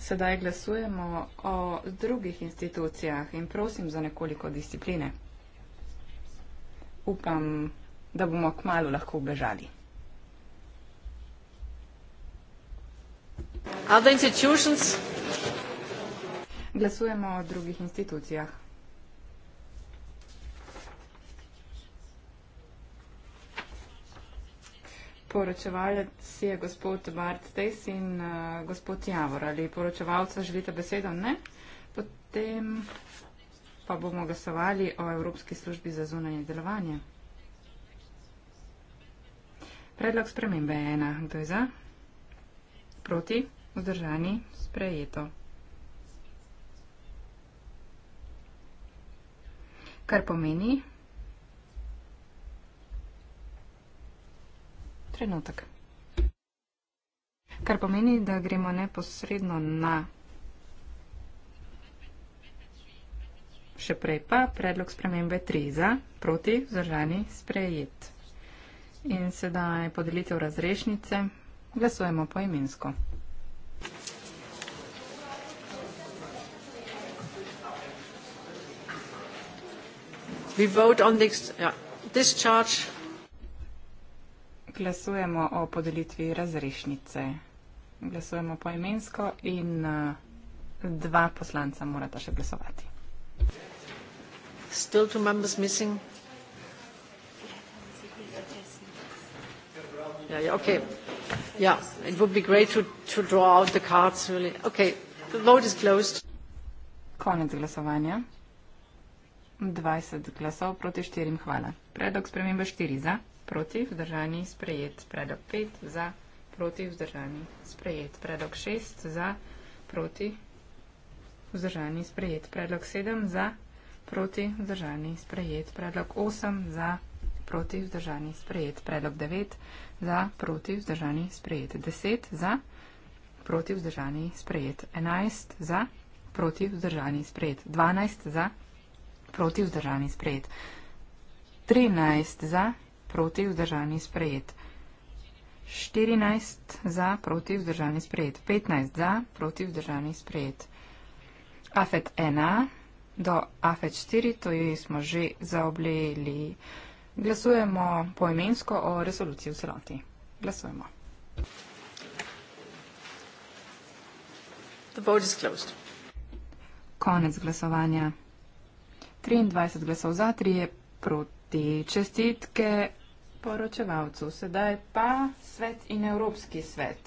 Sedaj glasujemo o drugih institucijah in prosim za nekoliko discipline. Upam, da bomo kmalo lahko ubežali. Glasujemo o drugih institucijah. poročevalec je gospod Bart Tess in uh, gospod Javor. Ali poročevalca želite besedo? Ne. Potem pa bomo glasovali o Evropski službi za zunanje delovanje. Predlog spremembe je ena. Kdo je za? Proti? Vzdržani? Sprejeto. Kar pomeni, trenutek. Kar pomeni, da gremo neposredno na. Še prej pa predlog spremembe 3 za, proti, zdržani, sprejet. In sedaj podelitev razrešnice. Glasujemo poimensko. We vote on this, uh, discharge glasujemo o podelitvi razrešnice. Glasujemo poimensko in uh, dva poslanca morata še glasovati. Still two members missing? Yeah, yeah, okay. Yeah, it would be great to, to draw out the cards, really. Okay, the vote is closed. Konec glasovanja. 20 glasov proti 4. Hvala. Predlog spremembe 4 za proti, vzdržani, sprejet, predlog 5, za, proti, vzdržani, sprejet, predlog 6, za, proti, vzdržani, sprejet, predlog 7, za, proti, vzdržani, sprejet, predlog 8, za, proti, vzdržani, sprejet, predlog 9, za, proti, vzdržani, sprejet, 10, za, proti, vzdržani, sprejet, 11, za, proti, vzdržani, sprejet, 12, za, proti, vzdržani, sprejet, 13, za, proti, vzdržani, sprejet, 13, za, proti vzdržani sprejet. 14 za proti vzdržani sprejet. 15 za proti vzdržani sprejet. AFET 1 do AFET 4, to je smo že zaobljeli. Glasujemo poimensko o resoluciji v celoti. Glasujemo. The vote is closed. Konec glasovanja. 23 glasov za, 3 proti. Čestitke poročevalcev. Sedaj pa svet in Evropski svet.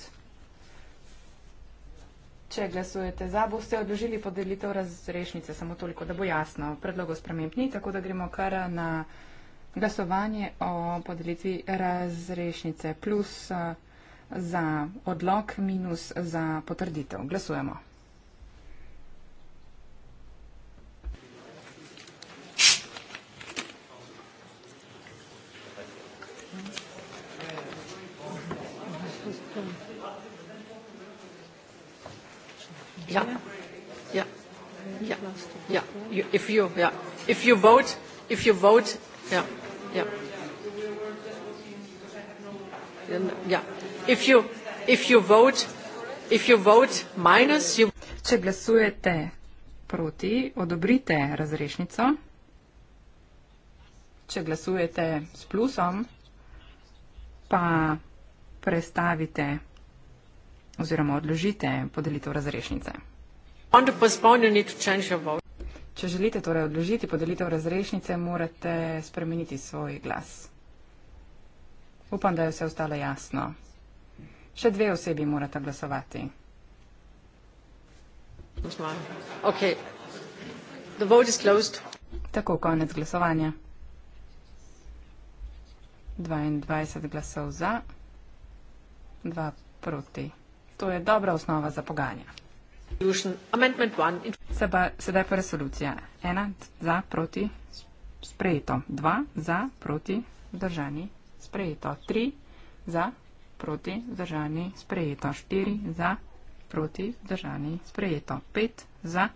Če glasujete za, boste odložili podelitev razrešnice, samo toliko, da bo jasno. Predlogo sprememb ni, tako da gremo kar na glasovanje o podelitvi razrešnice. Plus eh, za odlog, minus za potrditev. Glasujemo. Yeah. You, if you, yeah. If you vote, if you vote, yeah, yeah. Yeah. If you, if you vote, if you vote minus, you. Če glasujete proti, odobrite razrešnico. Če glasujete s plusom, pa prestavite oziroma odložite podelitev razrešnice. On to postpone, you need to change your vote. Če želite torej odložiti podelitev razrešnice, morate spremeniti svoj glas. Upam, da je vse ostalo jasno. Še dve osebi morate glasovati. Okay. The vote is closed. Tako, konec glasovanja. 22 glasov za, 2 proti. To je dobra osnova za pogajanja. Seba, sedaj pa resolucija. Ena za proti sprejeto. Dva za proti vzdržani sprejeto. Tri za proti vzdržani sprejeto. Štiri za proti vzdržani sprejeto. Pet za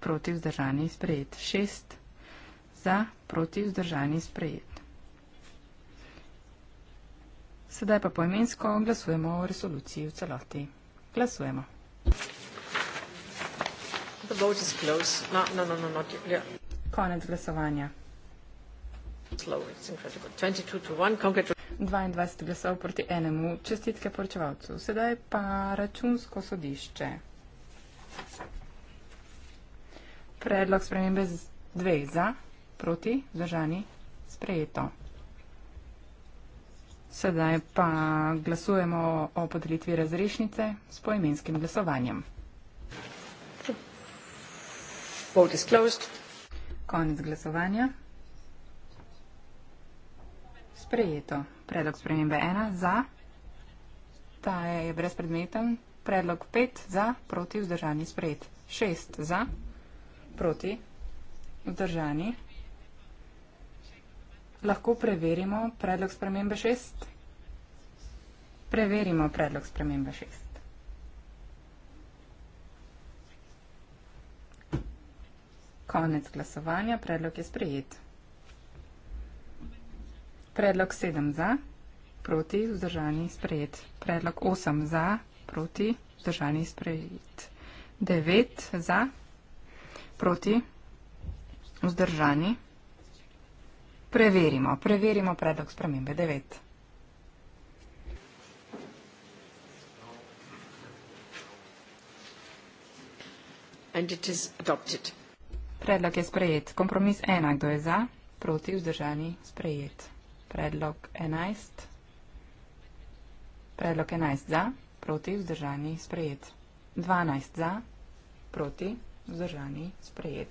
proti vzdržani sprejet. Šest za proti vzdržani sprejet. Sedaj pa poimensko glasujemo o resoluciji v celoti. Glasujemo. The vote is closed. No, no, no, no, not yet. Yeah. Konec glasovanja. Slow, it's incredible. 22 to 1, congratulations. 22 glasov proti enemu. Čestitke poročevalcu. Sedaj pa računsko sodišče. Predlog spremembe z dve za, proti, zdržani, sprejeto. Sedaj pa glasujemo o podelitvi razrešnice s poimenskim glasovanjem. Vote is closed. Konec glasovanja. Sprejeto. Predlog spremembe ena za. Ta je brezpredmeten. Predlog pet za, proti vzdržani sprejet. Šest za, proti vzdržani. Lahko preverimo predlog spremembe šest. Preverimo predlog spremembe šest. Konec glasovanja. Predlog je sprejet. Predlog 7 za, proti, vzdržani, sprejet. Predlog 8 za, proti, vzdržani, sprejet. 9 za, proti, vzdržani. Preverimo, preverimo predlog spremembe 9. And it is adopted. Predlog je sprejet. Kompromis ena, kdo je za, proti vzdržani, sprejet. Predlog enajst. Predlog enajst za, proti vzdržani, sprejet. Dvanajst za, proti vzdržani, sprejet.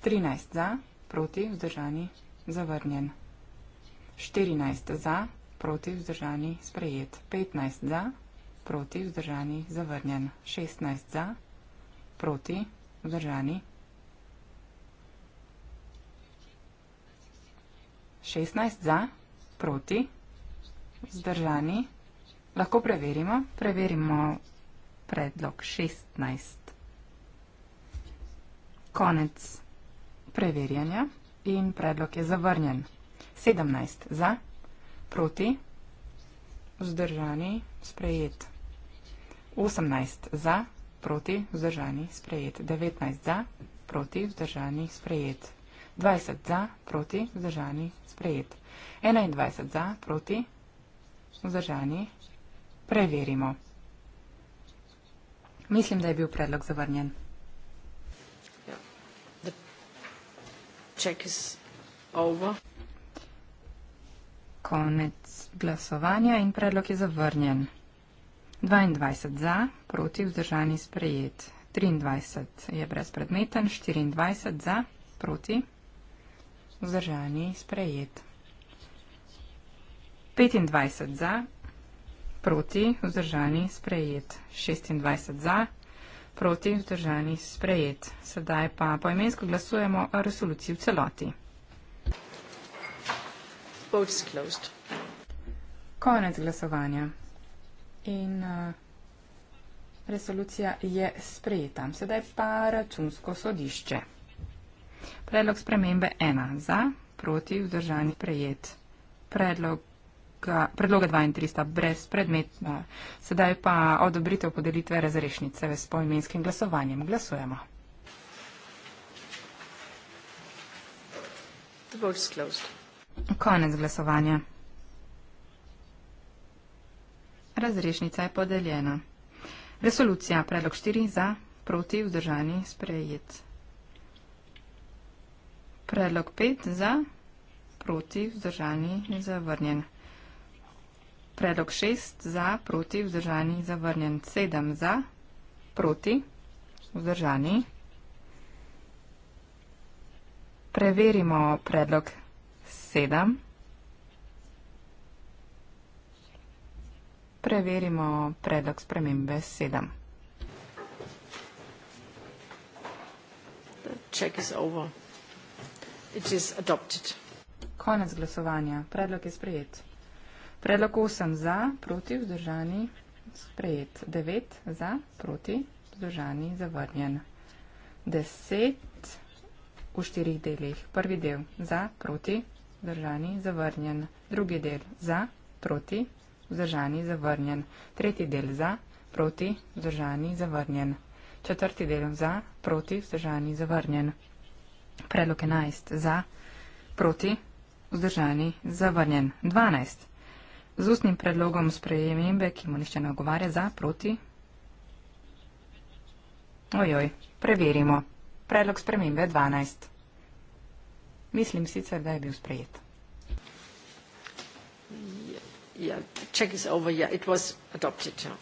Trinajst za, proti vzdržani, zavrnjen. Štirinajst za, proti vzdržani, sprejet. Petnajst za, proti vzdržani, zavrnjen. Šestnajst za, proti vzdržani, sprejet. 16 za, proti, vzdržani. Lahko preverimo. Preverimo predlog 16. Konec preverjanja in predlog je zavrnjen. 17 za, proti, vzdržani, sprejet. 18 za, proti, vzdržani, sprejet. 19 za, proti, vzdržani, sprejet. 20. 20 za, proti, vzdržani, sprejet. 21 za, proti, vzdržani, preverimo. Mislim, da je bil predlog zavrnjen. Ja. Konec glasovanja in predlog je zavrnjen. 22 za, proti, vzdržani, sprejet. 23 je brezpredmeten, 24 za, proti, vzdržani vzdržani, sprejet. 25 za, proti, vzdržani, sprejet. 26 za, proti, vzdržani, sprejet. Sedaj pa poimensko glasujemo o resoluciji v celoti. Konec glasovanja. In uh, resolucija je sprejeta. Sedaj pa računsko sodišče. Predlog spremembe ena za, proti vzdržanih prejet. Predloga, predloga 2 in 3 sta brez predmetna. Sedaj pa odobritev podelitve razrešnice s poimenskim glasovanjem. Glasujemo. Konec glasovanja. Razrešnica je podeljena. Resolucija predlog 4 za, proti vzdržani sprejet. Predlog 5 za, proti, vzdržani, zavrnjen. Predlog 6 za, proti, vzdržani, zavrnjen. 7 za, proti, vzdržani. Preverimo predlog 7. Preverimo predlog spremembe 7. The check is over. It is adopted. Konec glasovanja. Predlog je sprejet. Predlog 8 za, proti, vzdržani, sprejet. 9 za, proti, vzdržani, zavrnjen. 10 v štirih delih. Prvi del za, proti, vzdržani, zavrnjen. Drugi del za, proti, vzdržani, zavrnjen. Tretji del za, proti, vzdržani, zavrnjen. Četrti del za, proti, vzdržani, zavrnjen. Predlog 11 za, proti, vzdržani, zavrnjen 12. Z ustnim predlogom sprejemembe, ki mu nišče ne ogovarja za, proti. Ojoj, preverimo. Predlog spremembe 12. Mislim sicer, da je bil sprejet. Ja, ja, ja.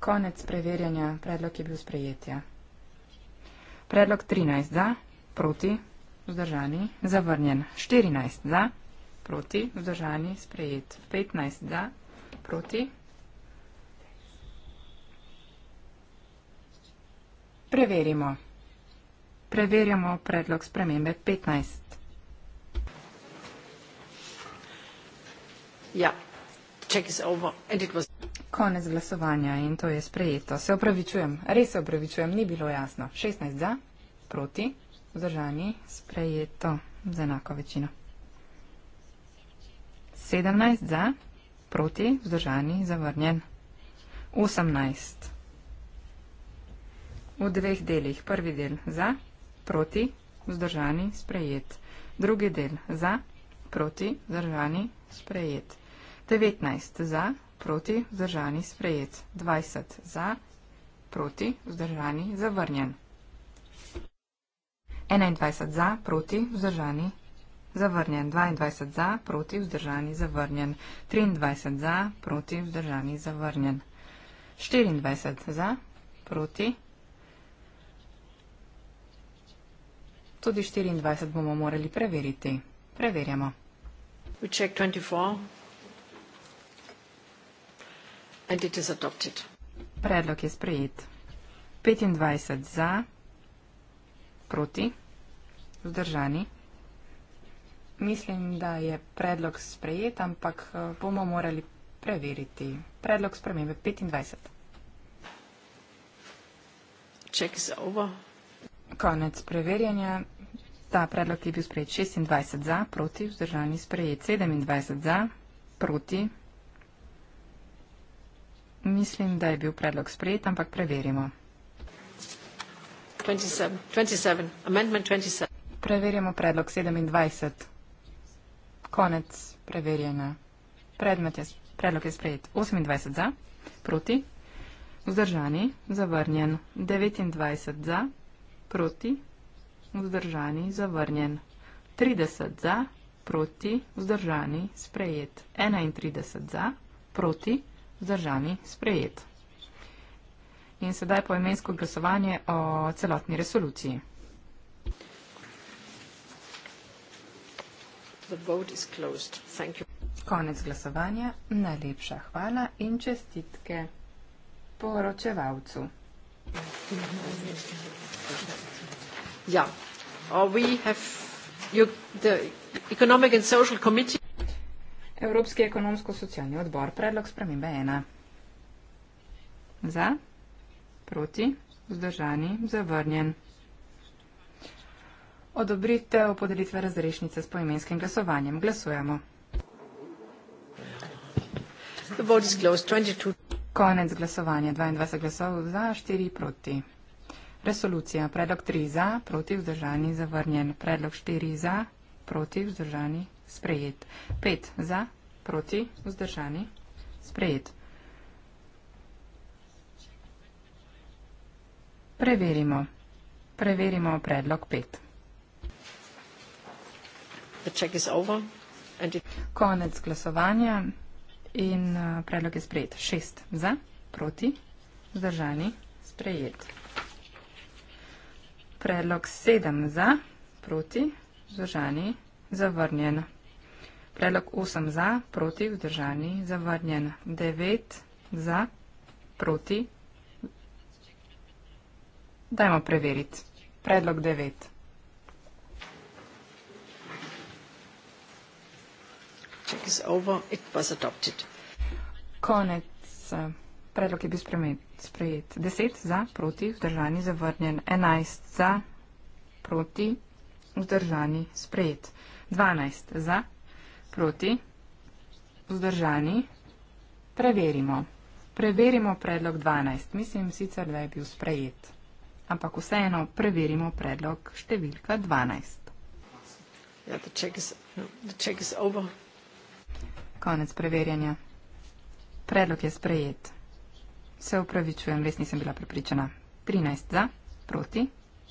Konec preverjanja. Predlog je bil sprejet. Predlog 13 za, proti, vzdržani, zavrnjen. 14 za, proti, vzdržani, sprejet. 15 za, proti. Preverimo. Preverjamo predlog spremembe 15. Ja, check is over and it was... Konec glasovanja in to je sprejeto. Se opravičujem, res se opravičujem, ni bilo jasno. 16 za, proti, vzdržani, sprejeto z enako večino. 17 za, proti, vzdržani, zavrnjen. 18. V dveh delih. Prvi del za, proti, vzdržani, sprejet. Drugi del za, proti, vzdržani, sprejet. 19 za, proti, vzdržani, sprejet. 20 za, proti, vzdržani, zavrnjen. 21 za, proti, vzdržani, zavrnjen. 22 za, proti, vzdržani, zavrnjen. 23 za, proti, vzdržani, zavrnjen. 24 za, proti. Tudi 24 bomo morali preveriti. Preverjamo. We check 24. And it is adopted. Predlog je sprejet. 25 za, proti proti, vzdržani. Mislim, da je predlog sprejet, ampak eh, bomo morali preveriti. Predlog spremembe 25. Ček za ovo. Konec preverjanja. Ta predlog je bil sprejet 26 za, proti, vzdržani sprejet 27 za, proti. Mislim, da je bil predlog sprejet, ampak preverimo. Preverjamo predlog 27. Konec preverjanja. Predmet je, predlog je sprejet 28 za, proti, vzdržani, zavrnjen 29 za, proti, vzdržani, zavrnjen 30 za, proti, vzdržani, sprejet 31 za, proti, vzdržani, sprejet. In sedaj poimensko glasovanje o celotni resoluciji. Konec glasovanja, najlepša hvala in čestitke poročevalcu. Ja, we have you, the economic and social committee. Evropski ekonomsko-socialni odbor, predlog spremembe ena. Za? proti, vzdržani, zavrnjen. Odobritev podelitve razrešnice s poimenskim glasovanjem. Glasujemo. Konec glasovanja. 22 glasov za, 4 proti. Resolucija. Predlog 3 za, proti, vzdržani, zavrnjen. Predlog 4 za, proti, vzdržani, sprejet. 5 za, proti, vzdržani, sprejet. Preverimo. Preverimo predlog 5. Konec glasovanja in eh, predlog je sprejet. Šest za, proti, zdržani, sprejet. Predlog sedem za, proti, vzdržani, zavrnjen. Predlog osem za, proti, vzdržani, zavrnjen. Devet za, proti, vzdržani. Dajmo preveriti. Predlog 9. Check is over. It was adopted. Konec. Eh, predlog je bil sprejet. 10 za, proti, vzdržani, zavrnjen. 11 za, proti, vzdržani, sprejet. 12 za, proti, vzdržani, preverimo. Preverimo predlog 12. Mislim sicer, da je bil sprejet ampak vseeno preverimo predlog številka 12. Ja, Konec preverjanja. Predlog je sprejet. Se upravičujem, res nisem bila prepričana. 13 za, proti,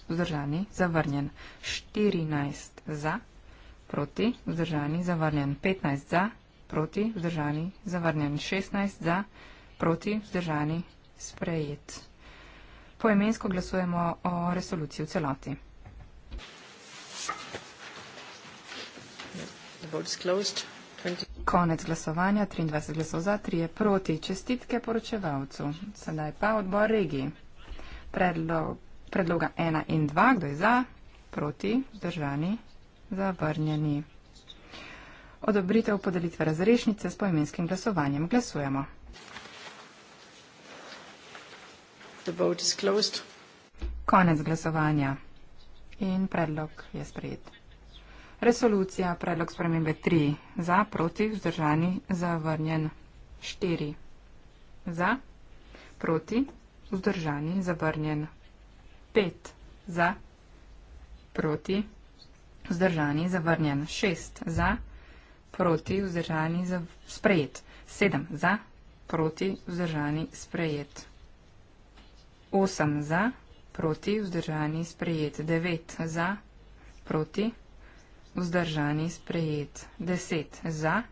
vzdržani, zavrnjen. 14 za, proti, vzdržani, zavrnjen. 15 za, proti, vzdržani, zavrnjen. 16 za, proti, vzdržani, sprejet poemensko glasujemo o resoluciji v celoti. Konec glasovanja, 23 glasov za, 3 je proti. Čestitke poročevalcu. Sedaj pa odbor regiji. Predlog, predloga 1 in 2, kdo je za, proti, vzdržani, zavrnjeni. Odobritev podelitve razrešnice s poimenskim glasovanjem. Glasujemo. The vote is closed. Konec glasovanja in predlog je sprejet. Resolucija, predlog spremembe 3 za, proti, vzdržani, zavrnjen 4 za, proti, vzdržani, zavrnjen 5 za, proti, vzdržani, zavrnjen 6 za, proti, vzdržani, zav... sprejet 7 za, proti, vzdržani, sprejet 5. 8 za, proti, vzdržani, sprejet 9 za, proti, vzdržani, sprejet 10 za,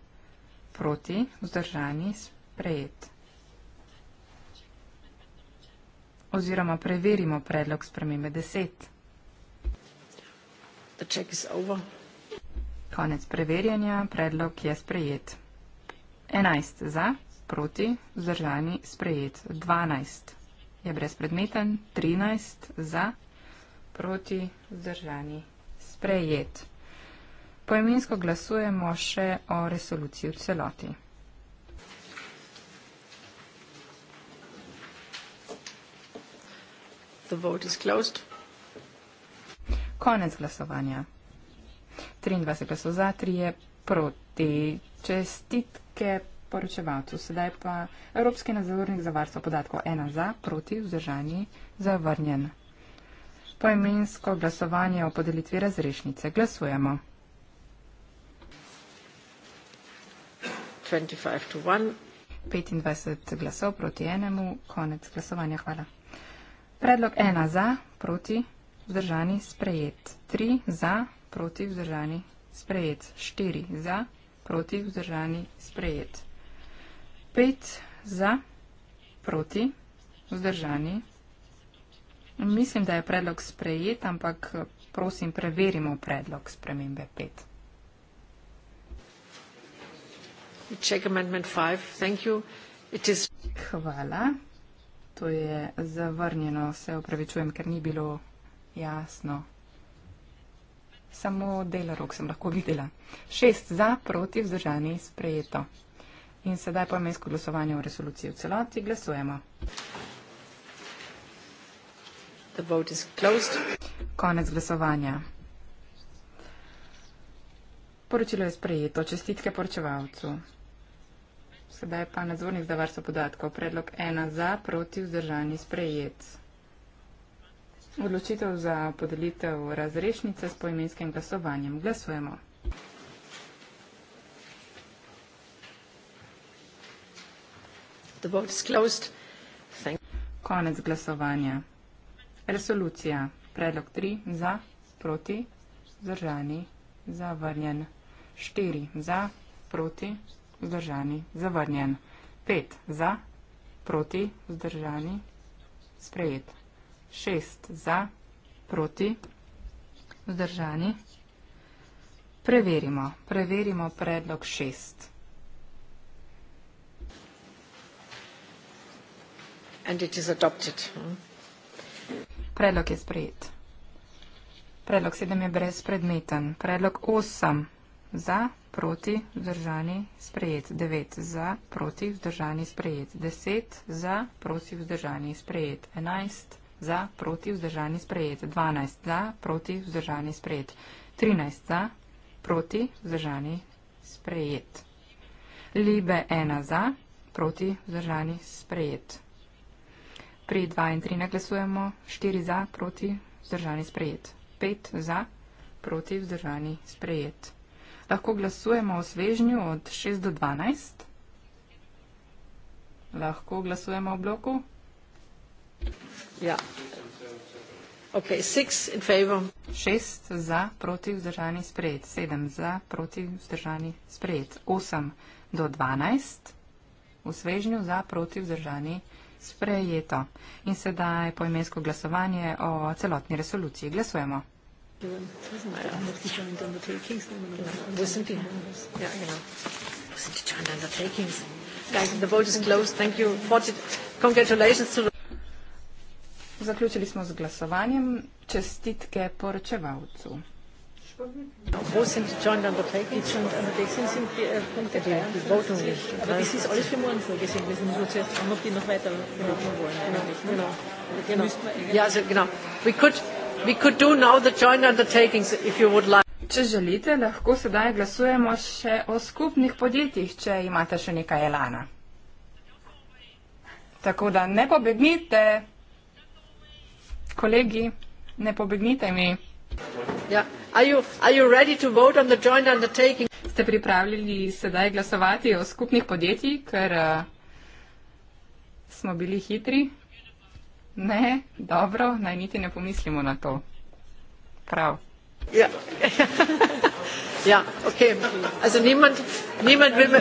proti, vzdržani, sprejet. Oziroma preverimo predlog spremembe 10. The check is over. Konec preverjanja, predlog je sprejet. 11 za, proti, vzdržani, sprejet 12 je brezpredmeten, 13 za, proti, vzdržani, sprejet. Poimensko glasujemo še o resoluciji v celoti. The vote is closed. Konec glasovanja. 23 glasov za, 3 je proti. Čestitke poročevalcu. Sedaj pa Evropski nadzornik za varstvo podatkov ena za, proti, vzdržani, zavrnjen. Poimensko glasovanje o podelitvi razrešnice. Glasujemo. 25 glasov proti enemu, konec glasovanja, hvala. Predlog ena za, proti, vzdržani, sprejet. Tri za, proti, vzdržani, sprejet. Štiri za, proti, vzdržani, sprejet. 5 za, proti, vzdržani. Mislim, da je predlog sprejet, ampak prosim, preverimo predlog spremembe 5. Check amendment 5. Thank you. It is... Hvala. To je zavrnjeno. Se opravičujem, ker ni bilo jasno. Samo del rok sem lahko videla. Šest za, proti, vzdržani, sprejeto. In sedaj po imensko glasovanje o resoluciji v celoti glasujemo. Konec glasovanja. Poročilo je sprejeto. Čestitke poročevalcu. Sedaj pa nadzornik za varstvo podatkov. Predlog ena za, proti vzdržani sprejet. Odločitev za podelitev razrešnice s poimenskim glasovanjem. Glasujemo. The vote is closed. Thank Konec glasovanja. Resolucija. Predlog 3 za, proti, zdržani, zavrnjen. 4 za, proti, zdržani, zavrnjen. 5 za, proti, zdržani, sprejet. 6 za, proti, zdržani. Preverimo, preverimo predlog 6. and it is adopted. Predlog je sprejet. Predlog sedem je brezpredmeten. Predlog osem za, proti, vzdržani, sprejet. Devet za, proti, vzdržani, sprejet. Deset za, proti, vzdržani, sprejet. Enajst za, proti, vzdržani, sprejet. Dvanajst za, proti, vzdržani, sprejet. Trinajst za, proti, vzdržani, sprejet. Libe ena za, proti, vzdržani, sprejet. Pri 2 in 3 ne glasujemo, 4 za, proti, vzdržani sprejet. 5 za, proti, vzdržani sprejet. Lahko glasujemo o svežnju od 6 do 12. Lahko glasujemo o bloku. Ja. Okay, Šest za, proti, vzdržani sprejet. Sedem za, proti, vzdržani sprejet. Osem do dvanajst. V svežnju za, proti, vzdržani sprejet sprejeto. In sedaj poimensko glasovanje o celotni resoluciji. Glasujemo. Zaključili smo z glasovanjem. Čestitke poročevalcu sind die Joint Undertakings? Die Joint Undertakings sind die äh, Punkte 43. Die Aber das ist alles für morgen vorgesehen. Wir sind nur zuerst dran, ob die noch weiter benutzen wollen. Ja, genau. genau. genau. Ja, also genau. We could, we could do now the joint undertakings if you would like. Če želite, lahko sedaj glasujemo še o skupnih podjetjih, če imate še nekaj elana. Tako da ne pobegnite, kolegi, ne pobegnite mi. Ja. Ste pripravljeni sedaj glasovati o skupnih podjetjih, ker uh, smo bili hitri? Ne, dobro, naj niti ne pomislimo na to. Prav. Ja, ja ok. Also, niemand, niemand will me,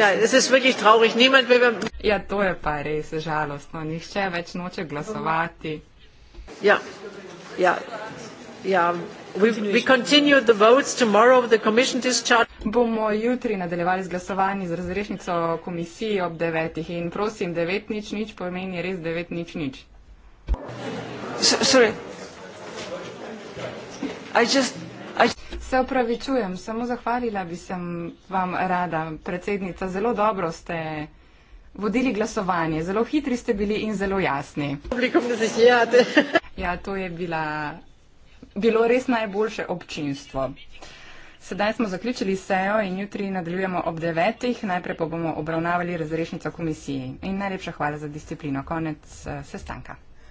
ne, es ist wirklich traurig, niemand will me. Ja, to je pa res žalostno, nihče več noče glasovati. Ja, ja. Ja, we continue the votes tomorrow. The commission discharge. Bomo jutri nadaljevali z glasovanji z razrešnico komisiji ob devetih in prosim, devet nič nič pomeni res devet nič nič. Se opravičujem, samo zahvalila bi se vam rada, predsednica, zelo dobro ste vodili glasovanje, zelo hitri ste bili in zelo jasni. Ja, to je bila bilo res najboljše občinstvo. Sedaj smo zaključili sejo in jutri nadaljujemo ob devetih. Najprej pa bomo obravnavali razrešnico komisiji. In najlepša hvala za disciplino. Konec eh, sestanka.